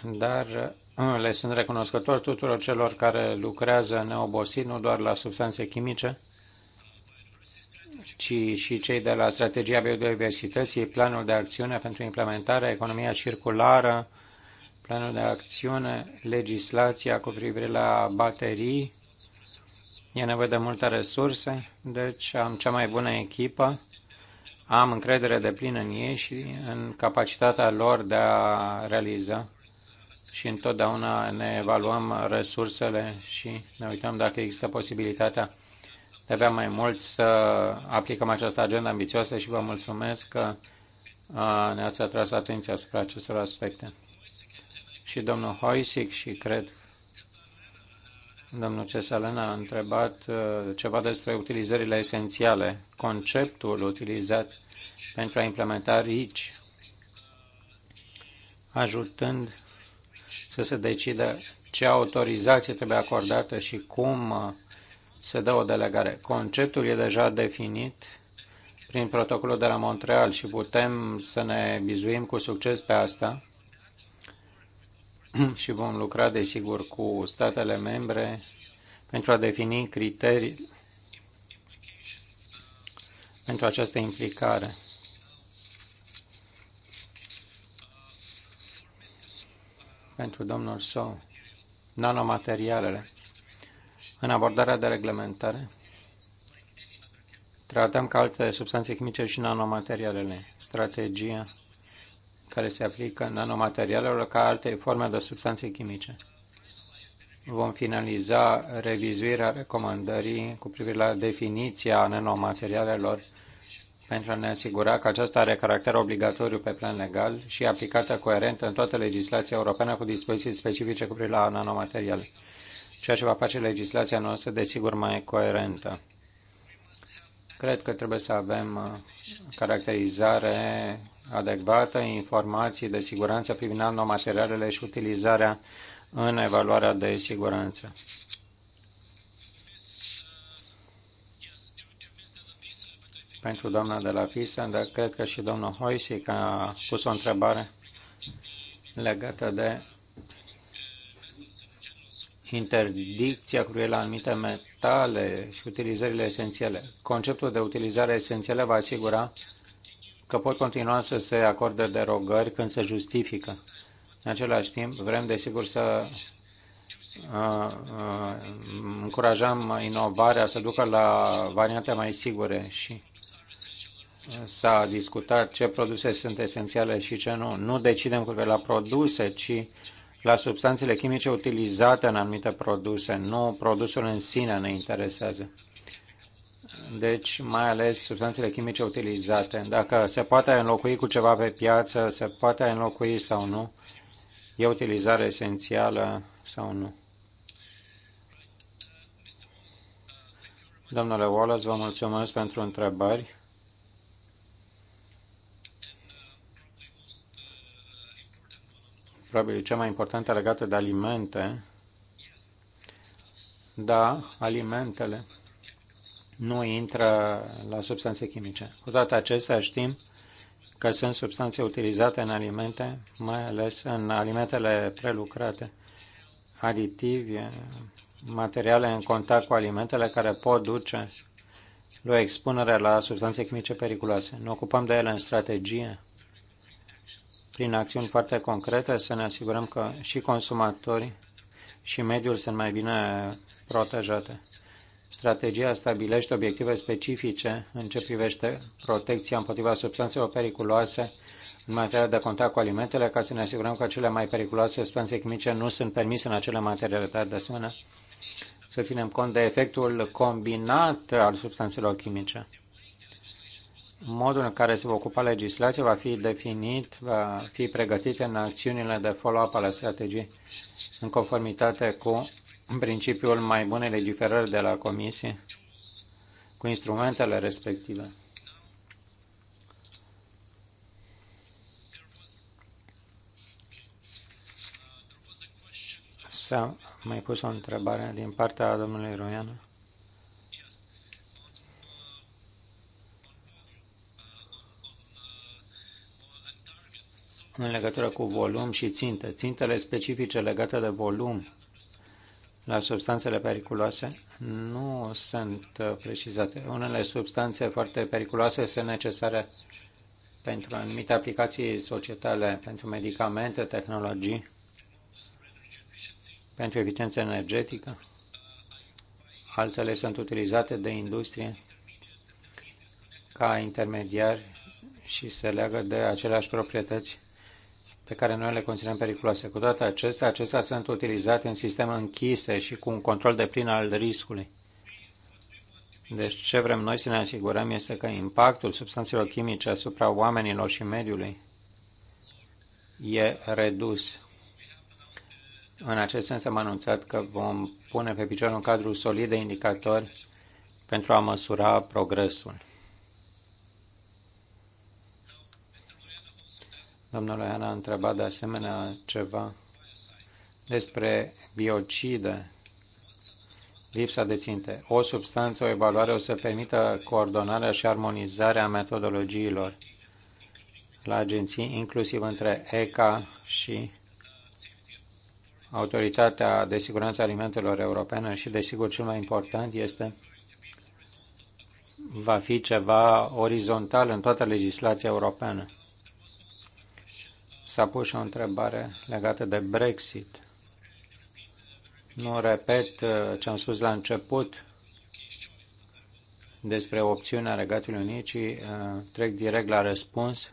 Dar uh, le sunt recunoscător tuturor celor care lucrează neobosit, nu doar la substanțe chimice, ci și cei de la Strategia Biodiversității, Planul de Acțiune pentru Implementarea Economia Circulară, Planul de Acțiune, legislația cu privire la baterii. E nevoie de multe resurse, deci am cea mai bună echipă, am încredere de plină în ei și în capacitatea lor de a realiza și întotdeauna ne evaluăm resursele și ne uităm dacă există posibilitatea trebuia mai mult să aplicăm această agenda ambițioasă și vă mulțumesc că ne-ați atras atenția asupra acestor aspecte. Și domnul Hoisic și cred domnul Cesalena a întrebat ceva despre utilizările esențiale, conceptul utilizat pentru a implementa RICI, ajutând să se decidă ce autorizație trebuie acordată și cum se dă o delegare. Conceptul e deja definit prin protocolul de la Montreal și putem să ne bizuim cu succes pe asta și vom lucra, desigur, cu statele membre pentru a defini criterii pentru această implicare. Pentru domnul Sou, nanomaterialele. În abordarea de reglementare, tratăm ca alte substanțe chimice și nanomaterialele. Strategia care se aplică nanomaterialelor ca alte forme de substanțe chimice. Vom finaliza revizuirea recomandării cu privire la definiția nanomaterialelor pentru a ne asigura că aceasta are caracter obligatoriu pe plan legal și aplicată coerent în toată legislația europeană cu dispoziții specifice cu privire la nanomateriale ceea ce va face legislația noastră, desigur, mai coerentă. Cred că trebuie să avem uh, caracterizare adecvată, informații de siguranță privind nanomaterialele și utilizarea în evaluarea de siguranță. Pentru doamna de la PISA, dar cred că și domnul Hoisic a pus o întrebare legată de interdicția cruelă a anumite metale și utilizările esențiale. Conceptul de utilizare esențială va asigura că pot continua să se acorde derogări când se justifică. În același timp, vrem, desigur, să uh, uh, încurajăm inovarea să ducă la variante mai sigure și s-a discutat ce produse sunt esențiale și ce nu. Nu decidem cu la produse, ci la substanțele chimice utilizate în anumite produse. Nu produsul în sine ne interesează. Deci, mai ales substanțele chimice utilizate. Dacă se poate înlocui cu ceva pe piață, se poate înlocui sau nu, e utilizare esențială sau nu. Domnule Wallace, vă mulțumesc pentru întrebări. probabil cea mai importantă legată de alimente. Da, alimentele nu intră la substanțe chimice. Cu toate acestea știm că sunt substanțe utilizate în alimente, mai ales în alimentele prelucrate, aditivi, materiale în contact cu alimentele care pot duce la o expunere la substanțe chimice periculoase. Ne ocupăm de ele în strategie prin acțiuni foarte concrete, să ne asigurăm că și consumatorii și mediul sunt mai bine protejate. Strategia stabilește obiective specifice în ce privește protecția împotriva substanțelor periculoase în materie de contact cu alimentele, ca să ne asigurăm că cele mai periculoase substanțe chimice nu sunt permise în acele materiale, dar de asemenea să ținem cont de efectul combinat al substanțelor chimice modul în care se va ocupa legislația va fi definit, va fi pregătit în acțiunile de follow-up ale strategiei, în conformitate cu principiul mai bune legiferări de la Comisie, cu instrumentele respective. S-a mai pus o întrebare din partea domnului Roianu. în legătură cu volum și ținte. Țintele specifice legate de volum la substanțele periculoase nu sunt precizate. Unele substanțe foarte periculoase sunt necesare pentru anumite aplicații societale, pentru medicamente, tehnologii, pentru eficiență energetică. Altele sunt utilizate de industrie ca intermediari și se leagă de aceleași proprietăți pe care noi le considerăm periculoase. Cu toate acestea, acestea sunt utilizate în sisteme închise și cu un control de plin al riscului. Deci ce vrem noi să ne asigurăm este că impactul substanțelor chimice asupra oamenilor și mediului e redus. În acest sens am anunțat că vom pune pe picior un cadru solid de indicatori pentru a măsura progresul. Domnul Ioan a întrebat de asemenea ceva despre biocide, lipsa de ținte. O substanță, o evaluare o să permită coordonarea și armonizarea metodologiilor la agenții, inclusiv între ECA și Autoritatea de Siguranță Alimentelor Europeană și, desigur, cel mai important este va fi ceva orizontal în toată legislația europeană. S-a pus o întrebare legată de Brexit. Nu repet uh, ce am spus la început despre opțiunea Regatului Unit, ci uh, trec direct la răspuns.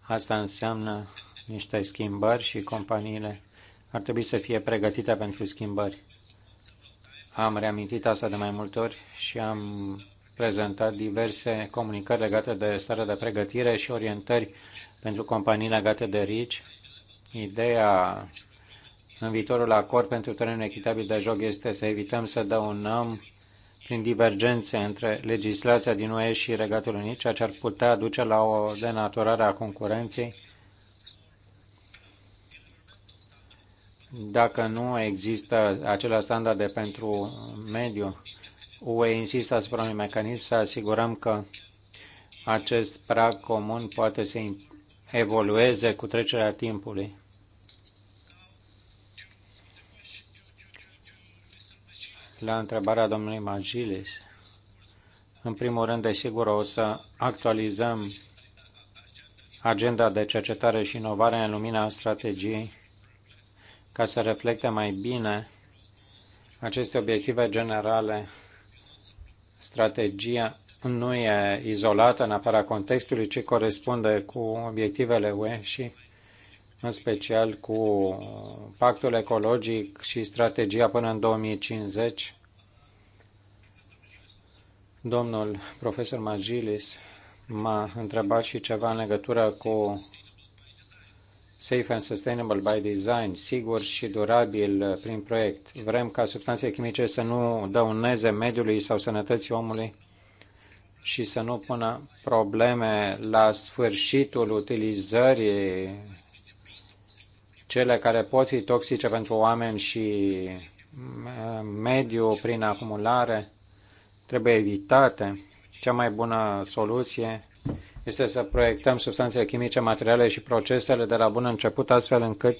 Asta înseamnă niște schimbări și companiile ar trebui să fie pregătite pentru schimbări. Am reamintit asta de mai multe ori și am prezentat diverse comunicări legate de starea de pregătire și orientări pentru companii legate de RICI. Ideea în viitorul acord pentru terenul echitabil de joc este să evităm să dăunăm prin divergențe între legislația din UE și Regatul Unit, ceea ce ar putea duce la o denaturare a concurenței dacă nu există acele standarde pentru mediu UE insistă asupra unui mecanism să asigurăm că acest prag comun poate să evolueze cu trecerea timpului. La întrebarea domnului Magilis, în primul rând, desigur, o să actualizăm agenda de cercetare și inovare în lumina strategiei ca să reflecte mai bine aceste obiective generale Strategia nu e izolată în afara contextului, ci corespunde cu obiectivele UE și în special cu pactul ecologic și strategia până în 2050. Domnul profesor Magilis m-a întrebat și ceva în legătură cu Safe and Sustainable by Design, sigur și durabil uh, prin proiect. Vrem ca substanțele chimice să nu dăuneze mediului sau sănătății omului și să nu pună probleme la sfârșitul utilizării cele care pot fi toxice pentru oameni și uh, mediu prin acumulare trebuie evitate. Cea mai bună soluție este să proiectăm substanțele chimice, materiale și procesele de la bun început, astfel încât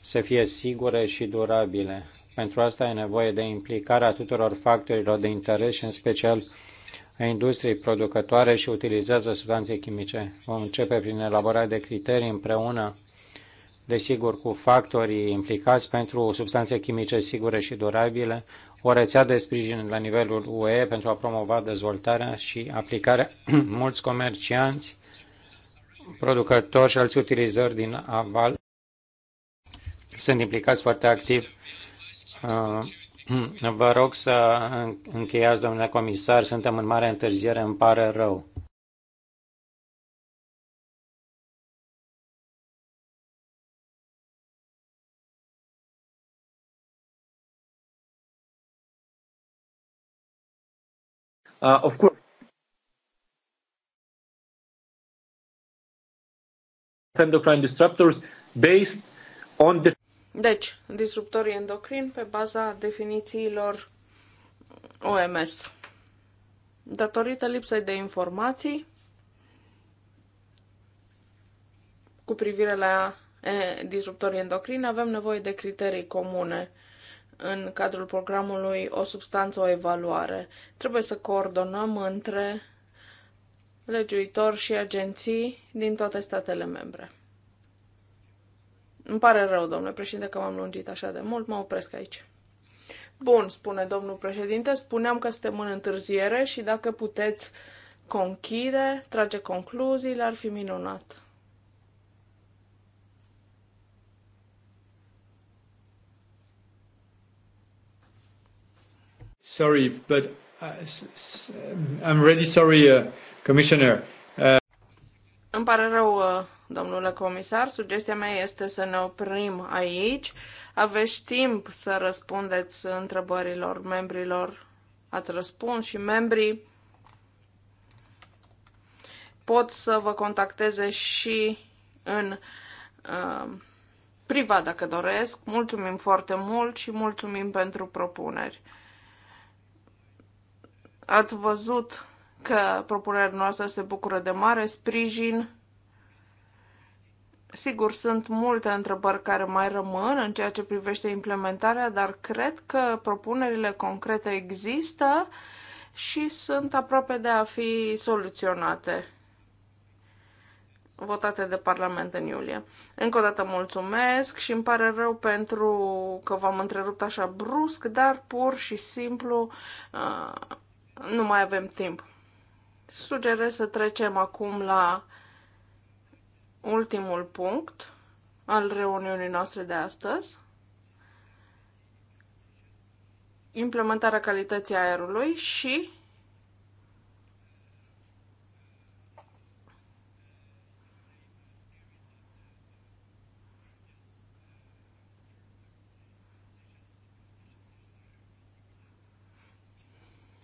să fie sigure și durabile. Pentru asta e nevoie de implicarea tuturor factorilor de interes și în special a industriei producătoare și utilizează substanțe chimice. Vom începe prin elaborarea de criterii împreună, desigur, cu factorii implicați pentru substanțe chimice sigure și durabile, o rețea de sprijin la nivelul UE pentru a promova dezvoltarea și aplicarea. Mulți comercianți, producători și alți utilizări din aval sunt implicați foarte activ. Uh, vă rog să încheiați, domnule comisar, suntem în mare întârziere, îmi pare rău. Uh, of course, endocrine disruptors based on the deci, disruptorii endocrini pe baza definițiilor OMS. Datorită lipsei de informații cu privire la e, disruptorii endocrini, avem nevoie de criterii comune în cadrul programului o substanță, o evaluare. Trebuie să coordonăm între legiuitori și agenții din toate statele membre. Îmi pare rău, domnule președinte, că m-am lungit așa de mult, mă opresc aici. Bun, spune domnul președinte, spuneam că suntem în întârziere și dacă puteți conchide, trage concluziile, ar fi minunat. Sorry, but uh, I'm really sorry, uh, Commissioner. Uh... Îmi pare rău, uh, domnule comisar. Sugestia mea este să ne oprim aici. Aveți timp să răspundeți întrebărilor membrilor. Ați răspuns și membrii pot să vă contacteze și în uh, privat dacă doresc. Mulțumim foarte mult și mulțumim pentru propuneri. Ați văzut că propunerea noastră se bucură de mare sprijin. Sigur, sunt multe întrebări care mai rămân în ceea ce privește implementarea, dar cred că propunerile concrete există și sunt aproape de a fi soluționate votate de Parlament în iulie. Încă o dată mulțumesc și îmi pare rău pentru că v-am întrerupt așa brusc, dar pur și simplu uh, nu mai avem timp. Sugerez să trecem acum la ultimul punct al reuniunii noastre de astăzi. Implementarea calității aerului și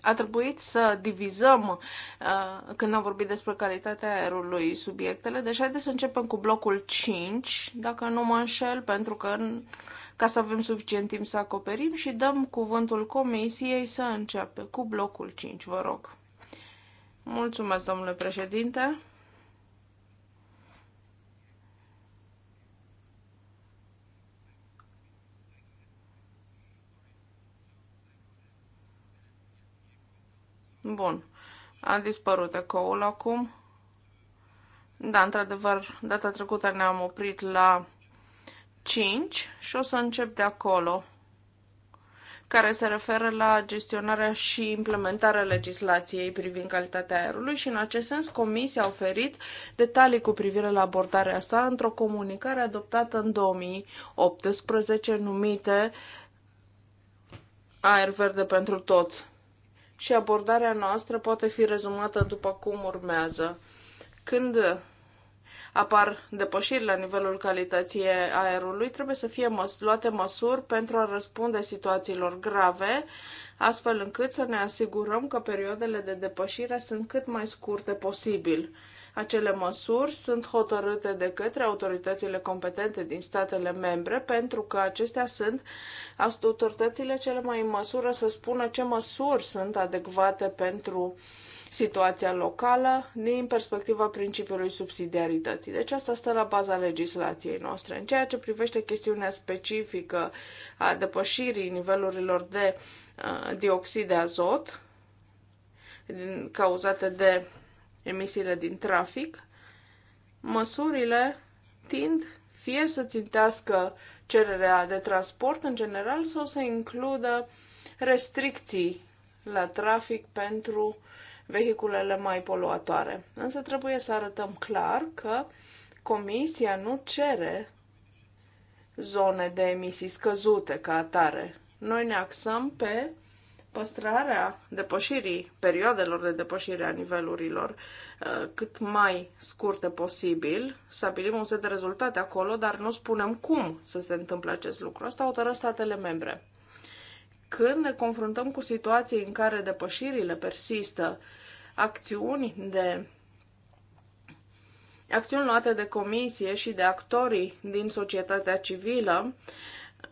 a trebuit să divizăm, uh, când am vorbit despre calitatea aerului, subiectele. Deci haideți să începem cu blocul 5, dacă nu mă înșel, pentru că ca să avem suficient timp să acoperim și dăm cuvântul comisiei să înceapă cu blocul 5, vă rog. Mulțumesc, domnule președinte. Bun. A dispărut ecoul acum. Da, într-adevăr, data trecută ne-am oprit la 5 și o să încep de acolo, care se referă la gestionarea și implementarea legislației privind calitatea aerului și, în acest sens, Comisia a oferit detalii cu privire la abordarea sa într-o comunicare adoptată în 2018 numită Aer verde pentru toți și abordarea noastră poate fi rezumată după cum urmează. Când apar depășiri la nivelul calității aerului, trebuie să fie măs- luate măsuri pentru a răspunde situațiilor grave, astfel încât să ne asigurăm că perioadele de depășire sunt cât mai scurte posibil. Acele măsuri sunt hotărâte de către autoritățile competente din statele membre pentru că acestea sunt autoritățile cele mai în măsură să spună ce măsuri sunt adecvate pentru situația locală din perspectiva principiului subsidiarității. Deci asta stă la baza legislației noastre. În ceea ce privește chestiunea specifică a depășirii nivelurilor de uh, dioxid de azot din, cauzate de emisiile din trafic, măsurile tind fie să țintească cererea de transport în general sau să includă restricții la trafic pentru vehiculele mai poluatoare. Însă trebuie să arătăm clar că Comisia nu cere zone de emisii scăzute ca atare. Noi ne axăm pe păstrarea depășirii perioadelor de depășire a nivelurilor uh, cât mai scurte posibil. Stabilim un set de rezultate acolo, dar nu spunem cum să se întâmple acest lucru. Asta hotără statele membre. Când ne confruntăm cu situații în care depășirile persistă, acțiuni de acțiuni luate de comisie și de actorii din societatea civilă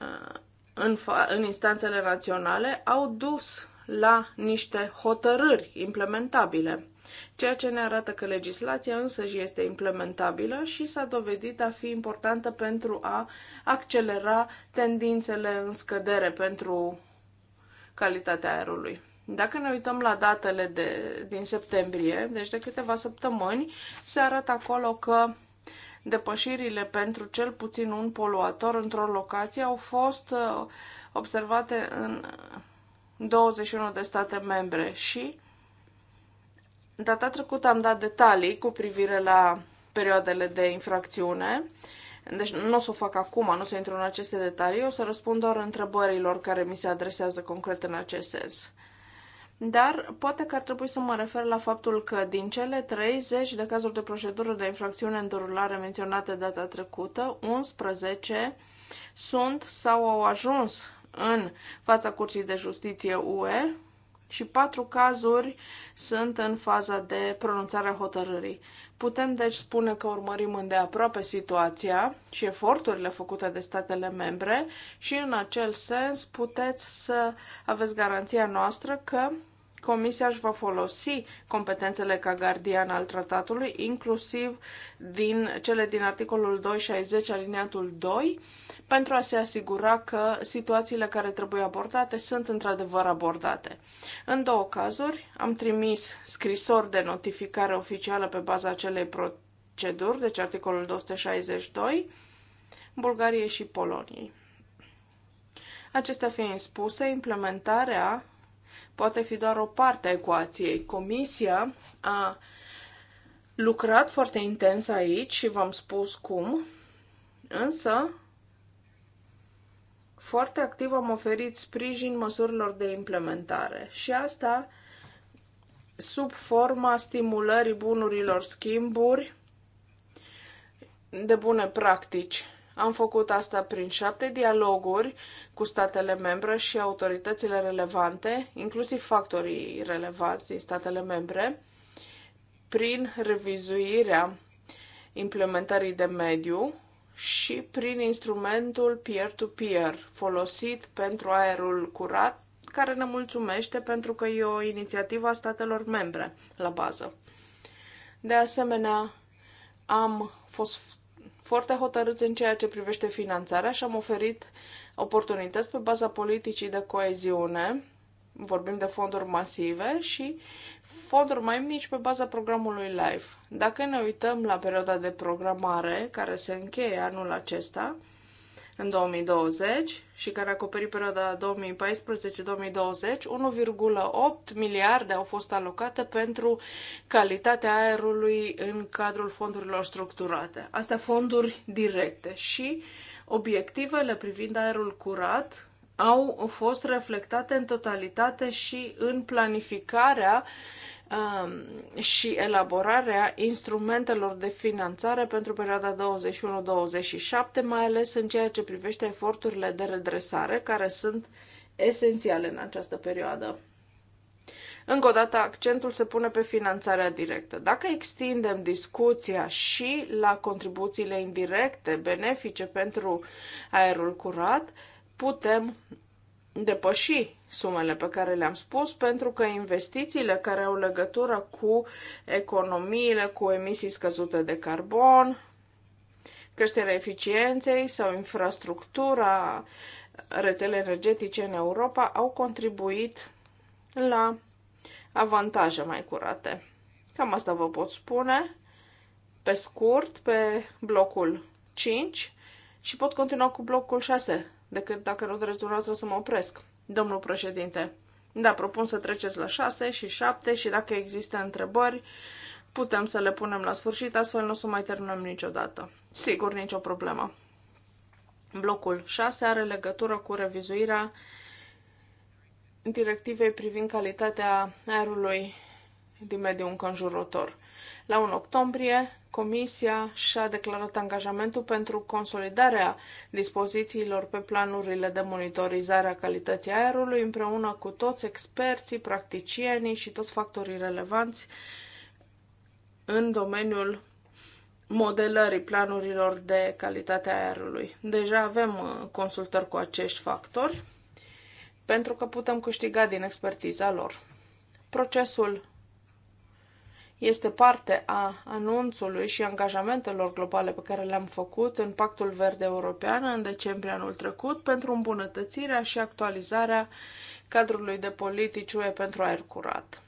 uh, în, în instanțele naționale au dus la niște hotărâri implementabile, ceea ce ne arată că legislația însă și este implementabilă și s-a dovedit a fi importantă pentru a accelera tendințele în scădere pentru calitatea aerului. Dacă ne uităm la datele de, din septembrie, deci de câteva săptămâni, se arată acolo că depășirile pentru cel puțin un poluator într-o locație au fost uh, observate în 21 de state membre și data trecută am dat detalii cu privire la perioadele de infracțiune. Deci nu o să o fac acum, nu o să intru în aceste detalii, o să răspund doar întrebărilor care mi se adresează concret în acest sens. Dar poate că ar trebui să mă refer la faptul că din cele 30 de cazuri de procedură de infracțiune în derulare menționate data trecută, 11 sunt sau au ajuns în fața Curții de Justiție UE și patru cazuri sunt în faza de pronunțare a hotărârii. Putem deci spune că urmărim îndeaproape situația și eforturile făcute de statele membre și în acel sens puteți să aveți garanția noastră că Comisia își va folosi competențele ca gardian al tratatului, inclusiv din cele din articolul 260 aliniatul 2, pentru a se asigura că situațiile care trebuie abordate sunt într-adevăr abordate. În două cazuri am trimis scrisori de notificare oficială pe baza acelei proceduri, deci articolul 262, Bulgariei și Poloniei. Acestea fiind spuse, implementarea poate fi doar o parte a ecuației. Comisia a lucrat foarte intens aici și v-am spus cum, însă foarte activ am oferit sprijin măsurilor de implementare și asta sub forma stimulării bunurilor schimburi de bune practici am făcut asta prin șapte dialoguri cu statele membre și autoritățile relevante, inclusiv factorii relevați din statele membre, prin revizuirea implementării de mediu și prin instrumentul peer-to-peer -peer folosit pentru aerul curat, care ne mulțumește pentru că e o inițiativă a statelor membre la bază. De asemenea, am fost foarte hotărâți în ceea ce privește finanțarea și am oferit oportunități pe baza politicii de coeziune, vorbim de fonduri masive și fonduri mai mici pe baza programului LIFE. Dacă ne uităm la perioada de programare care se încheie anul acesta, în 2020 și care acoperi perioada 2014-2020, 1,8 miliarde au fost alocate pentru calitatea aerului în cadrul fondurilor structurate. Astea fonduri directe și obiectivele privind aerul curat au fost reflectate în totalitate și în planificarea Um, și elaborarea instrumentelor de finanțare pentru perioada 21-27, mai ales în ceea ce privește eforturile de redresare, care sunt esențiale în această perioadă. Încă o dată, accentul se pune pe finanțarea directă. Dacă extindem discuția și la contribuțiile indirecte, benefice pentru aerul curat, putem depăși sumele pe care le-am spus, pentru că investițiile care au legătură cu economiile, cu emisii scăzute de carbon, creșterea eficienței sau infrastructura rețele energetice în Europa au contribuit la avantaje mai curate. Cam asta vă pot spune pe scurt pe blocul 5 și pot continua cu blocul 6, decât dacă nu vreți dumneavoastră să mă opresc. Domnul președinte, da, propun să treceți la 6 și 7 și dacă există întrebări, putem să le punem la sfârșit, astfel nu o să mai terminăm niciodată. Sigur, nicio problemă. Blocul 6 are legătură cu revizuirea directivei privind calitatea aerului din mediul înconjurător. La 1 octombrie Comisia și-a declarat angajamentul pentru consolidarea dispozițiilor pe planurile de monitorizare a calității aerului împreună cu toți experții, practicienii și toți factorii relevanți în domeniul modelării planurilor de calitate a aerului. Deja avem uh, consultări cu acești factori pentru că putem câștiga din expertiza lor. Procesul este parte a anunțului și angajamentelor globale pe care le-am făcut în Pactul Verde European în decembrie anul trecut pentru îmbunătățirea și actualizarea cadrului de politici UE pentru aer curat.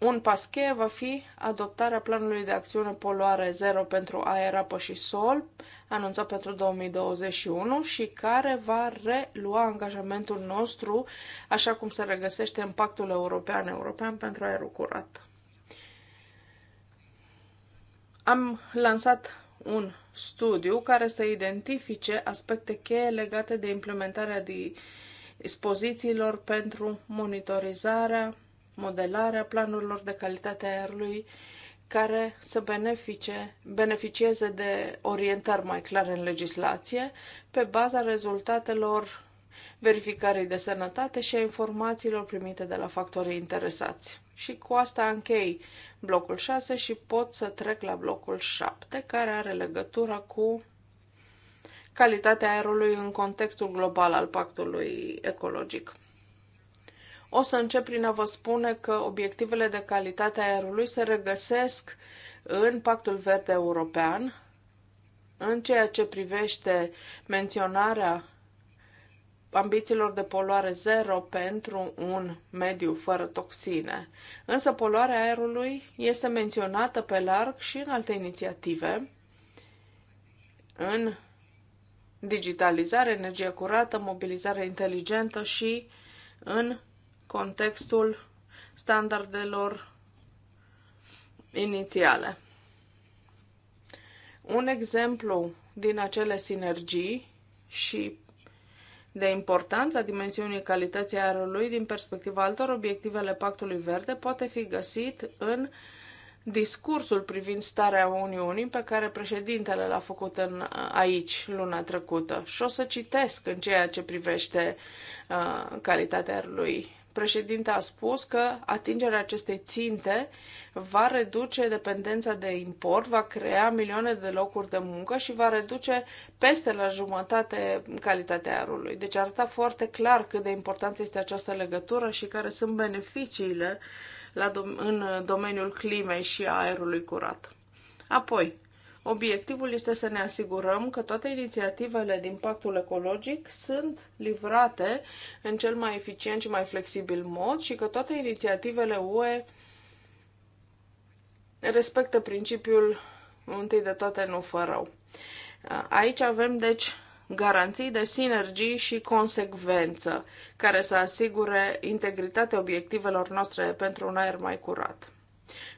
Un pas cheie va fi adoptarea planului de acțiune poluare zero pentru aer, apă și sol, anunțat pentru 2021 și care va relua angajamentul nostru, așa cum se regăsește în Pactul European European pentru Aerul Curat am lansat un studiu care să identifice aspecte cheie legate de implementarea dispozițiilor pentru monitorizarea, modelarea planurilor de calitate a aerului care să benefice, beneficieze de orientări mai clare în legislație pe baza rezultatelor verificării de sănătate și a informațiilor primite de la factorii interesați și cu asta închei blocul 6 și pot să trec la blocul 7, care are legătură cu calitatea aerului în contextul global al pactului ecologic. O să încep prin a vă spune că obiectivele de calitate a aerului se regăsesc în Pactul Verde European, în ceea ce privește menționarea ambițiilor de poluare zero pentru un mediu fără toxine. Însă poluarea aerului este menționată pe larg și în alte inițiative, în digitalizare, energie curată, mobilizare inteligentă și în contextul standardelor inițiale. Un exemplu din acele sinergii și de importanța dimensiunii calității aerului din perspectiva altor obiective ale Pactului Verde poate fi găsit în discursul privind starea Uniunii pe care președintele l-a făcut în, aici luna trecută. Și o să citesc în ceea ce privește uh, calitatea aerului Președinte a spus că atingerea acestei ținte va reduce dependența de import, va crea milioane de locuri de muncă și va reduce peste la jumătate calitatea aerului. Deci arăta foarte clar cât de importantă este această legătură și care sunt beneficiile la dom- în domeniul climei și aerului curat. Apoi, Obiectivul este să ne asigurăm că toate inițiativele din pactul ecologic sunt livrate în cel mai eficient și mai flexibil mod și că toate inițiativele UE respectă principiul întâi de toate nu fă rău. Aici avem, deci, garanții de sinergii și consecvență, care să asigure integritatea obiectivelor noastre pentru un aer mai curat.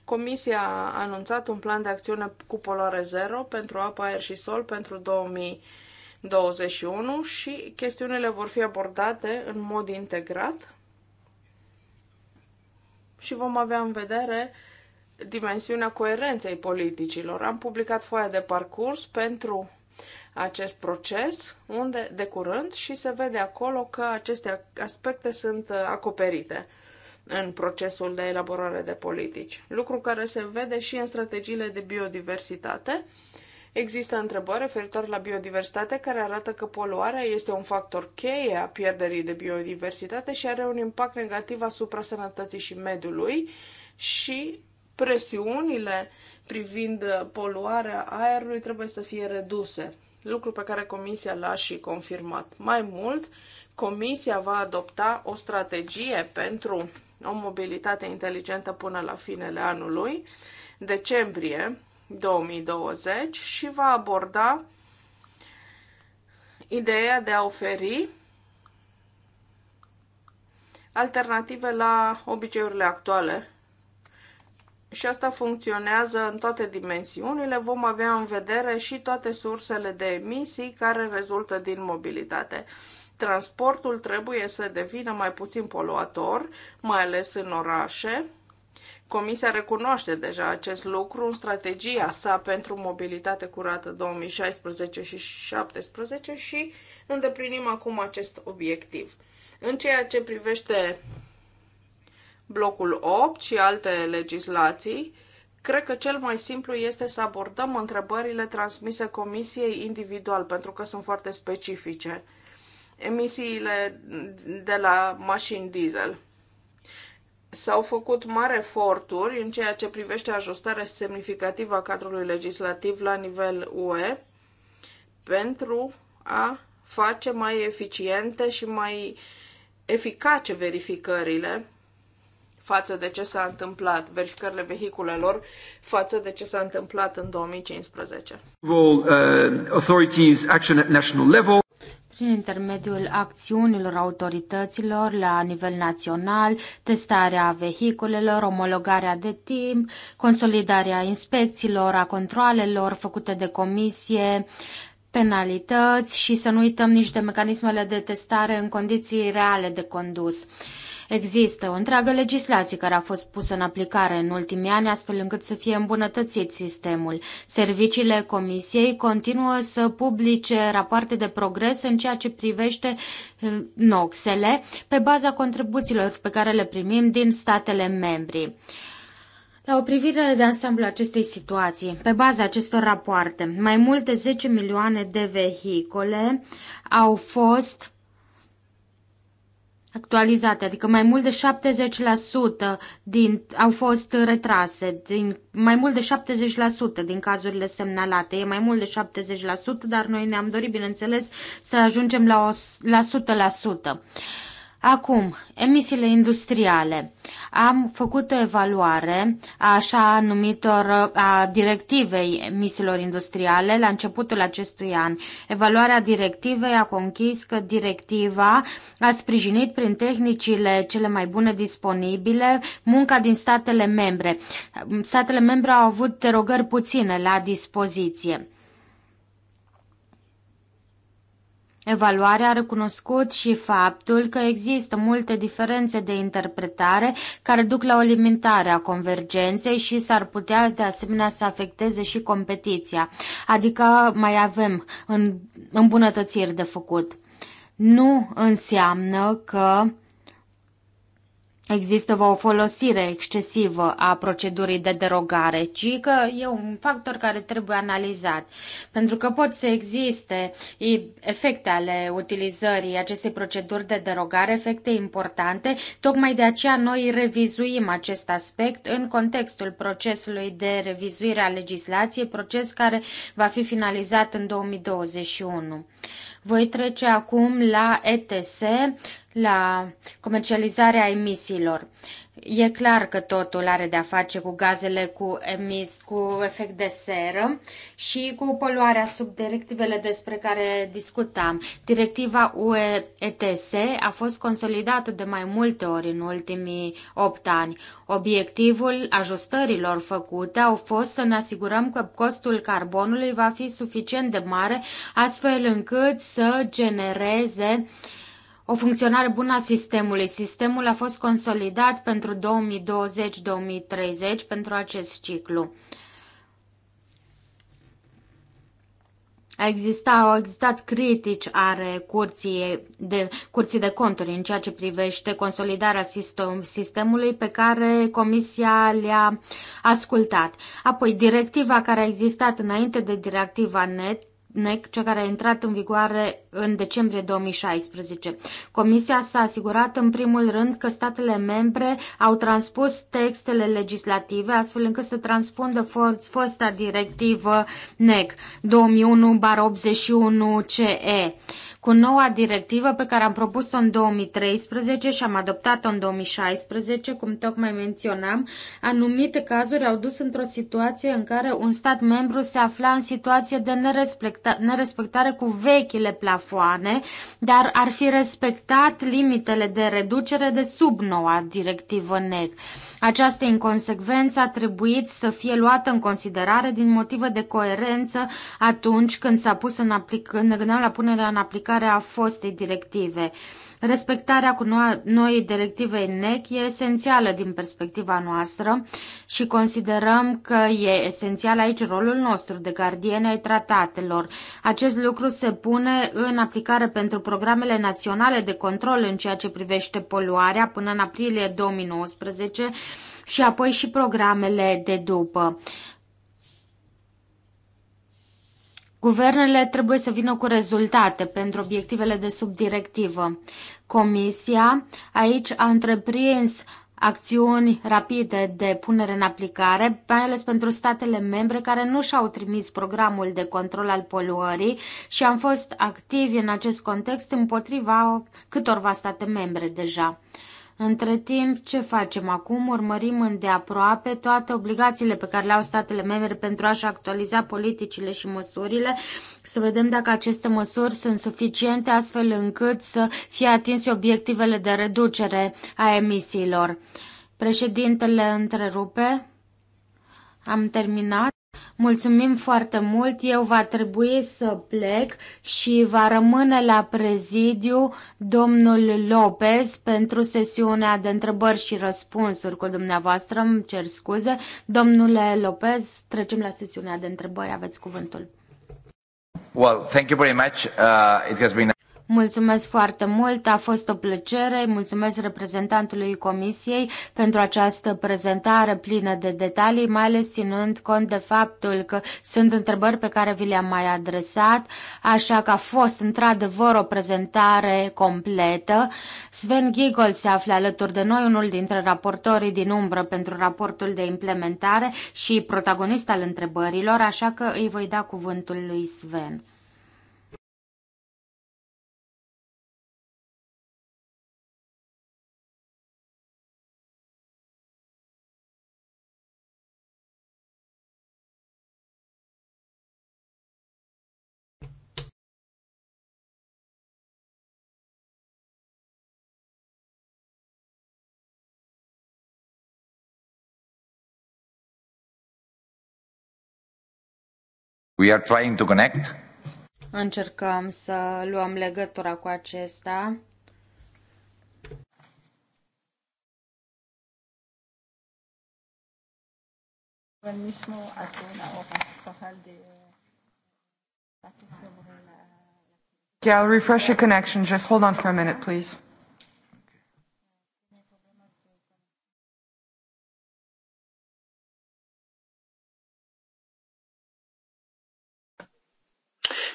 Comisia a anunțat un plan de acțiune cu poloare zero pentru apă, aer și sol pentru 2021 și chestiunile vor fi abordate în mod integrat și vom avea în vedere dimensiunea coerenței politicilor. Am publicat foaia de parcurs pentru acest proces unde de curând și se vede acolo că aceste aspecte sunt acoperite în procesul de elaborare de politici, lucru care se vede și în strategiile de biodiversitate. Există întrebări referitor la biodiversitate care arată că poluarea este un factor cheie a pierderii de biodiversitate și are un impact negativ asupra sănătății și mediului și presiunile privind poluarea aerului trebuie să fie reduse, lucru pe care Comisia l-a și confirmat. Mai mult, Comisia va adopta o strategie pentru o mobilitate inteligentă până la finele anului, decembrie 2020, și va aborda ideea de a oferi alternative la obiceiurile actuale. Și asta funcționează în toate dimensiunile. Vom avea în vedere și toate sursele de emisii care rezultă din mobilitate transportul trebuie să devină mai puțin poluator, mai ales în orașe. Comisia recunoaște deja acest lucru în strategia sa pentru mobilitate curată 2016 și 2017 și îndeplinim acum acest obiectiv. În ceea ce privește blocul 8 și alte legislații, Cred că cel mai simplu este să abordăm întrebările transmise comisiei individual, pentru că sunt foarte specifice emisiile de la mașini diesel. S-au făcut mari eforturi în ceea ce privește ajustarea semnificativă a cadrului legislativ la nivel UE pentru a face mai eficiente și mai eficace verificările față de ce s-a întâmplat, verificările vehiculelor față de ce s-a întâmplat în 2015. Well, uh, authorities action at national level prin intermediul acțiunilor autorităților la nivel național, testarea vehiculelor, omologarea de timp, consolidarea inspecțiilor, a controalelor făcute de comisie, penalități și să nu uităm nici de mecanismele de testare în condiții reale de condus. Există o întreagă legislație care a fost pusă în aplicare în ultimii ani, astfel încât să fie îmbunătățit sistemul. Serviciile Comisiei continuă să publice rapoarte de progres în ceea ce privește eh, noxele pe baza contribuțiilor pe care le primim din statele membri. La o privire de ansamblu acestei situații, pe baza acestor rapoarte, mai multe 10 milioane de vehicole au fost actualizate, adică mai mult de 70% din, au fost retrase, din, mai mult de 70% din cazurile semnalate. E mai mult de 70%, dar noi ne-am dorit, bineînțeles, să ajungem la, o, la 100%. Acum, emisiile industriale. Am făcut o evaluare a așa numitor a directivei emisiilor industriale la începutul acestui an. Evaluarea directivei a conchis că directiva a sprijinit prin tehnicile cele mai bune disponibile munca din statele membre. Statele membre au avut derogări puține la dispoziție. Evaluarea a recunoscut și faptul că există multe diferențe de interpretare care duc la o limitare a convergenței și s-ar putea de asemenea să afecteze și competiția, adică mai avem îmbunătățiri de făcut. Nu înseamnă că există o folosire excesivă a procedurii de derogare, ci că e un factor care trebuie analizat. Pentru că pot să existe efecte ale utilizării acestei proceduri de derogare, efecte importante, tocmai de aceea noi revizuim acest aspect în contextul procesului de revizuire a legislației, proces care va fi finalizat în 2021. Voi trece acum la ETS la comercializarea emisiilor. E clar că totul are de-a face cu gazele cu emis, cu efect de seră și cu poluarea sub directivele despre care discutam. Directiva UE ETS a fost consolidată de mai multe ori în ultimii 8 ani. Obiectivul ajustărilor făcute au fost să ne asigurăm că costul carbonului va fi suficient de mare astfel încât să genereze uh, o funcționare bună a sistemului. Sistemul a fost consolidat pentru 2020-2030 pentru acest ciclu. A existat, au existat critici are curții de, curții de conturi în ceea ce privește consolidarea sistem, sistemului pe care Comisia le-a ascultat. Apoi, directiva care a existat înainte de directiva NET, NEC, cea care a intrat în vigoare în decembrie 2016. Comisia s-a asigurat în primul rând că statele membre au transpus textele legislative astfel încât să transpundă fosta directivă NEC 2001-81-CE. Cu noua directivă pe care am propus-o în 2013 și am adoptat-o în 2016, cum tocmai menționam, anumite cazuri au dus într-o situație în care un stat membru se afla în situație de nerespecta nerespectare cu vechile plafoane plafoane, dar ar fi respectat limitele de reducere de sub noua directivă NEC. Această inconsecvență a trebuit să fie luată în considerare din motive de coerență atunci când s-a pus în, aplic- în la punerea în aplicare a fostei directive. Respectarea cu noi directivei NEC e esențială din perspectiva noastră și considerăm că e esențial aici rolul nostru de gardiene ai tratatelor. Acest lucru se pune în aplicare pentru programele naționale de control în ceea ce privește poluarea până în aprilie 2019 și apoi și programele de după. Uh, Guvernele trebuie să vină cu rezultate pentru obiectivele de sub directivă. Comisia aici a întreprins acțiuni rapide de punere în aplicare, mai ales pentru statele membre care nu și-au trimis programul de control al poluării și am fost activi în acest context împotriva câtorva state membre deja. Între timp, ce facem acum? Urmărim îndeaproape toate obligațiile pe care le au statele membre pentru a-și actualiza politicile și măsurile, să vedem dacă aceste măsuri sunt suficiente astfel încât să fie atinse obiectivele de reducere a emisiilor. Președintele întrerupe. Am terminat. Mulțumim foarte mult, eu va trebui să plec și va rămâne la prezidiu domnul Lopez pentru sesiunea de întrebări și răspunsuri cu dumneavoastră, îmi cer scuze. Domnule Lopez, trecem la sesiunea de întrebări, aveți cuvântul. Well, thank you very much. Uh, it has been Mulțumesc foarte mult, a fost o plăcere. Mulțumesc reprezentantului Comisiei pentru această prezentare plină de detalii, mai ales ținând cont de faptul că sunt întrebări pe care vi le-am mai adresat, așa că a fost într-adevăr o prezentare completă. Sven Gigol se află alături de noi, unul dintre raportorii din umbră pentru raportul de implementare și protagonist al întrebărilor, așa că îi voi da cuvântul lui Sven. We are trying to connect. Încercăm să luăm legătura cu acesta. Wenn Yeah, I'll refresh your connection. Just hold on for a minute, please.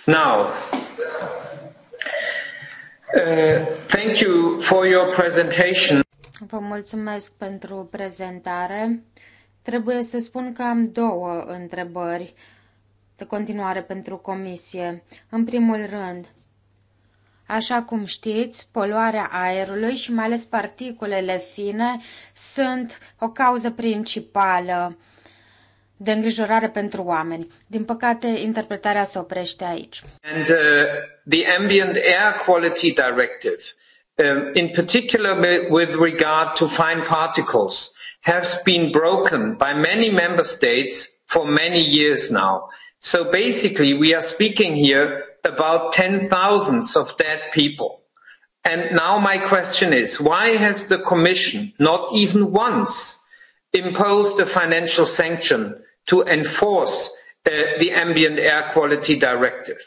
Now, uh, thank you for your presentation. Vă mulțumesc pentru prezentare. Trebuie să spun că am două întrebări de continuare pentru comisie. În primul rând, Așa cum știți, poluarea aerului și mai ales particulele fine sunt o cauză principală de îngrijorare pentru oameni. Din păcate, interpretarea se oprește aici. And uh, the ambient air quality directive, um, in particular with regard to fine particles, has been broken by many member states for many years now. So basically, we are speaking here about ten thousands of dead people. And now my question is, why has the Commission not even once imposed a financial sanction to enforce uh, the ambient air quality directive.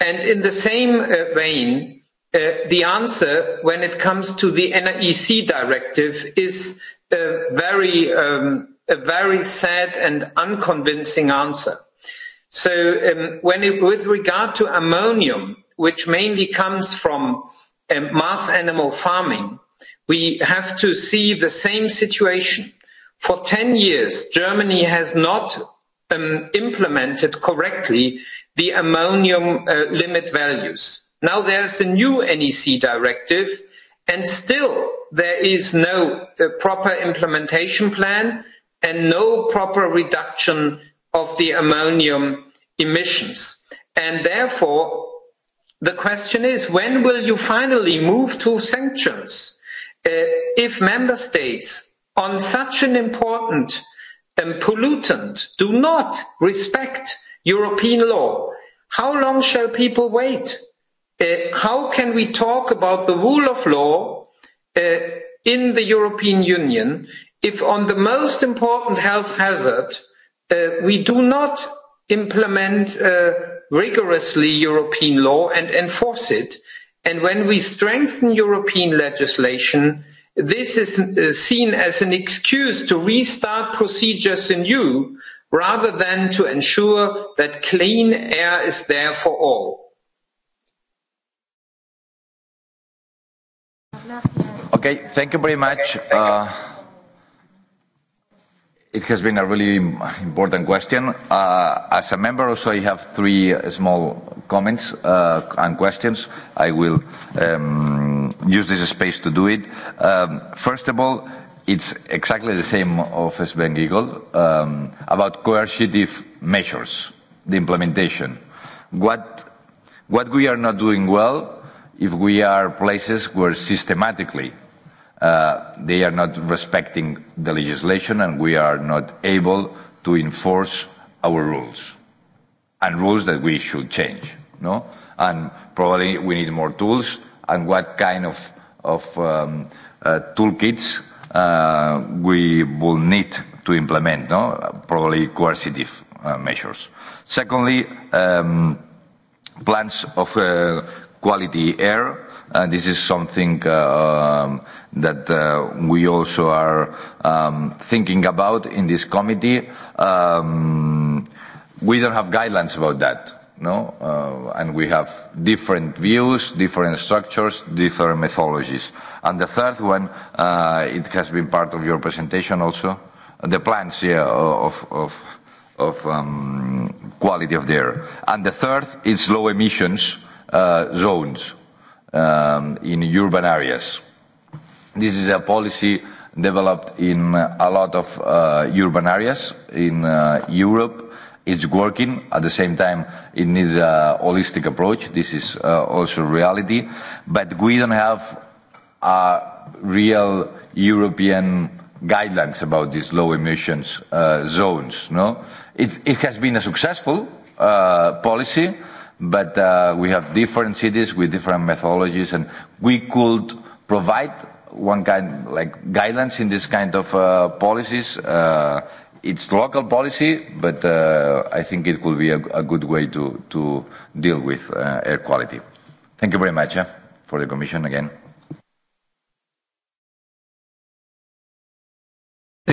And in the same uh, vein, uh, the answer when it comes to the NEC directive is a very, um, a very sad and unconvincing answer. So um, when it, with regard to ammonium, which mainly comes from um, mass animal farming, we have to see the same situation For 10 years, Germany has not um, implemented correctly the ammonium uh, limit values. Now there's a new NEC directive and still there is no uh, proper implementation plan and no proper reduction of the ammonium emissions. And therefore, the question is, when will you finally move to sanctions? Uh, if member states on such an important um, pollutant do not respect European law, how long shall people wait? Uh, how can we talk about the rule of law uh, in the European Union if on the most important health hazard uh, we do not implement uh, rigorously European law and enforce it? And when we strengthen European legislation, this is uh, seen as an excuse to restart procedures anew rather than to ensure that clean air is there for all. Okay, thank you very much. Uh, It has been a really important question. Uh, as a member also I have three small comments uh, and questions. I will um, use this space to do it. Um, first of all, it's exactly the same of Sven Giegel um, about coercive measures, the implementation. What, what we are not doing well if we are places where systematically Uh, they are not respecting the legislation, and we are not able to enforce our rules, and rules that we should change, no? And probably we need more tools, and what kind of, of um, uh, toolkits uh, we will need to implement, no? Probably coercive uh, measures. Secondly, um, plans of uh, quality air. Uh, this is something uh, um, that uh, we also are um, thinking about in this committee. Um, we don't have guidelines about that, no? Uh, and we have different views, different structures, different methodologies. And the third one, uh, it has been part of your presentation also, the plans yeah, of, of, of um, quality of the air. And the third is low emissions uh, zones um, in urban areas This is a policy developed in a lot of uh, urban areas in uh, Europe. It's working. At the same time, it needs a holistic approach. This is uh, also reality. But we don't have a uh, real European guidelines about these low emissions uh, zones. No, it, it has been a successful uh, policy, but uh, we have different cities with different methodologies, and we could provide one kind like guidelines in this kind of uh, policies. Uh, it's local policy, but uh, I think it could be a, a good way to, to deal with uh, air quality. Thank you very much uh, for the Commission again.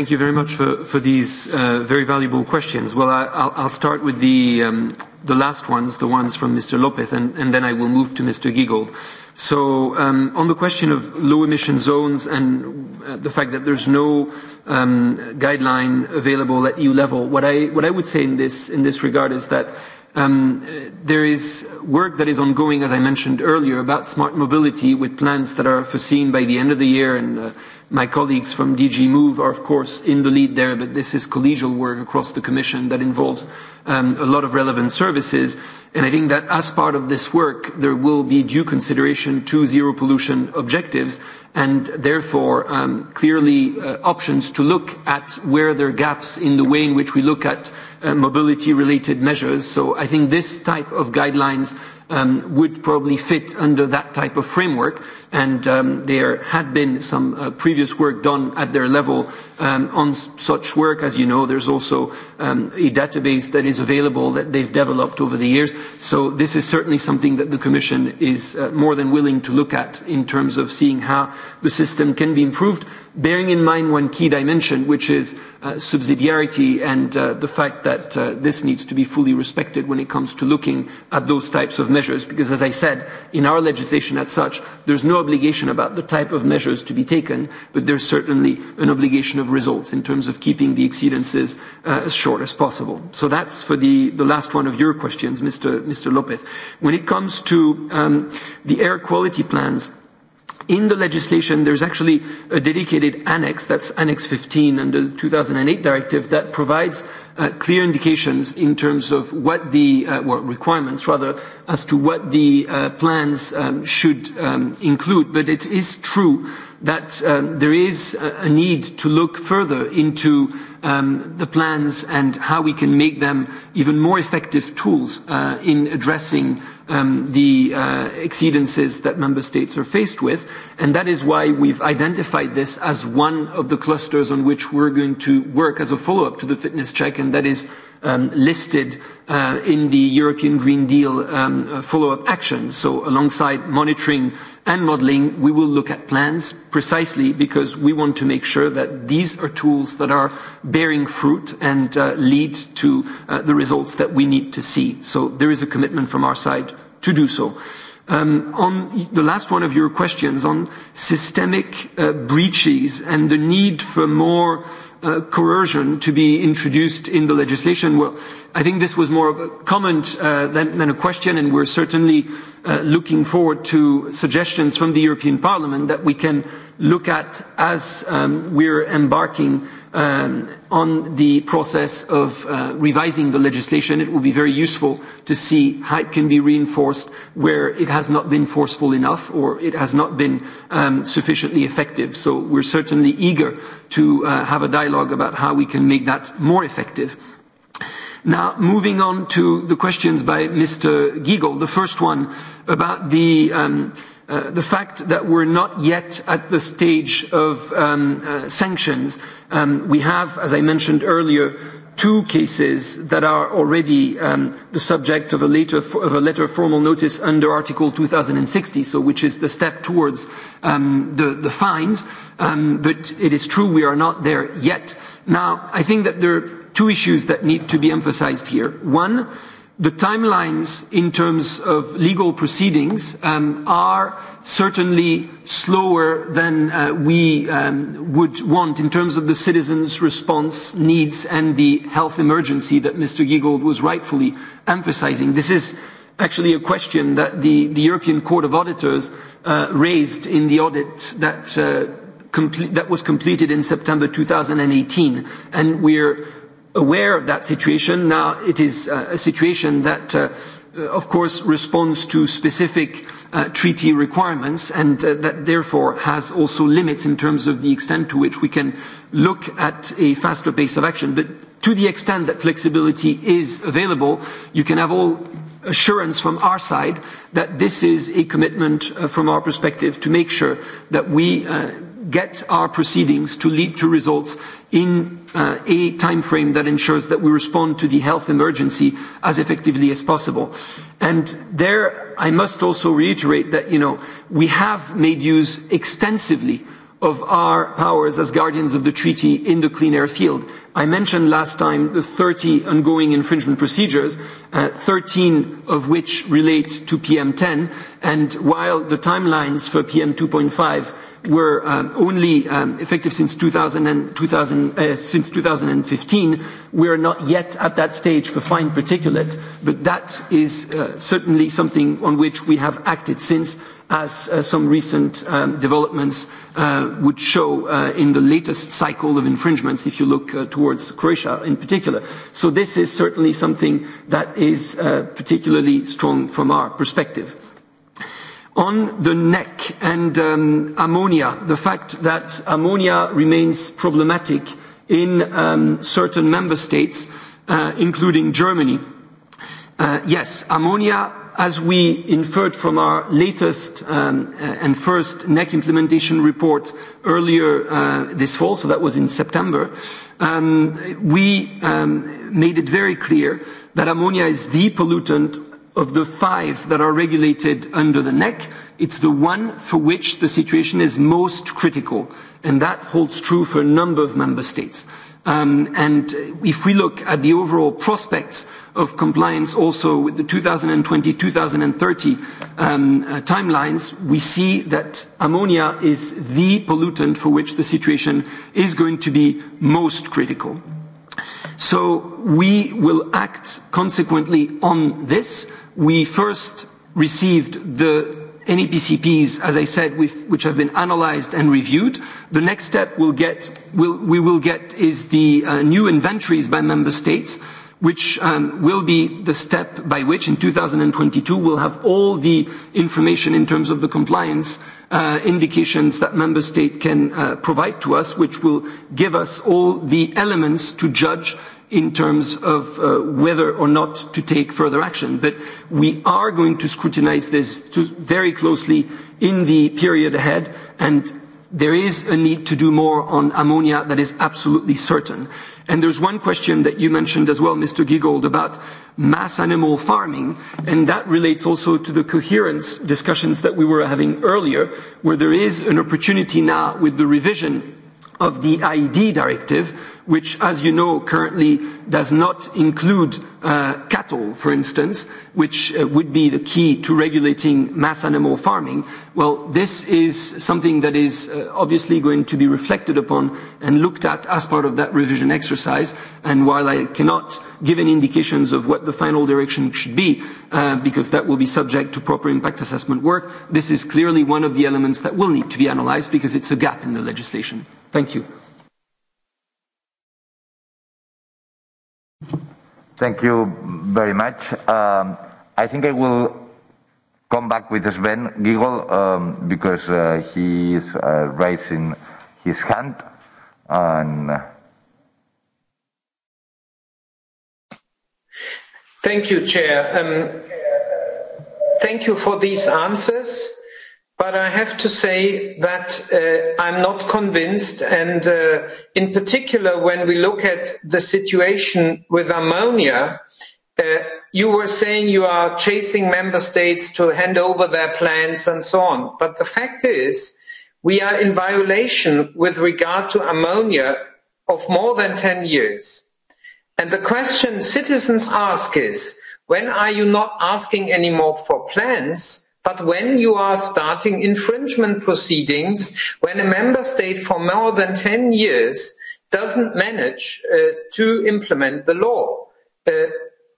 Thank you very much for, for these uh, very valuable questions. Well, I, I'll, I'll start with the, um, the last ones, the ones from Mr. Lopez, and, and then I will move to Mr. Giegold. So um, on the question of low emission zones and uh, the fact that there's no um, guideline available at EU level, what I, what I would say in this, in this regard is that um, there is work that is ongoing, as I mentioned earlier, about smart mobility with plans that are foreseen by the end of the year and uh, My colleagues from DG Move are, of course, in the lead there, but this is collegial work across the Commission that involves um, a lot of relevant services. And I think that as part of this work, there will be due consideration to zero pollution objectives and therefore um, clearly uh, options to look at where there are gaps in the way in which we look at uh, mobility related measures. So I think this type of guidelines um, would probably fit under that type of framework and um, there had been some uh, previous work done at their level um, on such work. As you know, there's also um, a database that is available that they've developed over the years. So this is certainly something that the Commission is uh, more than willing to look at in terms of seeing how the system can be improved, bearing in mind one key dimension, which is uh, subsidiarity and uh, the fact that uh, this needs to be fully respected when it comes to looking at those types of measures. Because as I said, in our legislation as such, there's no obligation about the type of measures to be taken, but there's certainly an obligation of results in terms of keeping the exceedances uh, as short as possible. So that's for the, the last one of your questions, Mr. Mr. Lopez. When it comes to um, the air quality plans, in the legislation, there's actually a dedicated annex, that's Annex 15 under the 2008 directive, that provides Uh, clear indications in terms of what the uh, well, requirements rather as to what the uh, plans um, should um, include but it is true that um, there is a need to look further into um, the plans and how we can make them even more effective tools uh, in addressing um, the uh, exceedances that member states are faced with. And that is why we've identified this as one of the clusters on which we're going to work as a follow-up to the fitness check, and that is um, listed uh, in the European Green Deal um, uh, follow-up actions. So alongside monitoring and modeling, we will look at plans precisely because we want to make sure that these are tools that are bearing fruit and uh, lead to uh, the results that we need to see. So there is a commitment from our side to do so. Um, on the last one of your questions on systemic uh, breaches and the need for more Uh, coercion to be introduced in the legislation. Well, I think this was more of a comment uh, than, than a question, and we're certainly uh, looking forward to suggestions from the European Parliament that we can look at as um, we're embarking um, on the process of uh, revising the legislation. It will be very useful to see how it can be reinforced where it has not been forceful enough or it has not been um, sufficiently effective. So we're certainly eager to uh, have a dialogue about how we can make that more effective. Now, moving on to the questions by Mr. Giegel. The first one about the um, Uh, the fact that we're not yet at the stage of um, uh, sanctions. Um, we have, as I mentioned earlier, two cases that are already um, the subject of a, later, of a letter of formal notice under Article 2060, so which is the step towards um, the, the fines. Um, but it is true we are not there yet. Now, I think that there are two issues that need to be emphasized here. One, The timelines in terms of legal proceedings um, are certainly slower than uh, we um, would want in terms of the citizens' response needs and the health emergency that Mr. Giegold was rightfully emphasizing. This is actually a question that the, the European Court of Auditors uh, raised in the audit that, uh, that was completed in September 2018, and we're aware of that situation. Now, it is uh, a situation that, uh, uh of course, responds to specific uh, treaty requirements and uh, that therefore has also limits in terms of the extent to which we can look at a faster pace of action. But to the extent that flexibility is available, you can have all assurance from our side that this is a commitment uh, from our perspective to make sure that we get our proceedings to lead to results in uh, a time frame that ensures that we respond to the health emergency as effectively as possible. And there, I must also reiterate that, you know, we have made use extensively of our powers as guardians of the treaty in the clean air field. I mentioned last time the 30 ongoing infringement procedures, uh, 13 of which relate to PM10, and while the timelines for PM2.5 were um, only um, effective since, 2000 and 2000, uh, since 2015. We are not yet at that stage for fine particulate, but that is uh, certainly something on which we have acted since, as uh, some recent um, developments uh, would show uh, in the latest cycle of infringements, if you look uh, towards Croatia in particular. So this is certainly something that is uh, particularly strong from our perspective. On the NEC and um, ammonia, the fact that ammonia remains problematic in um, certain member states, uh, including Germany. Uh, yes, ammonia, as we inferred from our latest um, uh, and first NEC implementation report earlier uh, this fall, so that was in September, um, we um, made it very clear that ammonia is the pollutant of the five that are regulated under the NEC, it's the one for which the situation is most critical, and that holds true for a number of member states. Um, and if we look at the overall prospects of compliance also with the 2020-2030 um, uh, timelines, we see that ammonia is the pollutant for which the situation is going to be most critical. So we will act consequently on this We first received the NEPCPs, as I said, which have been analyzed and reviewed. The next step we'll get, we'll, we will get is the uh, new inventories by member states, which um, will be the step by which in 2022 we'll have all the information in terms of the compliance uh, indications that member state can uh, provide to us, which will give us all the elements to judge in terms of uh, whether or not to take further action. But we are going to scrutinize this to very closely in the period ahead, and there is a need to do more on ammonia that is absolutely certain. And there's one question that you mentioned as well, Mr. Giegold, about mass animal farming, and that relates also to the coherence discussions that we were having earlier, where there is an opportunity now with the revision of the IED directive which, as you know, currently does not include uh, cattle, for instance, which uh, would be the key to regulating mass animal farming, well, this is something that is uh, obviously going to be reflected upon and looked at as part of that revision exercise. And while I cannot give any indications of what the final direction should be, uh, because that will be subject to proper impact assessment work, this is clearly one of the elements that will need to be analyzed because it's a gap in the legislation. Thank you. Thank you very much. Um, I think I will come back with Sven Giegel um, because uh, he is uh, raising his hand and. Uh, thank you, Chair. Um, thank you for these answers but I have to say that uh, I'm not convinced. And uh, in particular, when we look at the situation with ammonia, uh, you were saying you are chasing member states to hand over their plans and so on. But the fact is, we are in violation with regard to ammonia of more than 10 years. And the question citizens ask is, when are you not asking anymore for plans? But when you are starting infringement proceedings, when a member state for more than 10 years doesn't manage uh, to implement the law, uh,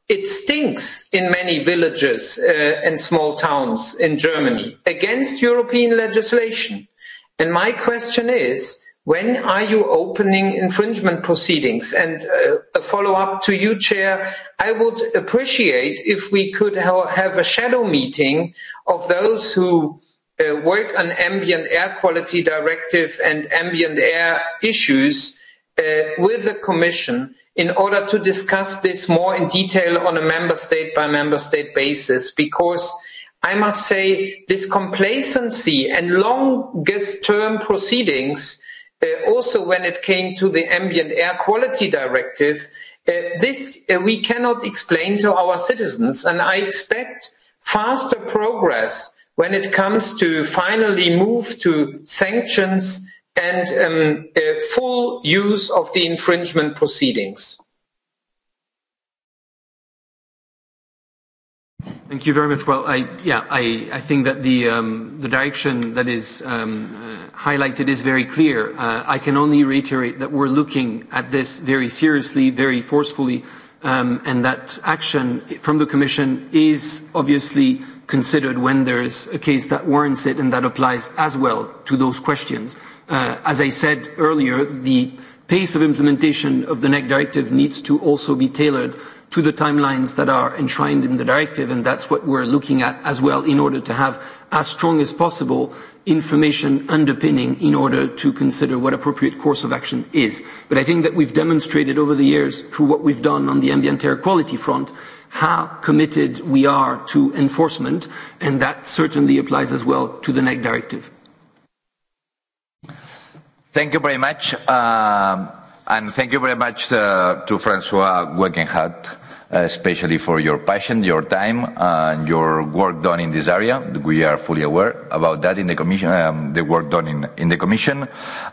it stinks in many villages uh, and small towns in Germany against European legislation. And my question is, When are you opening infringement proceedings? And uh, a follow-up to you, Chair, I would appreciate if we could ha have a shadow meeting of those who uh, work on ambient air quality directive and ambient air issues uh, with the Commission in order to discuss this more in detail on a member state by member state basis because I must say this complacency and longest term proceedings uh, also when it came to the ambient air quality directive, uh, this uh, we cannot explain to our citizens. And I expect faster progress when it comes to finally move to sanctions and um, uh, full use of the infringement proceedings. Thank you very much. Well, I, yeah, I, I think that the, um, the direction that is um, uh, highlighted is very clear. Uh, I can only reiterate that we're looking at this very seriously, very forcefully, um, and that action from the Commission is obviously considered when there is a case that warrants it and that applies as well to those questions. Uh, as I said earlier, the pace of implementation of the NEC directive needs to also be tailored to the timelines that are enshrined in the directive, and that's what we're looking at as well in order to have as strong as possible information underpinning in order to consider what appropriate course of action is. But I think that we've demonstrated over the years through what we've done on the ambient air quality front how committed we are to enforcement, and that certainly applies as well to the NEC directive. Thank you very much. Uh, and thank you very much uh, to Francois Wegenhardt Uh, especially for your passion, your time, and your work done in this area. We are fully aware about that in the commission, um, the work done in, in the commission.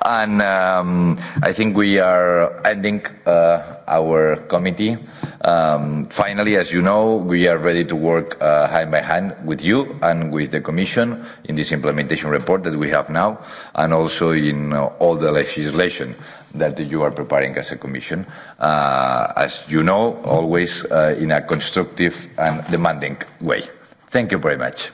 And um, I think we are ending uh, our committee. Um, finally, as you know, we are ready to work uh, hand by hand with you and with the commission in this implementation report that we have now, and also in uh, all the legislation that you are preparing as a commission. Uh, as you know, always uh, in a constructive and demanding way. Thank you very much.